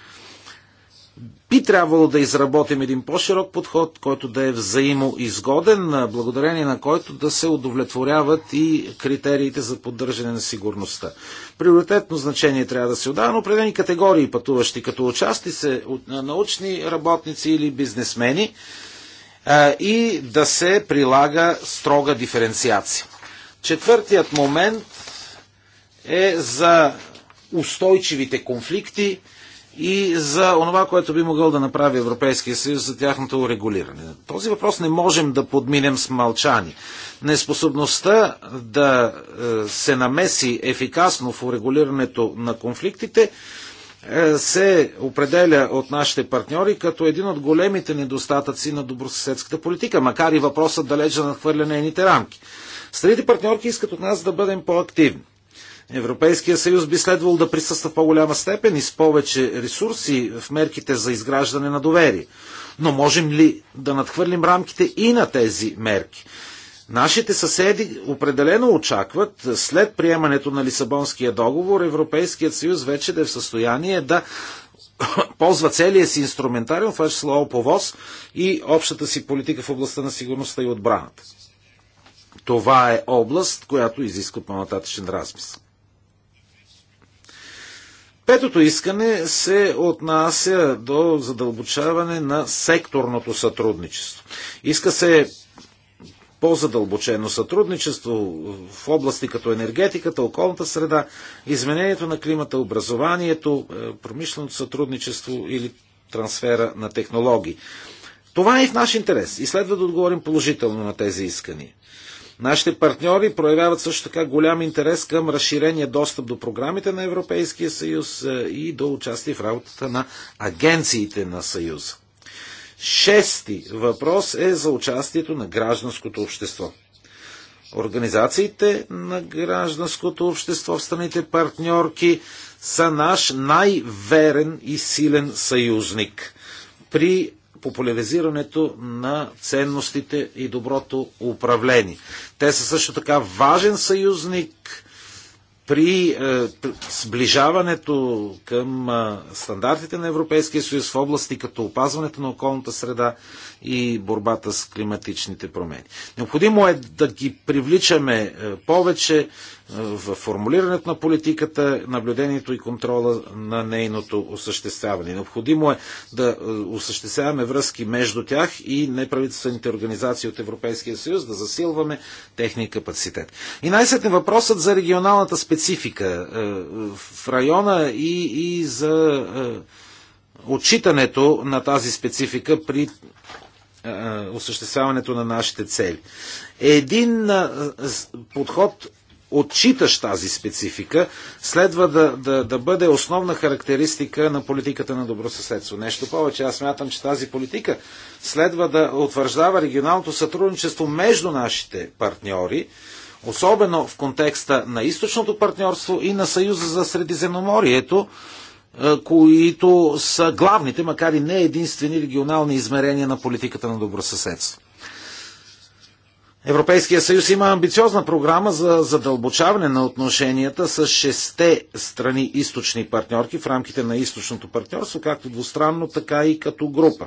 би трябвало да изработим един по-широк подход, който да е взаимоизгоден, благодарение на който да се удовлетворяват и критериите за поддържане на сигурността. Приоритетно значение трябва да се отдава на определени категории пътуващи, като участи се научни работници или бизнесмени и да се прилага строга диференциация. Четвъртият момент е за устойчивите конфликти, и за онова, което би могъл да направи Европейския съюз за тяхното урегулиране. Този въпрос не можем да подминем с мълчани. Неспособността да е, се намеси ефикасно в урегулирането на конфликтите е, се определя от нашите партньори като един от големите недостатъци на добросъседската политика, макар и въпросът далеч да надхвърля нейните рамки. Страните партньорки искат от нас да бъдем по-активни. Европейския съюз би следвал да присъства в по-голяма степен и с повече ресурси в мерките за изграждане на доверие. Но можем ли да надхвърлим рамките и на тези мерки? Нашите съседи определено очакват след приемането на Лисабонския договор Европейският съюз вече да е в състояние да ползва целия си инструментариум, това слово повоз и общата си политика в областта на сигурността и отбраната. Това е област, която изисква по-нататъчен размисъл. Петото искане се отнася до задълбочаване на секторното сътрудничество. Иска се по-задълбочено сътрудничество в области като енергетиката, околната среда, изменението на климата, образованието, е, промишленото сътрудничество или трансфера на технологии. Това е и в наш интерес и следва да отговорим положително на тези искания. Нашите партньори проявяват също така голям интерес към разширения достъп до програмите на Европейския съюз е, и до участие в работата на агенциите на съюза. Шести въпрос е за участието на гражданското общество. Организациите на гражданското общество в страните партньорки са наш най-верен и силен съюзник при популяризирането на ценностите и доброто управление. Те са също така важен съюзник при е, сближаването към е, стандартите на Европейския съюз в области като опазването на околната среда и борбата с климатичните промени. Необходимо е да ги привличаме е, повече, в формулирането на политиката, наблюдението и контрола на нейното осъществяване. Необходимо е да е, осъществяваме връзки между тях и неправителствените организации от Европейския съюз, да засилваме техния капацитет. И най-сетне въпросът за регионалната специфика е, в района и, и за е, отчитането на тази специфика при осъществяването на нашите цели. Един подход отчитащ тази специфика, следва да, да, да бъде основна характеристика на политиката на добросъседство. Нещо повече, аз мятам, че тази политика следва да утвърждава регионалното сътрудничество между нашите партньори, особено в контекста на източното партньорство и на Съюза за Средиземноморието, е, които са главните, макар и не единствени регионални измерения на политиката на добросъседство. Европейския съюз има амбициозна програма за задълбочаване на отношенията с шесте страни източни партньорки в рамките на източното партньорство, както двустранно, така и като група.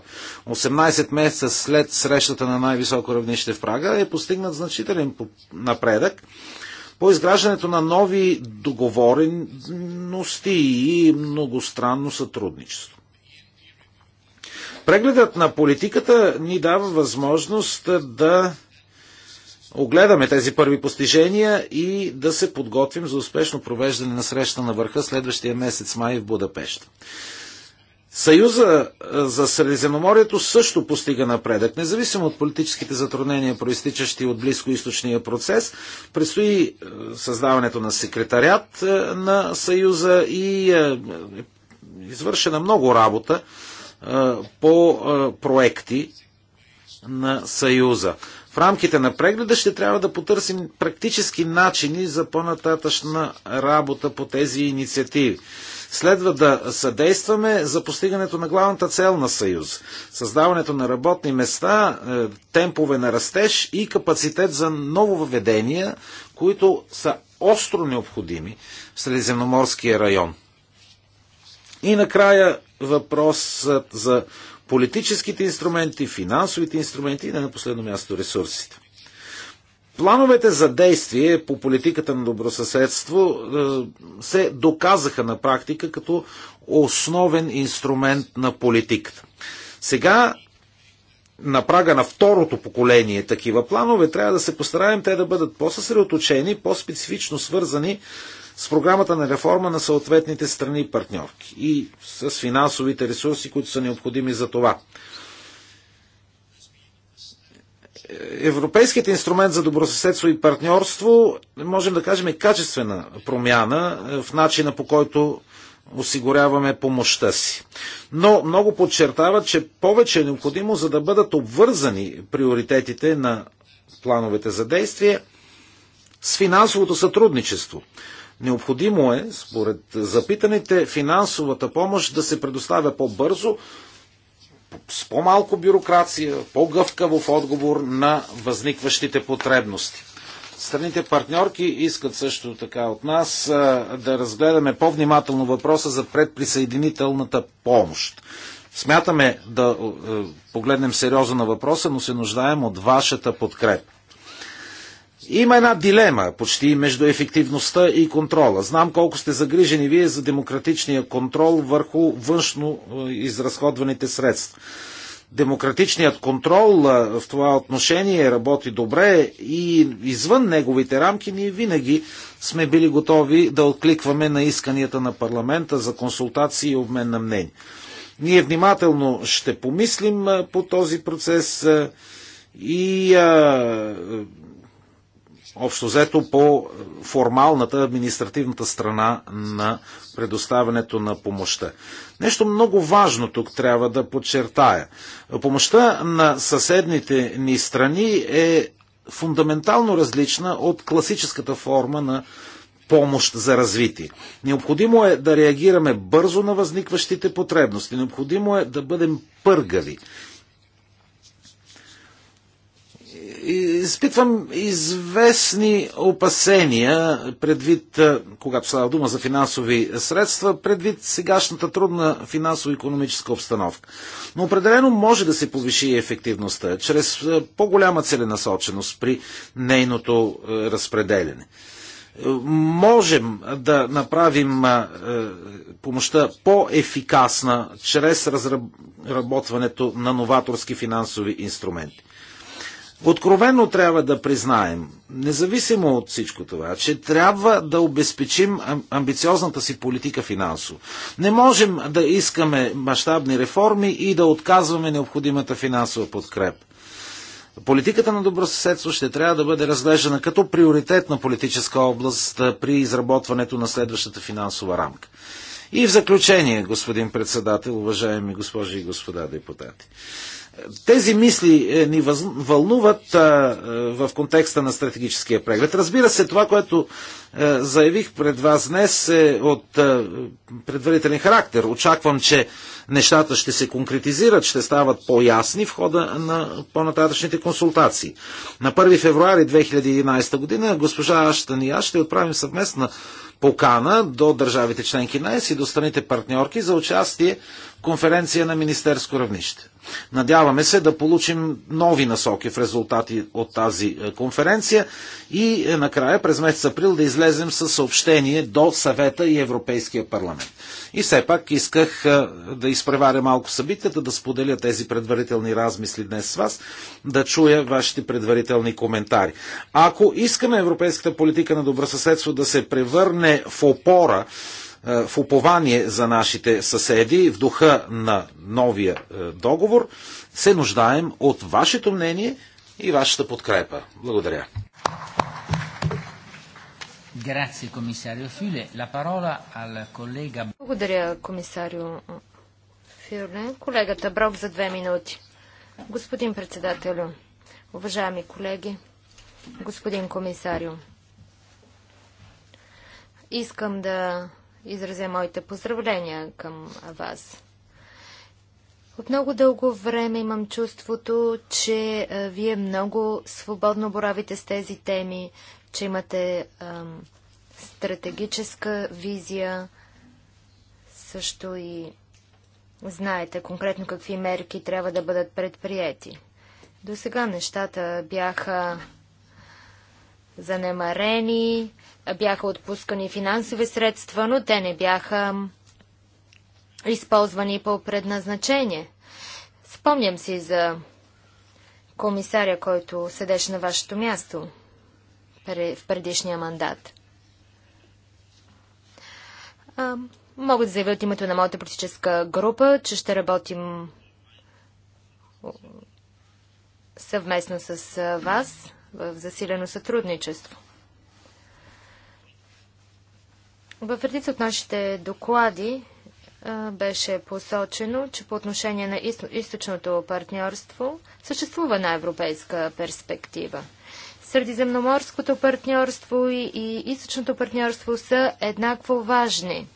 18 месеца след срещата на най-високо равнище в Прага е постигнат значителен напредък по изграждането на нови договорености и многостранно сътрудничество. Прегледът на политиката ни дава възможност да огледаме тези първи постижения и да се подготвим за успешно провеждане на среща на върха следващия месец май в Будапешт. Съюза за Средиземноморието също постига напредък. Независимо от политическите затруднения, проистичащи от близкоисточния процес, предстои създаването на секретарят на Съюза и извършена много работа по проекти на Съюза. В рамките на прегледа ще трябва да потърсим практически начини за по-нататъчна работа по тези инициативи. Следва да съдействаме за постигането на главната цел на Съюз създаването на работни места, е, темпове на растеж и капацитет за нововведения, които са остро необходими в Средиземноморския район. И накрая въпросът за политическите инструменти, финансовите инструменти и не на последно място ресурсите. Плановете за действие по политиката на добросъседство е, се доказаха на практика като основен инструмент на политиката. Сега на прага на второто поколение такива планове, трябва да се постараем те да бъдат по-съсредоточени, по-специфично свързани с програмата на реформа на съответните страни партньорки и с финансовите ресурси, които са необходими за това. Европейският инструмент за добросъседство и партньорство, можем да кажем, е качествена промяна е, в начина по който осигуряваме помощта си. Но много подчертават, че повече е необходимо, за да бъдат обвързани приоритетите на плановете за действие с финансовото сътрудничество, Необходимо е, според запитаните, финансовата помощ да се предоставя по-бързо, с по-малко бюрокрация, по-гъвкаво в отговор на възникващите потребности. Страните партньорки искат също така от нас да разгледаме по-внимателно въпроса за предприсъединителната помощ. Смятаме да погледнем сериозно на въпроса, но се нуждаем от вашата подкрепа. Има една дилема почти между ефективността и контрола. Знам колко сте загрижени вие за демократичния контрол върху външно е, изразходваните средства. Демократичният контрол е, в това отношение работи добре и извън неговите рамки ние винаги сме били готови да откликваме на исканията на парламента за консултации и обмен на мнение. Ние внимателно ще помислим е, по този процес и общо взето по формалната административната страна на предоставянето на помощта. Нещо много важно тук трябва да подчертая. Помощта на съседните ни страни е фундаментално различна от класическата форма на помощ за развитие. Необходимо е да реагираме бързо на възникващите потребности. Необходимо е да бъдем пъргави изпитвам известни опасения предвид, когато става дума за финансови средства, предвид сегашната трудна финансово-економическа обстановка. Но определено може да се повиши ефективността чрез по-голяма целенасоченост при нейното разпределене. Можем да направим помощта по-ефикасна чрез разработването на новаторски финансови инструменти. Откровено трябва да признаем, независимо от всичко това, че трябва да обезпечим амбициозната си политика финансово. Не можем да искаме мащабни реформи и да отказваме необходимата финансова подкреп. Политиката на добросъседство ще трябва да бъде разглеждана като приоритетна политическа област при изработването на следващата финансова рамка. И в заключение, господин председател, уважаеми госпожи и господа депутати, тези мисли е, ни вълнуват е, в контекста на стратегическия преглед. Разбира се, това, което е, заявих пред вас днес е от предварителен характер. Очаквам, че нещата ще се конкретизират, ще стават по-ясни в хода на по-нататъчните консултации. На 1 февруари 2011 година госпожа Аштан и аз ще отправим съвместна покана до държавите членки на ЕС и до страните партньорки за участие конференция на министерско равнище. Надяваме се да получим нови насоки в резултати от тази е, конференция и е, накрая през месец април да излезем с съобщение до съвета и Европейския парламент. И все пак исках е, да изпреваря малко събитията, да споделя тези предварителни размисли днес с вас, да чуя вашите предварителни коментари. Ако искаме европейската политика на добросъседство да се превърне в опора, е, в упование за нашите съседи в духа на новия е, договор, се нуждаем от вашето мнение и вашата подкрепа. Благодаря. Благодаря, комисарио Фюрле. Колегата Брок за две минути. Господин председателю, уважаеми колеги, господин комисарио, искам да изразя моите поздравления към вас. От много дълго време имам чувството, че вие много свободно боравите с тези теми, че имате а, стратегическа визия, също и знаете конкретно какви мерки трябва да бъдат предприяти. До сега нещата бяха занемарени, бяха отпускани финансови средства, но те не бяха използвани по предназначение. Спомням си за комисаря, който седеше на вашето място в предишния мандат. Мога да заявя от името на моята политическа група, че ще работим съвместно с вас в засилено сътрудничество. В редица от нашите доклади беше посочено, че по отношение на източното партньорство съществува на европейска перспектива. Средиземноморското партньорство и, източното партньорство са еднакво важни,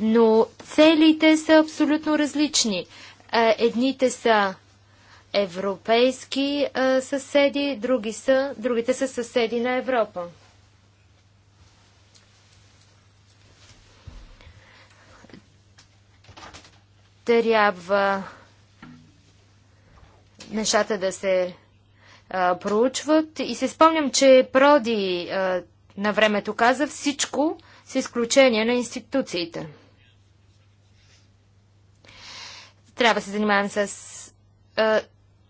но целите са абсолютно различни. Едните са европейски съседи, други са, другите са съседи на Европа. Трябва нещата да се а, проучват. И се спомням, че Проди а, на времето каза всичко с изключение на институциите. Трябва да се занимавам с... А,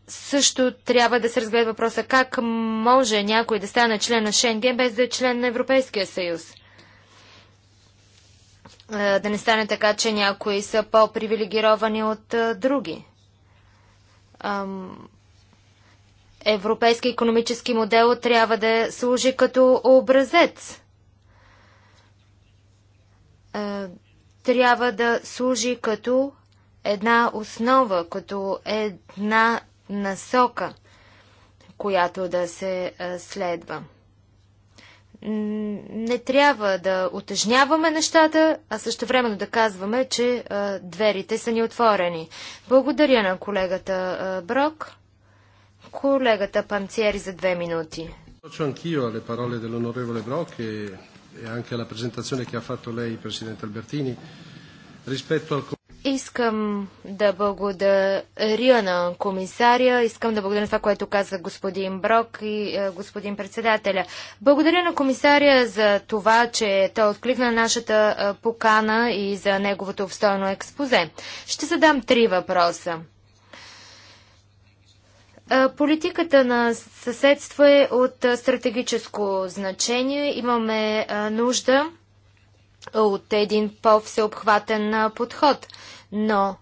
също трябва да се разгледа въпроса как може някой да стане член на Шенген без да е член на Европейския съюз. Е, да не стане така, че някои са по-привилегировани от е, други. европейски економически модел трябва да служи като образец. Е, трябва да служи като една основа, като една насока, която да се следва не трябва да отежняваме нещата, а също времено да казваме, че а, дверите са ни отворени. Благодаря на колегата а, Брок. Колегата Панциери за две минути. Faccio anch'io alle parole dell'onorevole e, e anche alla presentazione che ha fatto lei, Presidente Albertini, rispetto al... Искам да благодаря на комисаря, искам да благодаря на това, което каза господин Брок и е, господин председателя. Благодаря на комисаря за това, че той откликна нашата е, покана и за неговото обстойно експозе. Ще задам три въпроса. Е, политиката на съседство е от стратегическо значение. Имаме нужда от един по-всеобхватен подход. Но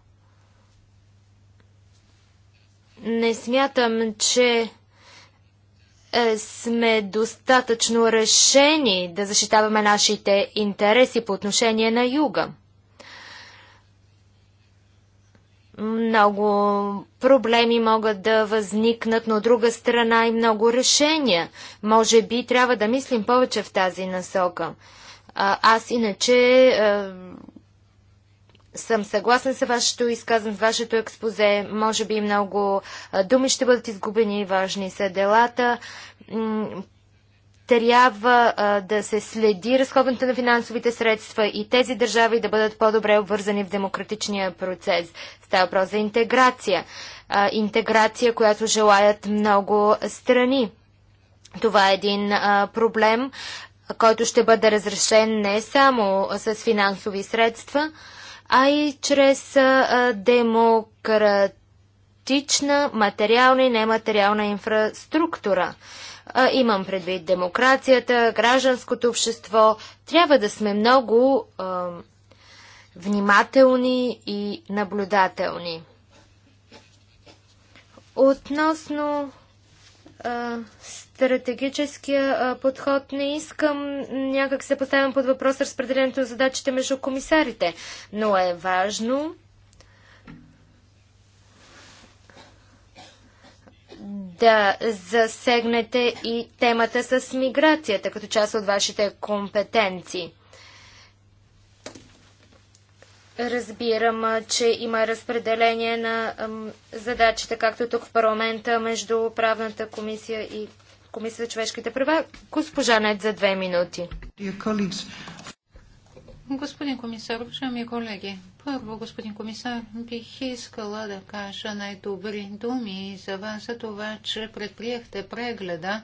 не смятам, че е, сме достатъчно решени да защитаваме нашите интереси по отношение на юга. Много проблеми могат да възникнат, но от друга страна и много решения. Може би трябва да мислим повече в тази насока аз иначе е, съм съгласна с вашето изказване, с вашето експозе. Може би много е, думи ще бъдат изгубени, важни са делата. Трябва е, да се следи разходването на финансовите средства и тези държави да бъдат по-добре обвързани в демократичния процес. Става въпрос за интеграция. интеграция, която желаят много страни. Това е един проблем, който ще бъде разрешен не само с финансови средства, а и чрез демократична материална и нематериална инфраструктура. Имам предвид демокрацията, гражданското общество. Трябва да сме много внимателни и наблюдателни. Относно а, стратегическия подход не искам някак се поставям под въпрос разпределението на задачите между комисарите, но е важно да засегнете и темата с миграцията като част от вашите компетенции. Разбирам, че има разпределение на задачите, както тук в парламента, между правната комисия и Комисия за човешките права. Госпожа Нет за две минути. Господин комисар, уважаеми колеги, първо, господин комисар, бих искала да кажа най-добри думи за вас за това, че предприехте прегледа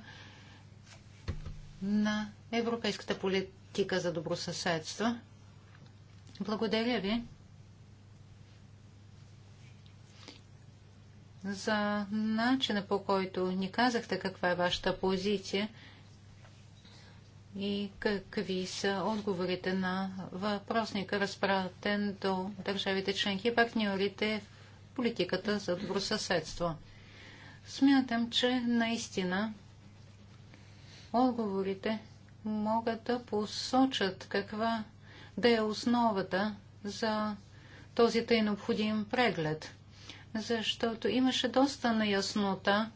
на европейската политика за добросъседство. Благодаря ви за начина по който ни казахте каква е вашата позиция и какви са отговорите на въпросника, разпратен до държавите членки и партньорите в политиката за добросъседство. Смятам, че наистина отговорите могат да посочат каква да е основата за този тъй необходим преглед защото имаше доста неяснота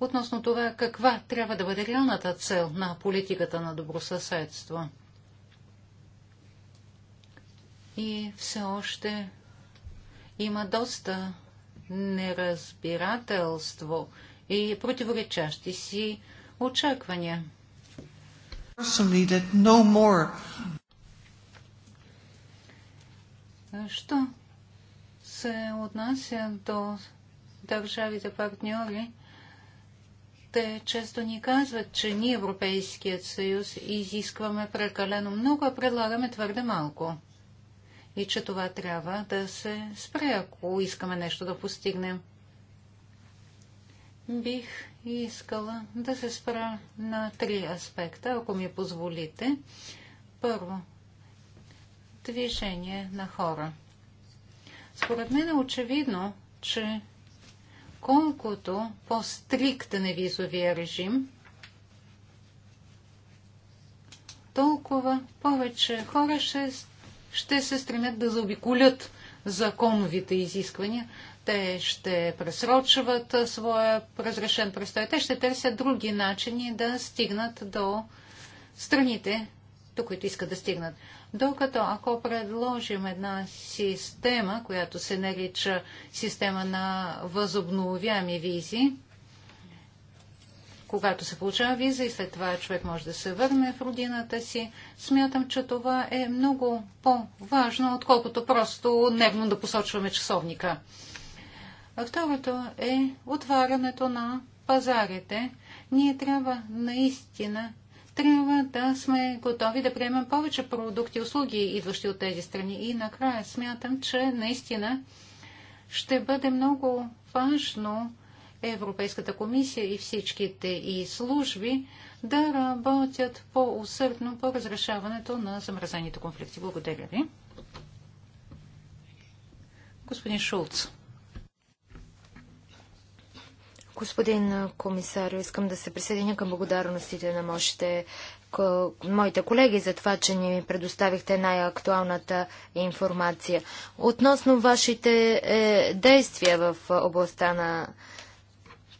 относно това каква трябва да бъде реалната цел на политиката на добросъседство. И все още има доста неразбирателство и противоречащи си очаквания. Що се отнася до държавите партньори, те често ни казват, че ние, Европейският съюз, изискваме прекалено много, а предлагаме твърде малко. И че това трябва да се спре, ако искаме нещо да постигнем. Бих искала да се спра на три аспекта, ако ми позволите. Първо, движение на хора. Според мен е очевидно, че колкото по-стриктен е визовия режим, толкова повече хора ще, ще се стремят да заобиколят законовите изисквания. Те ще пресрочват своя разрешен престой. Те ще търсят други начини да стигнат до страните, до които искат да стигнат. Докато ако предложим една система, която се нарича система на възобновяеми визи, когато се получава виза и след това човек може да се върне в родината си, смятам, че това е много по-важно, отколкото просто дневно да посочваме часовника. А второто е отварянето на пазарите. Ние трябва наистина трябва да сме готови да приемем повече продукти и услуги, идващи от тези страни. И накрая смятам, че наистина ще бъде много важно Европейската комисия и всичките и служби да работят по-усърдно по разрешаването на замразените конфликти. Благодаря ви. Господин Шулц. Господин комисар, искам да се присъединя към благодарностите на мощите, моите колеги за това, че ни предоставихте най-актуалната информация. Относно вашите е, действия в областта на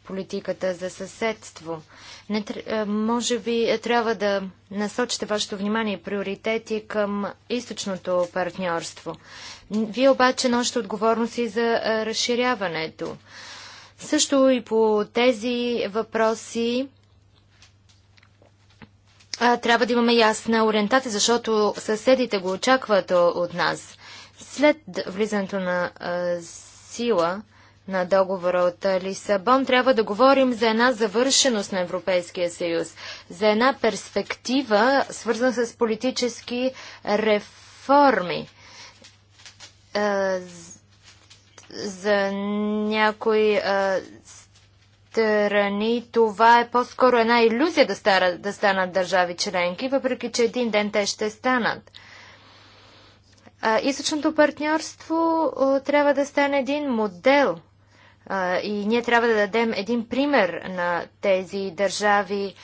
политиката за съседство. Не, е, може би е, трябва да насочите вашето внимание и приоритети към източното партньорство. Вие обаче носите отговорности за е, разширяването. Също и по тези въпроси а, трябва да имаме ясна ориентация, защото съседите го очакват от нас. След влизането на а, сила на договора от Лисабон, трябва да говорим за една завършеност на Европейския съюз, за една перспектива, свързана с политически реформи. А, за някои страни това е по-скоро една иллюзия да, стара, да станат държави членки, въпреки че един ден те ще станат. А, източното партньорство трябва да стане един модел а, и ние трябва да дадем един пример на тези държави,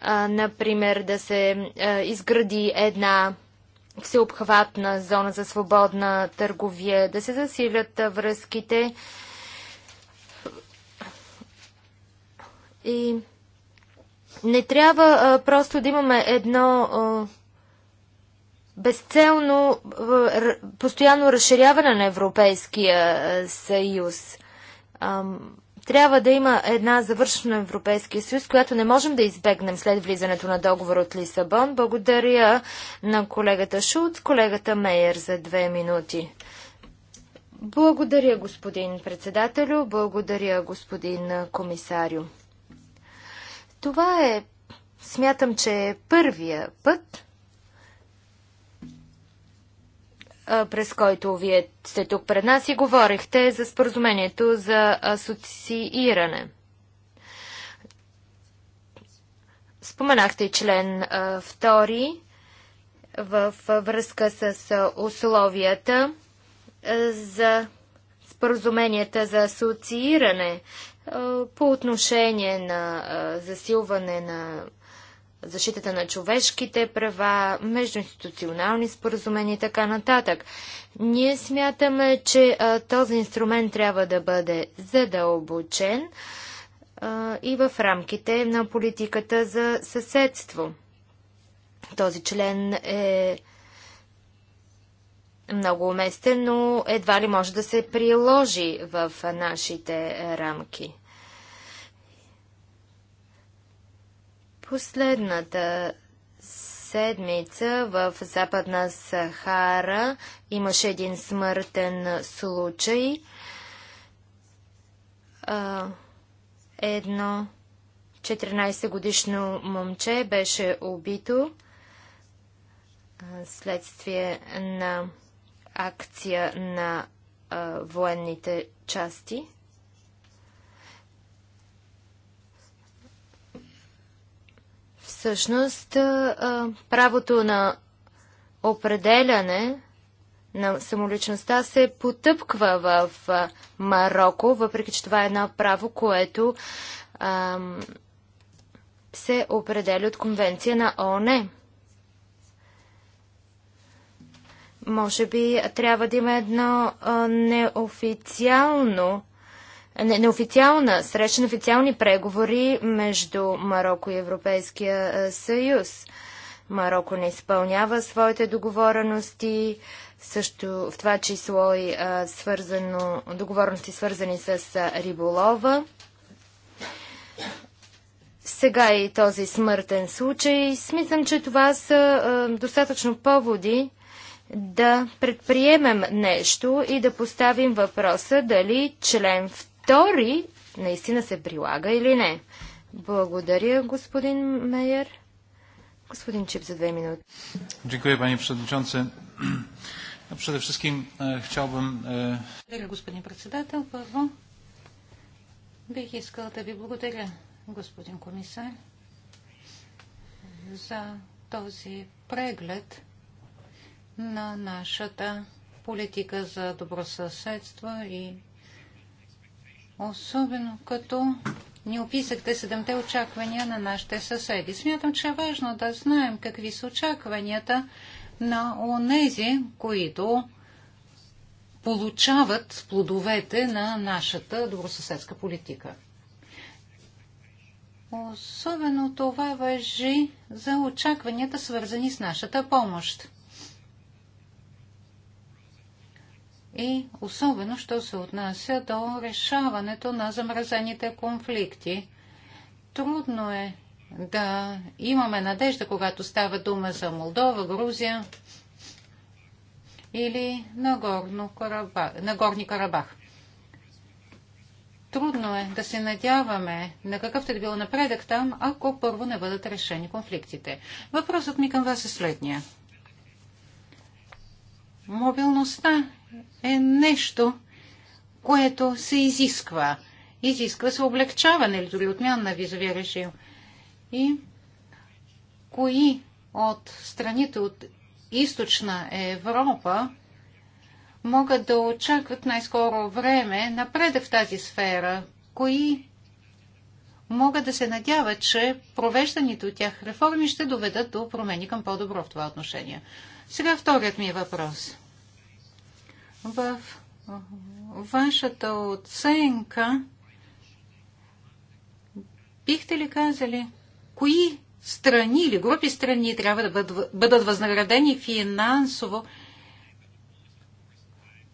а, например да се а, изгради една всеобхватна зона за свободна търговия, да се засилят връзките и не трябва а, просто да имаме едно а, безцелно а, постоянно разширяване на Европейския съюз. А, трябва да има една завършена Европейския съюз, която не можем да избегнем след влизането на договор от Лисабон. Благодаря на колегата Шут, колегата Мейер за две минути. Благодаря, господин председателю, благодаря, господин комисарю. Това е, смятам, че е първия път, през който вие сте тук пред нас и говорихте за споразумението за асоцииране. Споменахте и член 2 в връзка с условията за споразуменията за асоцииране по отношение на засилване на защитата на човешките права, междуинституционални споразумения и така нататък. Ние смятаме, че а, този инструмент трябва да бъде задълбочен а, и в рамките на политиката за съседство. Този член е много уместен, но едва ли може да се приложи в нашите е, рамки. Последната седмица в Западна Сахара имаше един смъртен случай. Едно 14-годишно момче беше убито следствие на акция на военните части. Всъщност, правото на определяне на самоличността се потъпква в Марокко, въпреки че това е едно право, което ам, се определя от конвенция на ООН. Може би трябва да има едно а, неофициално неофициална среща на официални преговори между Марокко и Европейския е, съюз. Марокко не изпълнява своите договорености, също в това число и а, е, свързано, договорности свързани с а, е, риболова. Сега и този смъртен случай. Смислям, че това са а, достатъчно поводи да предприемем нещо и да поставим въпроса дали член в втори наистина се прилага или не. Благодаря, господин Мейер. Господин Чип за две минути. Dziękuję, panie przewodniczący. Przede wszystkim e, chciałbym... E, благодаря, господин председател. Първо, бих искал да ви благодаря, господин комисар, за този преглед на нашата политика за добросъседство и Особено като ни описахте седемте очаквания на нашите съседи. Смятам, че е важно да знаем какви са очакванията на онези, които получават плодовете на нашата добросъседска политика. Особено това въжи за очакванията, свързани с нашата помощ. и особено, що се отнася до решаването на замразените конфликти. Трудно е да имаме надежда, когато става дума за Молдова, Грузия или Нагорно Карабах, Нагорни Карабах. Трудно е да се надяваме на какъвто да било напредък там, ако първо не бъдат решени конфликтите. Въпросът ми към вас е следния. Мобилността е нещо, което се изисква. Изисква се облегчаване или дори отмяна на визовия режим. И кои от страните от източна Европа могат да очакват най-скоро време напредък в тази сфера, кои могат да се надяват, че провежданите от тях реформи ще доведат до промени към по-добро в това отношение. Сега вторият ми е въпрос в вашата оценка бихте ли казали кои страни или групи страни трябва да бъдат, възнаградени финансово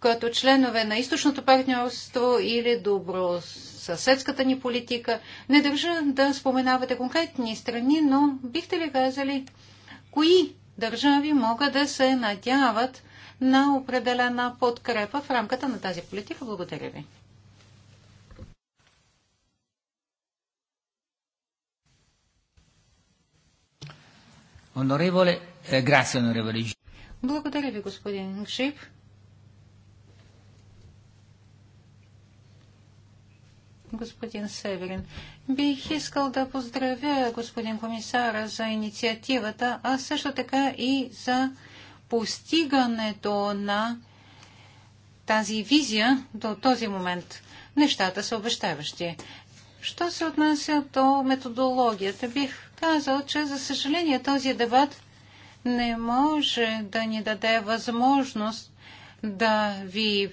като членове на източното партньорство или добро съседската ни политика. Не държа да споменавате конкретни страни, но бихте ли казали кои държави могат да се надяват на определена подкрепа в рамката на тази политика. Благодаря ви. Eh, Благодаря ви, господин Шип. господин Северин. Бих искал да поздравя господин комисара за инициативата, а също така и за постигането на тази визия до този момент. Нещата са обещаващи. Що се отнася до методологията, бих казал, че за съжаление този дебат не може да ни даде възможност да ви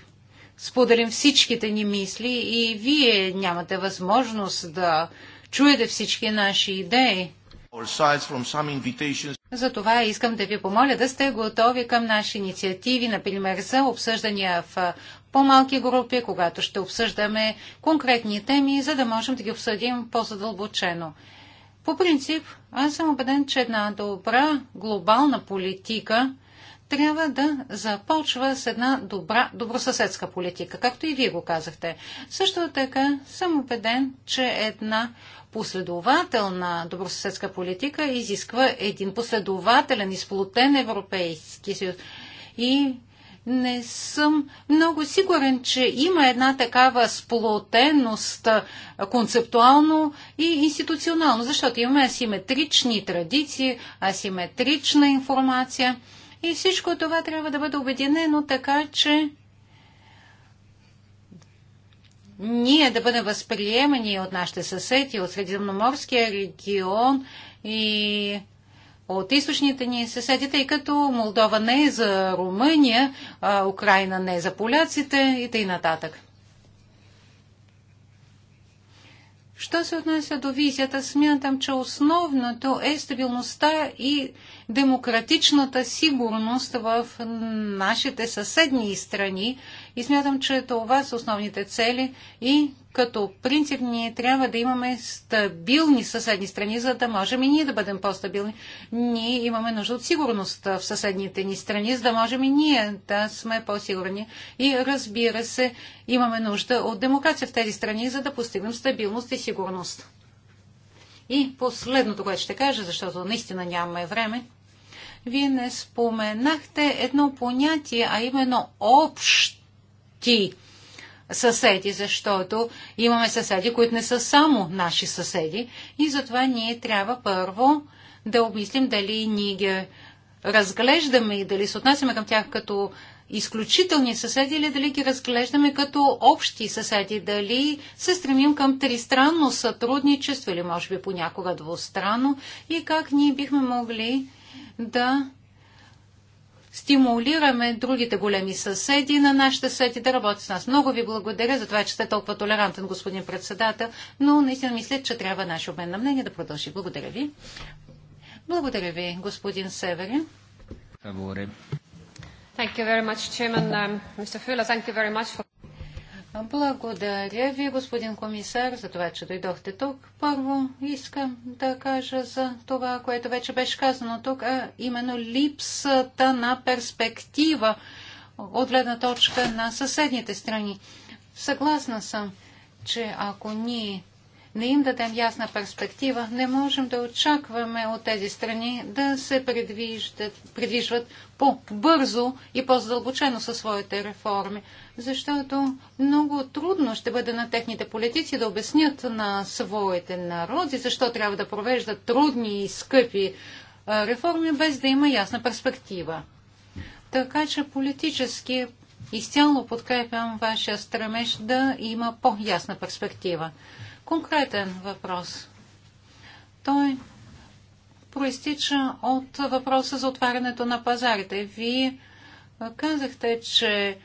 споделим всичките ни мисли и вие нямате възможност да чуете всички наши идеи. Затова искам да ви помоля да сте готови към наши инициативи, например за обсъждания в по-малки групи, когато ще обсъждаме конкретни теми, за да можем да ги обсъдим по-задълбочено. По принцип, аз съм убеден, че една добра глобална политика трябва да започва с една добра, добросъседска политика, както и вие го казахте. Също така съм убеден, че една последователна добросъседска политика изисква един последователен, изплутен Европейски съюз. И не съм много сигурен, че има една такава сплотеност концептуално и институционално, защото имаме асиметрични традиции, асиметрична информация и всичко това трябва да бъде обединено така, че ние да бъдем възприемани от нашите съседи, от Средиземноморския регион и от източните ни съседи, тъй като Молдова не е за Румъния, а Украина не е за поляците и т.н. нататък. Що се отнася до визията, смятам, че основното е стабилността и демократичната сигурност в нашите съседни страни и смятам, че това са основните цели и като принцип ние трябва да имаме стабилни съседни страни, за да можем и ние да бъдем по-стабилни. Ние имаме нужда от сигурност в съседните ни страни, за да можем и ние да сме по-сигурни. И разбира се, имаме нужда от демокрация в тези страни, за да постигнем стабилност и сигурност. И последното, което ще кажа, защото наистина нямаме време, вие не споменахте едно понятие, а именно общи съседи, защото имаме съседи, които не са само наши съседи и затова ние трябва първо да обмислим дали ние ги разглеждаме и дали се отнасяме към тях като изключителни съседи или дали ги разглеждаме като общи съседи, дали се стремим към тристранно сътрудничество или може би понякога двустранно и как ние бихме могли да стимулираме другите големи съседи на нашите съседи да работят с нас. Много ви благодаря за това, че сте толкова толерантен, господин председател, но наистина мисля, че трябва наше обмен на мнение да продължи. Благодаря ви. Благодаря ви, господин Северин. Thank you very much, Chairman. Um, Mr. thank you very much for... Благодаря ви, господин комисар, за това, че дойдохте тук. Първо искам да кажа за това, което вече беше казано тук, а именно липсата на перспектива от гледна точка на съседните страни. Съгласна съм, че ако ние не им дадем ясна перспектива, не можем да очакваме от тези страни да се предвижват по-бързо и по-задълбочено със своите реформи, защото много трудно ще бъде на техните политици да обяснят на своите народи защо трябва да провеждат трудни и скъпи реформи, без да има ясна перспектива. Така че политически изцяло подкрепям вашия стремеж да има по-ясна перспектива конкретен въпрос. Той проистича от въпроса за отварянето на пазарите. Вие казахте, че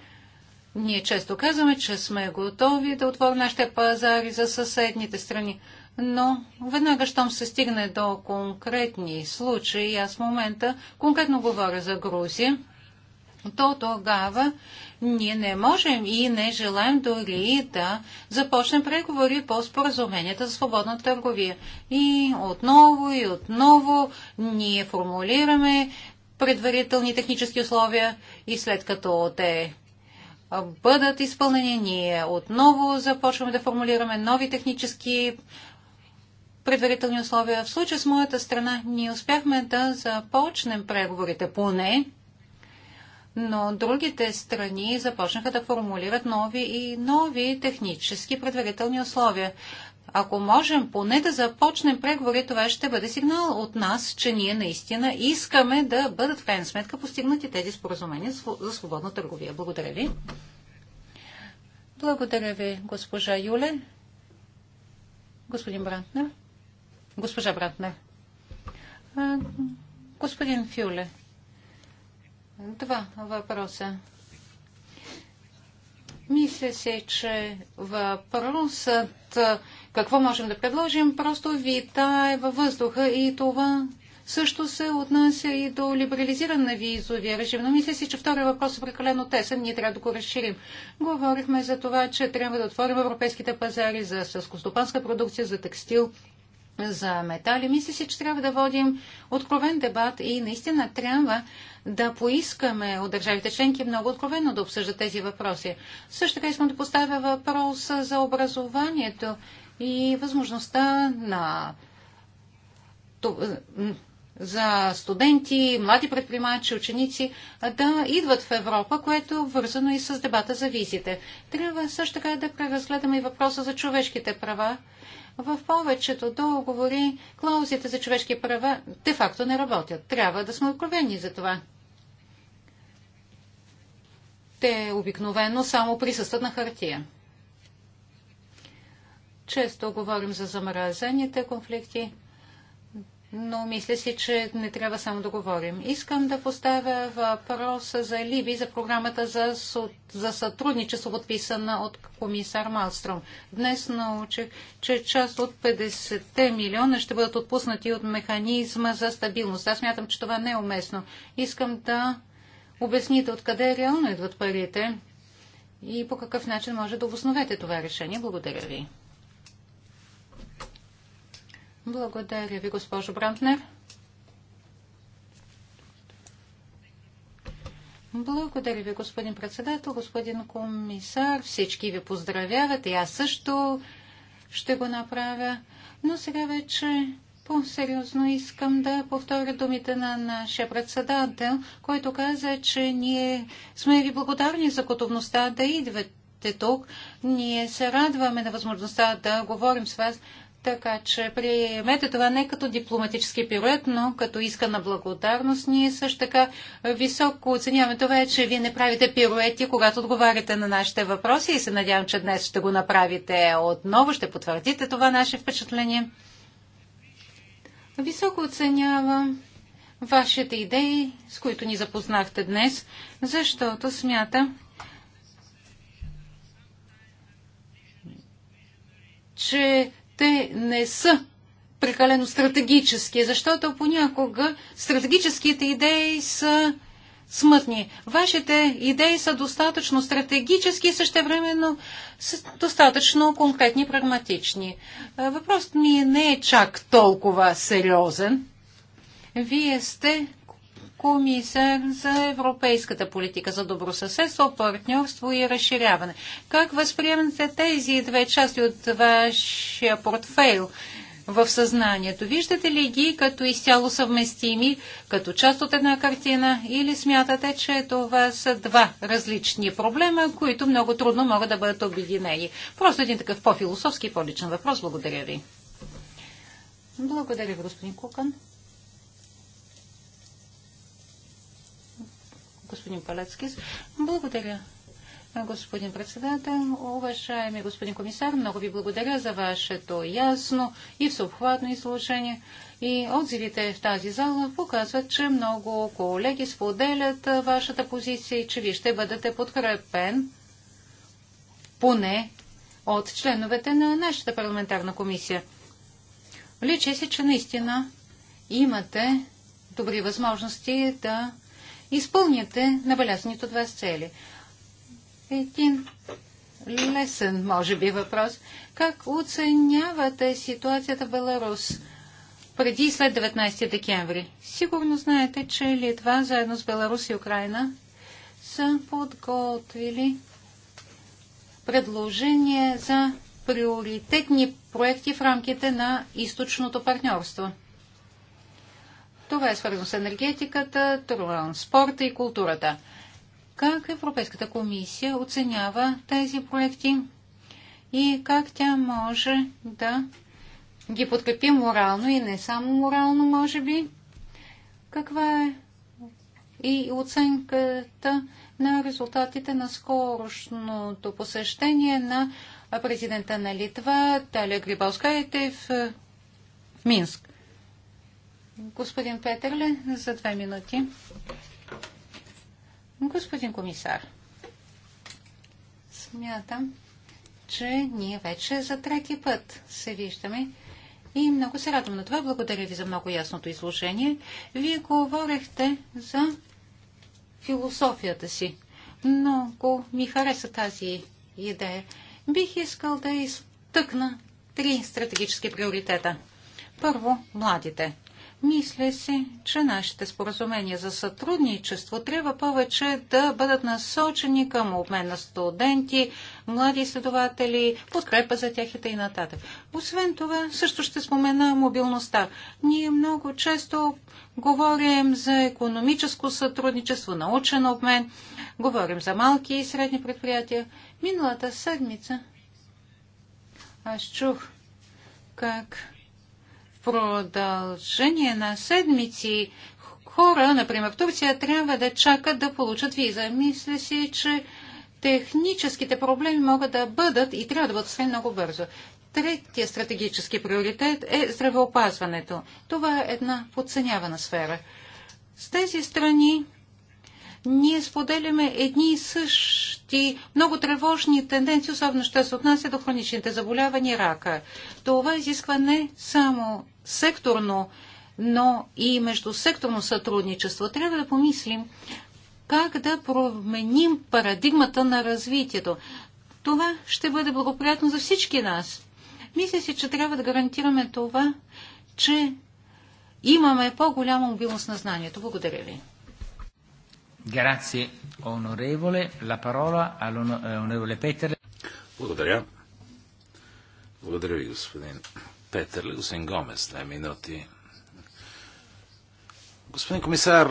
ние често казваме, че сме готови да отворим нашите пазари за съседните страни. Но веднага, щом се стигне до конкретни случаи, аз в момента конкретно говоря за Грузия, то тогава ние не можем и не желаем дори да започнем преговори по споразуменията за свободна търговия. И отново и отново ние формулираме предварителни технически условия и след като те бъдат изпълнени, ние отново започваме да формулираме нови технически предварителни условия. В случая с моята страна ние успяхме да започнем преговорите поне но другите страни започнаха да формулират нови и нови технически предварителни условия. Ако можем поне да започнем преговори, това ще бъде сигнал от нас, че ние наистина искаме да бъдат в крайна сметка постигнати тези споразумения за свободна търговия. Благодаря ви. Благодаря ви, госпожа Юле. Господин Брантнер. Госпожа Брантнер. Господин Фюле. Два въпроса. Мисля се, че въпросът какво можем да предложим просто витае във въздуха и това също се отнася и до либерализиране на визовия режим. Но мисля си, че втория въпрос е прекалено тесен. Ние трябва да го разширим. Говорихме за това, че трябва да отворим европейските пазари за съскостопанска продукция, за текстил, за метали. Мисля си, че трябва да водим откровен дебат и наистина трябва да поискаме от държавите членки много откровенно да обсъждат тези въпроси. Също така искам да поставя въпрос за образованието и възможността на за студенти, млади предприемачи, ученици да идват в Европа, което е вързано и с дебата за визите. Трябва също така да преразгледаме и въпроса за човешките права. В повечето договори клаузите за човешки права де-факто не работят. Трябва да сме откровени за това те обикновено само присъстват на хартия. Често говорим за замразените конфликти, но мисля си, че не трябва само да говорим. Искам да поставя въпроса за Либи, за програмата за, за сътрудничество, подписана от комисар Малстром. Днес научих, че част от 50 те милиона ще бъдат отпуснати от механизма за стабилност. Аз мятам, че това не е уместно. Искам да обясните откъде реално идват парите и по какъв начин може да обосновете това решение. Благодаря ви. Благодаря ви, госпожо Брантнер. Благодаря ви, господин председател, господин комисар. Всички ви поздравяват и аз също ще го направя. Но сега вече по-сериозно искам да повторя думите на нашия председател, който каза, че ние сме ви благодарни за готовността да идвате тук. Ние се радваме на възможността да говорим с вас, така че приемете това не като дипломатически пирует, но като иска на благодарност. Ние също така високо оценяваме това, че вие не правите пируети, когато отговаряте на нашите въпроси и се надявам, че днес ще го направите отново, ще потвърдите това наше впечатление. Високо оценявам вашите идеи, с които ни запознахте днес, защото смятам, че те не са прекалено стратегически, защото понякога стратегическите идеи са смътни. Вашите идеи са достатъчно стратегически и същевременно достатъчно конкретни и прагматични. Е, въпросът ми не е чак толкова сериозен. Вие сте комисар за европейската политика за добросъседство, партньорство и разширяване. Как възприемате тези две части от вашия портфейл? в съзнанието. Виждате ли ги като изцяло съвместими, като част от една картина или смятате, че това са два различни проблема, които много трудно могат да бъдат обединени? Просто един такъв по-философски и по-личен въпрос. Благодаря ви. Благодаря, господин Кукан. Господин Палецкис. Благодаря, господин председател, уважаеми господин комисар, много ви благодаря за вашето ясно и всеобхватно изложение. И отзивите в тази зала показват, че много колеги споделят вашата позиция и че ви ще бъдете подкрепен поне от членовете на нашата парламентарна комисия. Личи се, че наистина имате добри възможности да изпълните набелязаните от вас цели. Един лесен, може би, въпрос. Как оценявате ситуацията в Беларус преди и след 19 декември? Сигурно знаете, че Литва заедно с Беларус и Украина са подготвили предложение за приоритетни проекти в рамките на източното партньорство. Това е свързано с енергетиката, транспорта и културата. Как Европейската комисия оценява тези проекти и как тя може да ги подкрепи морално и не само морално, може би? Каква е и оценката на резултатите на скорошното посещение на президента на Литва Талия Грибалскайте в, в Минск. Господин Петерле, за две минути. Господин комисар, смятам, че ние вече за трети път се виждаме и много се радвам на това. Благодаря ви за много ясното изложение. Вие говорехте за философията си. Много ми хареса тази идея. Бих искал да изтъкна три стратегически приоритета. Първо, младите. Мисля си, че нашите споразумения за сътрудничество трябва повече да бъдат насочени към обмен на студенти, млади изследователи, подкрепа за тях и т.н. Освен това, също ще спомена мобилността. Ние много често говорим за економическо сътрудничество, научен обмен, говорим за малки и средни предприятия. Миналата седмица аз чух как продължение на седмици хора, например в Турция, трябва да чакат да получат виза. Мисля си, че техническите проблеми могат да бъдат и трябва да бъдат все много бързо. Третия стратегически приоритет е здравеопазването. Това е една подценявана сфера. С тези страни ние споделяме едни и същи много тревожни тенденции, особено ще се отнася до хроничните заболявания и рака. Това изисква не само секторно, но и междусекторно сътрудничество. Трябва да помислим как да променим парадигмата на развитието. Това ще бъде благоприятно за всички нас. Мисля си, че трябва да гарантираме това, че имаме по-голяма мобилност на знанието. Благодаря ви. Е, Благодаря. Благодаря ви, господин Петър Леусен Гомес, две минути. Господин комисар,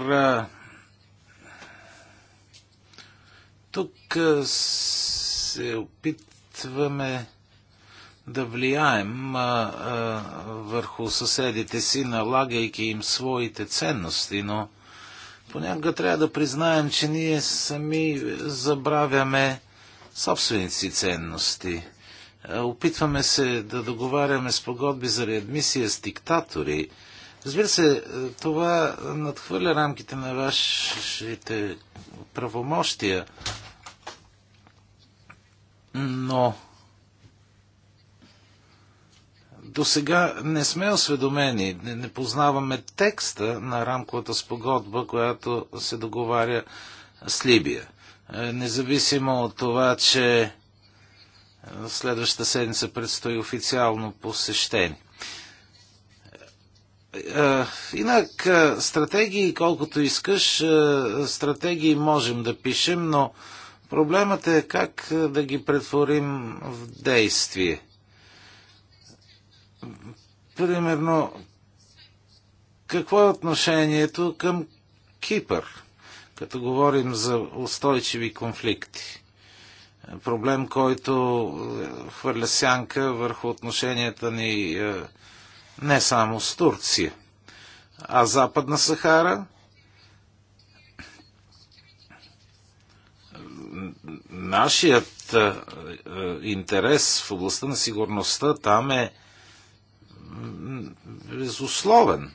тук се опитваме да влияем а, а, върху съседите си, налагайки им своите ценности, но понякога трябва да признаем, че ние сами забравяме собственици ценности. Е, опитваме се да договаряме с погодби за реадмисия с диктатори. Разбира се, е, това надхвърля рамките на вашите правомощия, но до сега не сме осведомени, не, познаваме текста на рамковата спогодба, която се договаря с Либия. Е, независимо от това, че Следващата седмица предстои официално посещение. Е, инак, е, стратегии, колкото искаш, е, стратегии можем да пишем, но проблемът е как да ги претворим в действие. Примерно, какво е отношението към Кипър, като говорим за устойчиви конфликти? проблем, който е, хвърля сянка върху отношенията ни е, не само с Турция, а Западна Сахара нашият е, интерес в областта на сигурността там е безусловен,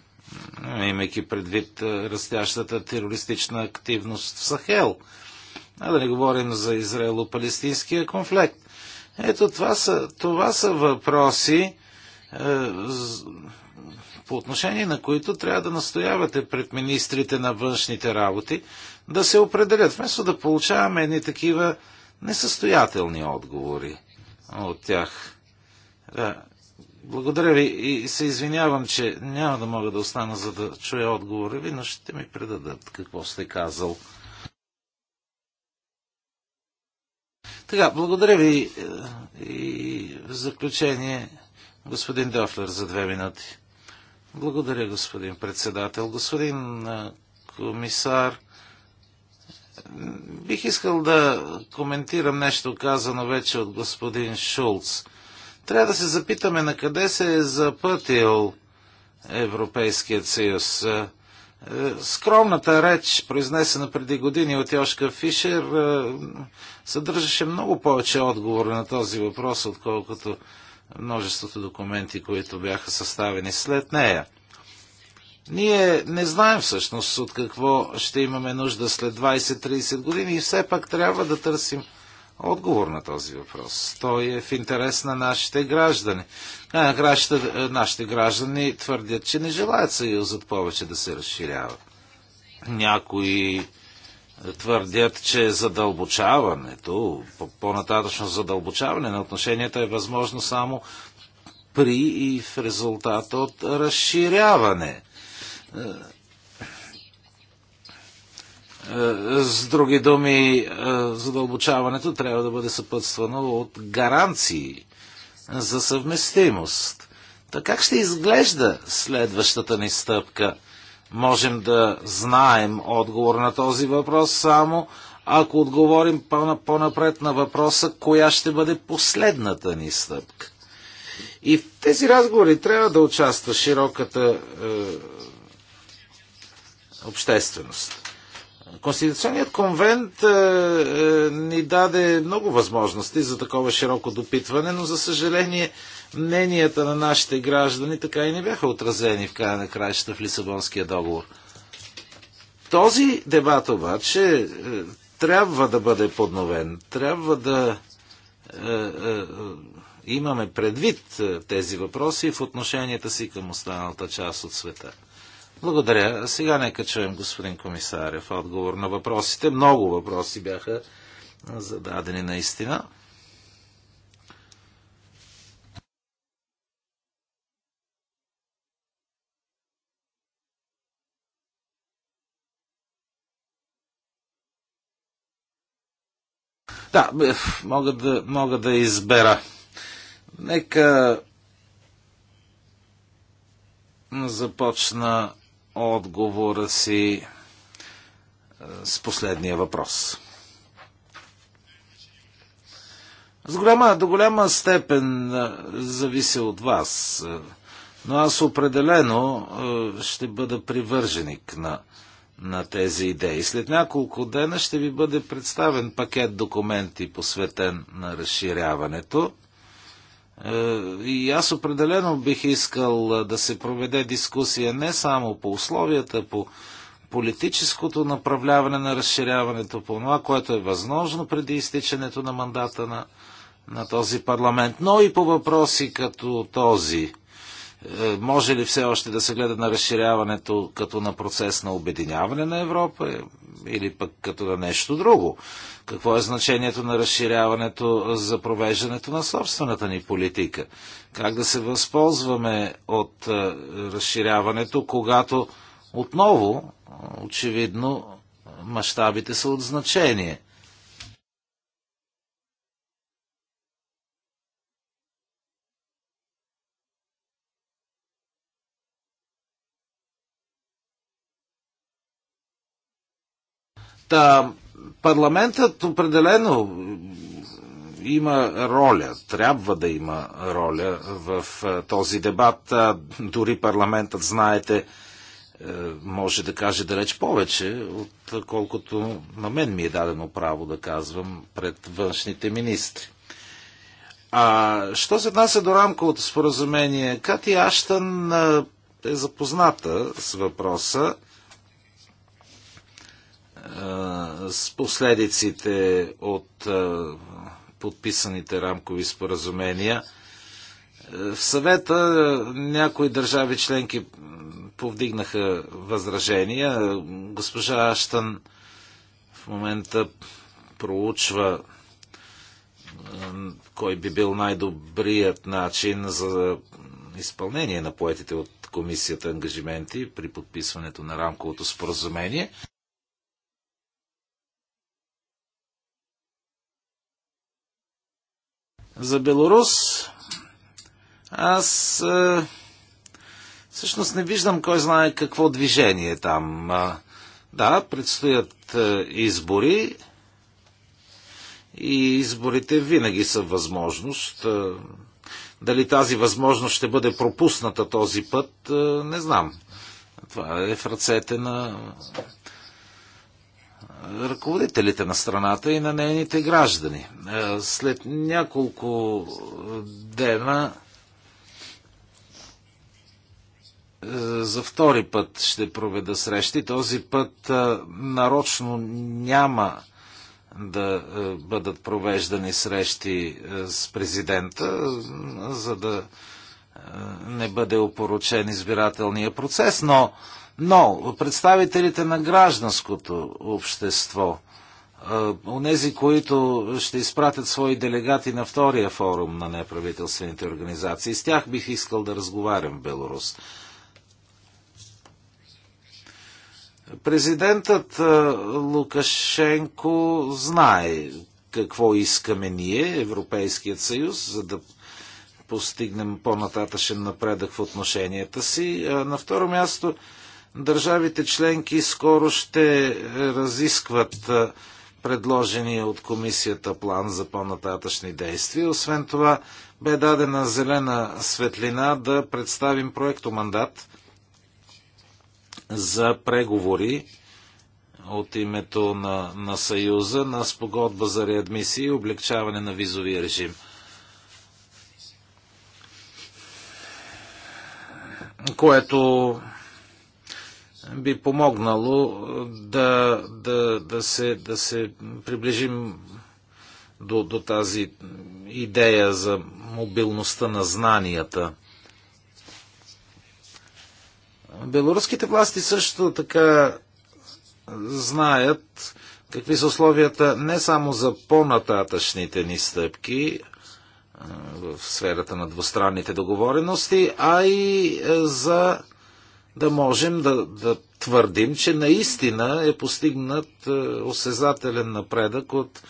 имайки предвид растящата терористична активност в Сахел – а да не говорим за израело-палестинския конфликт. Ето това са, това са въпроси, е, по отношение на които трябва да настоявате пред министрите на външните работи да се определят, вместо да получаваме едни такива несъстоятелни отговори от тях. Да. Е, благодаря ви и се извинявам, че няма да мога да остана за да чуя отговора ви, но ще ми предадат какво сте казал. Така, благодаря ви е, и в заключение господин Дофлер за две минути. Благодаря, господин председател. Господин е, комисар, бих искал да коментирам нещо казано вече от господин Шулц. Трябва да се запитаме на къде се е запътил Европейският съюз. Е, е, скромната реч, произнесена преди години от Йошка Фишер, е, съдържаше много повече отговори на този въпрос, отколкото множеството документи, които бяха съставени след нея. Ние не знаем всъщност от какво ще имаме нужда след 20-30 години и все пак трябва да търсим отговор на този въпрос. Той е в интерес на нашите граждани. Нашите, нашите граждани твърдят, че не желаят съюзът повече да се разширява. Някои твърдят, че задълбочаването, по-нататъчно задълбочаване на отношенията е възможно само при и в резултат от разширяване. Е, с други думи, е, задълбочаването трябва да бъде съпътствано от гаранции за съвместимост. Така как ще изглежда следващата ни стъпка? Можем да знаем отговор на този въпрос само ако отговорим по-напред на въпроса, коя ще бъде последната ни стъпка. И в тези разговори трябва да участва широката е, общественост. Конституционният конвент е, е, ни даде много възможности за такова широко допитване, но за съжаление мненията на нашите граждани така и не бяха отразени в края на краищата в Лисабонския договор. Този дебат обаче е, трябва да бъде подновен, трябва да е, е, имаме предвид е, тези въпроси в отношенията си към останалата част от света. Благодаря. Сега нека чуем господин комисаря в отговор на въпросите. Много въпроси бяха зададени наистина. Да, мога да, мога да избера. Нека започна отговора си е, с последния въпрос. С голяма, до голяма степен е, зависи от вас, е, но аз определено ще бъда привърженик на, на тези идеи. След няколко дена ще ви бъде представен пакет документи, посветен на разширяването. Е, и аз определено бих искал е, да се проведе дискусия не само по условията, по политическото направляване на разширяването, по това, което е възможно преди изтичането на мандата на, на този парламент, но и по въпроси като този – е, може ли все още да се гледа на разширяването като на процес на обединяване на Европа е, или пък като на нещо друго? Какво е значението на разширяването е, за провеждането на собствената ни политика? Как да се възползваме от разширяването, когато отново, очевидно, мащабите са от значение? Та, парламентът определено има роля, трябва да има роля в е, този дебат. Е, дори парламентът, знаете, е, може да каже далеч повече, отколкото на мен ми е дадено право да казвам пред външните министри. А що се отнася до рамковото споразумение? Кати Аштън е запозната с въпроса с последиците от подписаните рамкови споразумения. В съвета някои държави членки повдигнаха възражения. Госпожа Аштън в момента проучва кой би бил най-добрият начин за изпълнение на поетите от комисията ангажименти при подписването на рамковото споразумение. за Белорус, аз а, е, всъщност не виждам кой знае какво движение там. Да, предстоят е, избори и изборите винаги са възможност. Е, дали тази възможност ще бъде пропусната този път, не знам. Това е в ръцете на ръководителите на страната и на нейните граждани. Е, след няколко дена е, за втори път ще проведа срещи. Този път е, нарочно няма да бъдат провеждани срещи с президента, за да не бъде опоручен избирателния процес, но но представителите на гражданското общество, онези, които ще изпратят свои делегати на втория форум на неправителствените организации, с тях бих искал да разговарям в Беларус. Президентът Лукашенко знае какво искаме ние, Европейският съюз, за да постигнем по-нататъчен напредък в отношенията си. На второ място, Държавите членки скоро ще е, разискват е, предложения от комисията план за по-нататъчни действия. Освен това, бе дадена зелена светлина да представим проектомандат за преговори от името на, на Съюза на спогодба за реадмисия и облегчаване на визовия режим. Което би помогнало е, да, да, да, се, да се приближим до, до тази идея за мобилността на знанията. Белоруските власти също така знаят какви са условията не само за по-нататъчните ни стъпки е, в сферата на двустранните договорености, а и е, за да можем да, да твърдим, че наистина е постигнат е, осезателен напредък от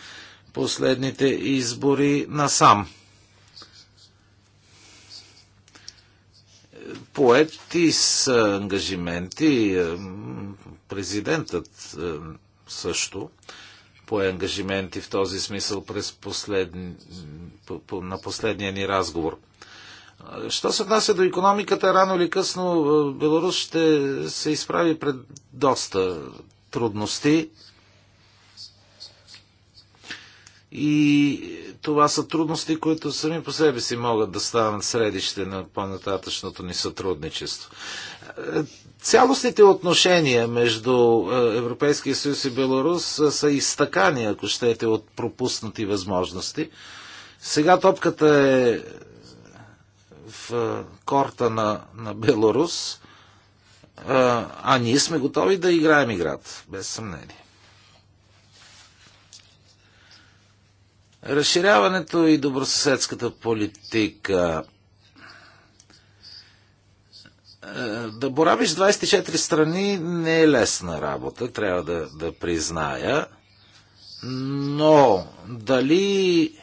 последните избори насам. Поети с ангажименти, е, президентът е, също пое ангажименти в този смисъл през последни, на последния ни разговор. Що се отнася до економиката, рано или късно е, Беларус ще се изправи пред доста трудности. И това са трудности, които сами по себе си могат да станат средище на по-нататъчното ни сътрудничество. Е, цялостните отношения между е, Европейския съюз и Беларус са изтъкани, ако щете, от пропуснати възможности. Сега топката е е, корта на, на Беларус, е, а ние сме готови да играем играта, без съмнение. Разширяването и добросъседската политика. Е, да борабиш 24 страни не е лесна работа, трябва да, да призная. Но дали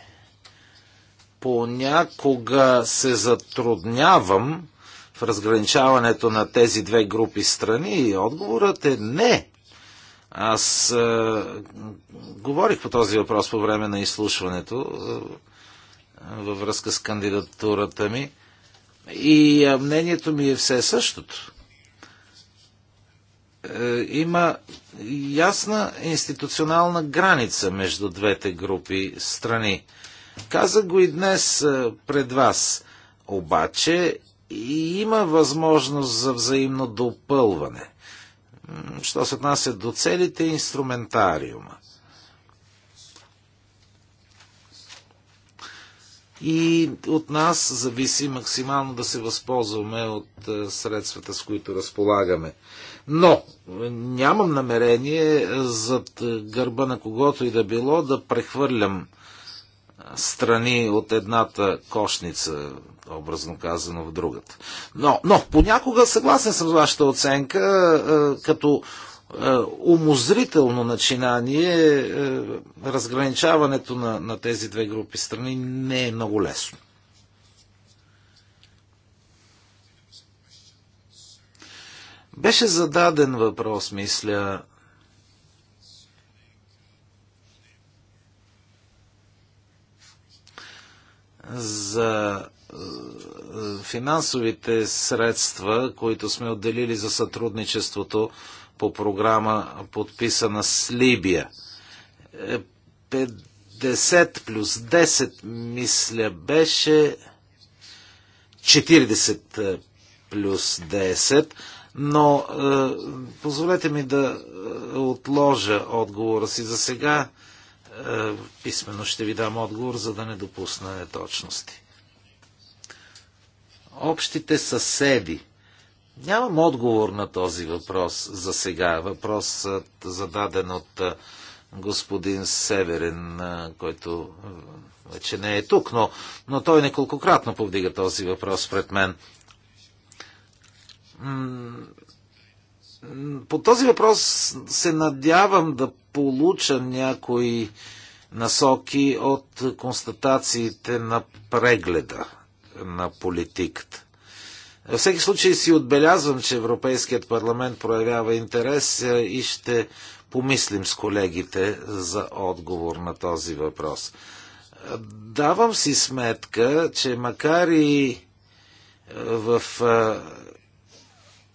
понякога се затруднявам в разграничаването на тези две групи страни и отговорът е не. Аз е, говорих по този въпрос по време на изслушването е, във връзка с кандидатурата ми и е, мнението ми е все същото. Е, има ясна институционална граница между двете групи страни. Е, каза го и днес пред вас. Обаче и има възможност за взаимно допълване. Що се отнася до целите инструментариума. И от нас зависи максимално да се възползваме от средствата, с които разполагаме. Но е, нямам намерение зад гърба на когото и да било да прехвърлям страни от едната кошница, образно казано, в другата. Но, но понякога съгласен съм с вашата оценка, е, като е, умозрително начинание е, разграничаването на, на тези две групи страни не е много лесно. Беше зададен въпрос, мисля, за е, финансовите средства, които сме отделили за сътрудничеството по програма подписана с Либия. 50 е, плюс 10, мисля, беше 40 е, плюс 10, но е, позволете ми да отложа отговора си за сега. Е, писменно ще ви дам отговор, за да не допусна неточности. Общите съседи. Нямам отговор на този въпрос за сега. въпросът зададен от е, господин Северен, е, който вече не е тук, но, но той неколкократно повдига този въпрос пред мен по този въпрос се надявам да получа някои насоки от констатациите на прегледа на политиката. В всеки случай си отбелязвам, че Европейският парламент проявява интерес е, и ще помислим с колегите за отговор на този въпрос. Давам си сметка, че макар и е, в е,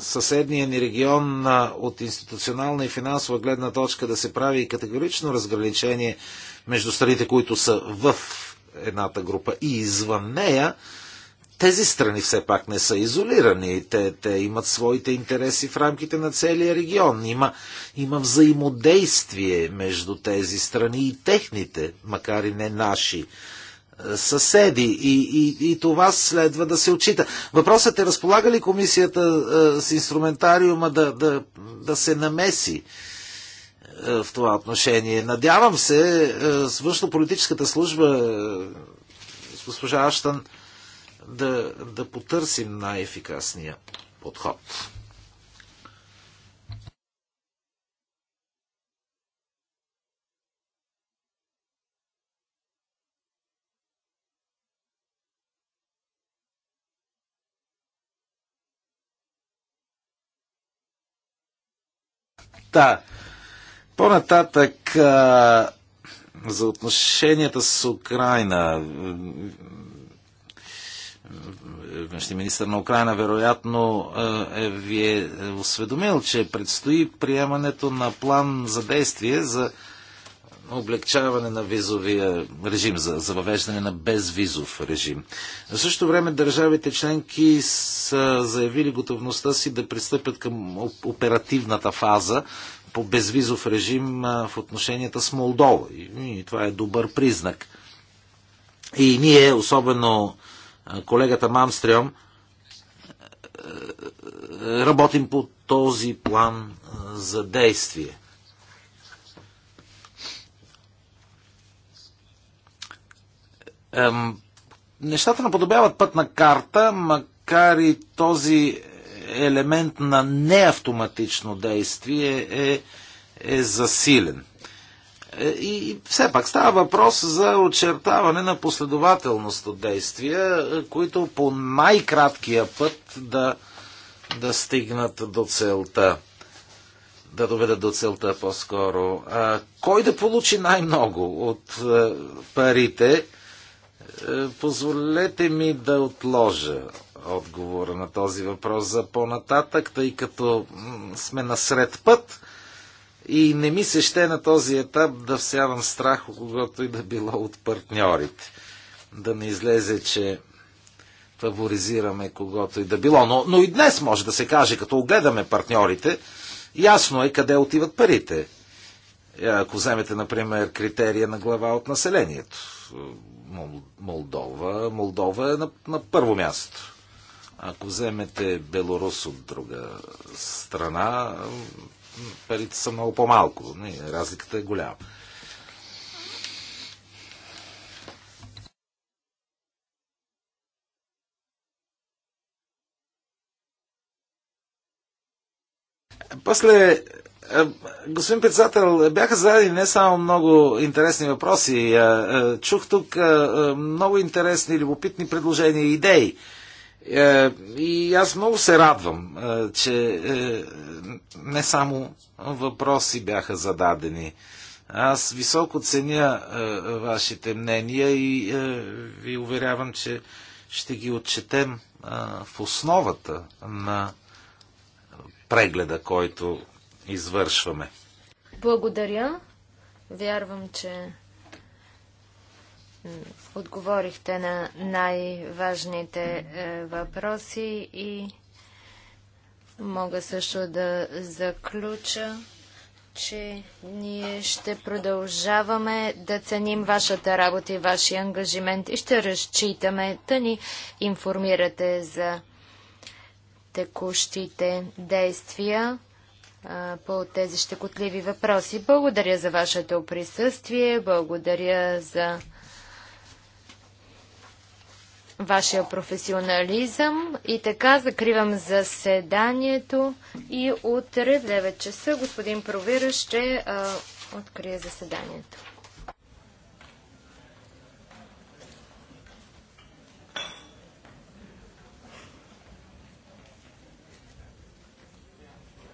съседния ни регион от институционална и финансова гледна точка да се прави и категорично разграничение между страните, които са в едната група и извън нея, тези страни все пак не са изолирани. Те, те имат своите интереси в рамките на целия регион. Има, има взаимодействие между тези страни и техните, макар и не наши съседи и, и, и това следва да се отчита. Въпросът е, разполага ли комисията е, с инструментариума да, да, да се намеси? Е, в това отношение. Надявам се е, свършно политическата служба с госпожа Аштан да, да потърсим най-ефикасния подход. Та, по-нататък за отношенията с Украина. Външния министр на Украина вероятно е, ви е осведомил, че предстои приемането на план за действие за облегчаване на визовия режим, за, за въвеждане на безвизов режим. В същото време държавите членки са заявили готовността си да пристъпят към оперативната фаза по безвизов режим в отношенията с Молдова. И, и това е добър признак. И ние, особено колегата Мамстрем, работим по този план за действие. нещата наподобяват пътна карта, макар и този елемент на неавтоматично действие е, е засилен. Е, и все пак става въпрос за очертаване на последователност от действия, е, които по най-краткия път да, да стигнат до целта. Да доведат до целта по-скоро. кой да получи най-много от е, парите? Е, позволете ми да отложа отговора на този въпрос за по-нататък, тъй като сме насред път и не ми се ще на този етап да всявам страх, когато и да било от партньорите. Да не излезе, че фаворизираме когото и да било. Но, но и днес може да се каже, като огледаме партньорите, ясно е къде отиват парите. Е, ако вземете, например, критерия на глава от населението, Молдова. Молдова е на, на първо място. Ако вземете Белорус от друга страна, парите са много по-малко. Разликата е голяма. После е, господин председател, бяха зададени не само много интересни въпроси. Е, е, чух тук много интересни, любопитни предложения и идеи. И аз много се радвам, че не само въпроси бяха зададени. Аз високо ценя вашите мнения и ви уверявам, че ще ги отчетем в основата на прегледа, който извършваме. Благодаря. Вярвам, че отговорихте на най-важните е, въпроси и мога също да заключа, че ние ще продължаваме да ценим вашата работа и вашия ангажимент и ще разчитаме да ни информирате за текущите действия по тези щекотливи въпроси. Благодаря за вашето присъствие, благодаря за вашия професионализъм. И така закривам заседанието и утре в 9 часа господин Провира ще а, открие заседанието.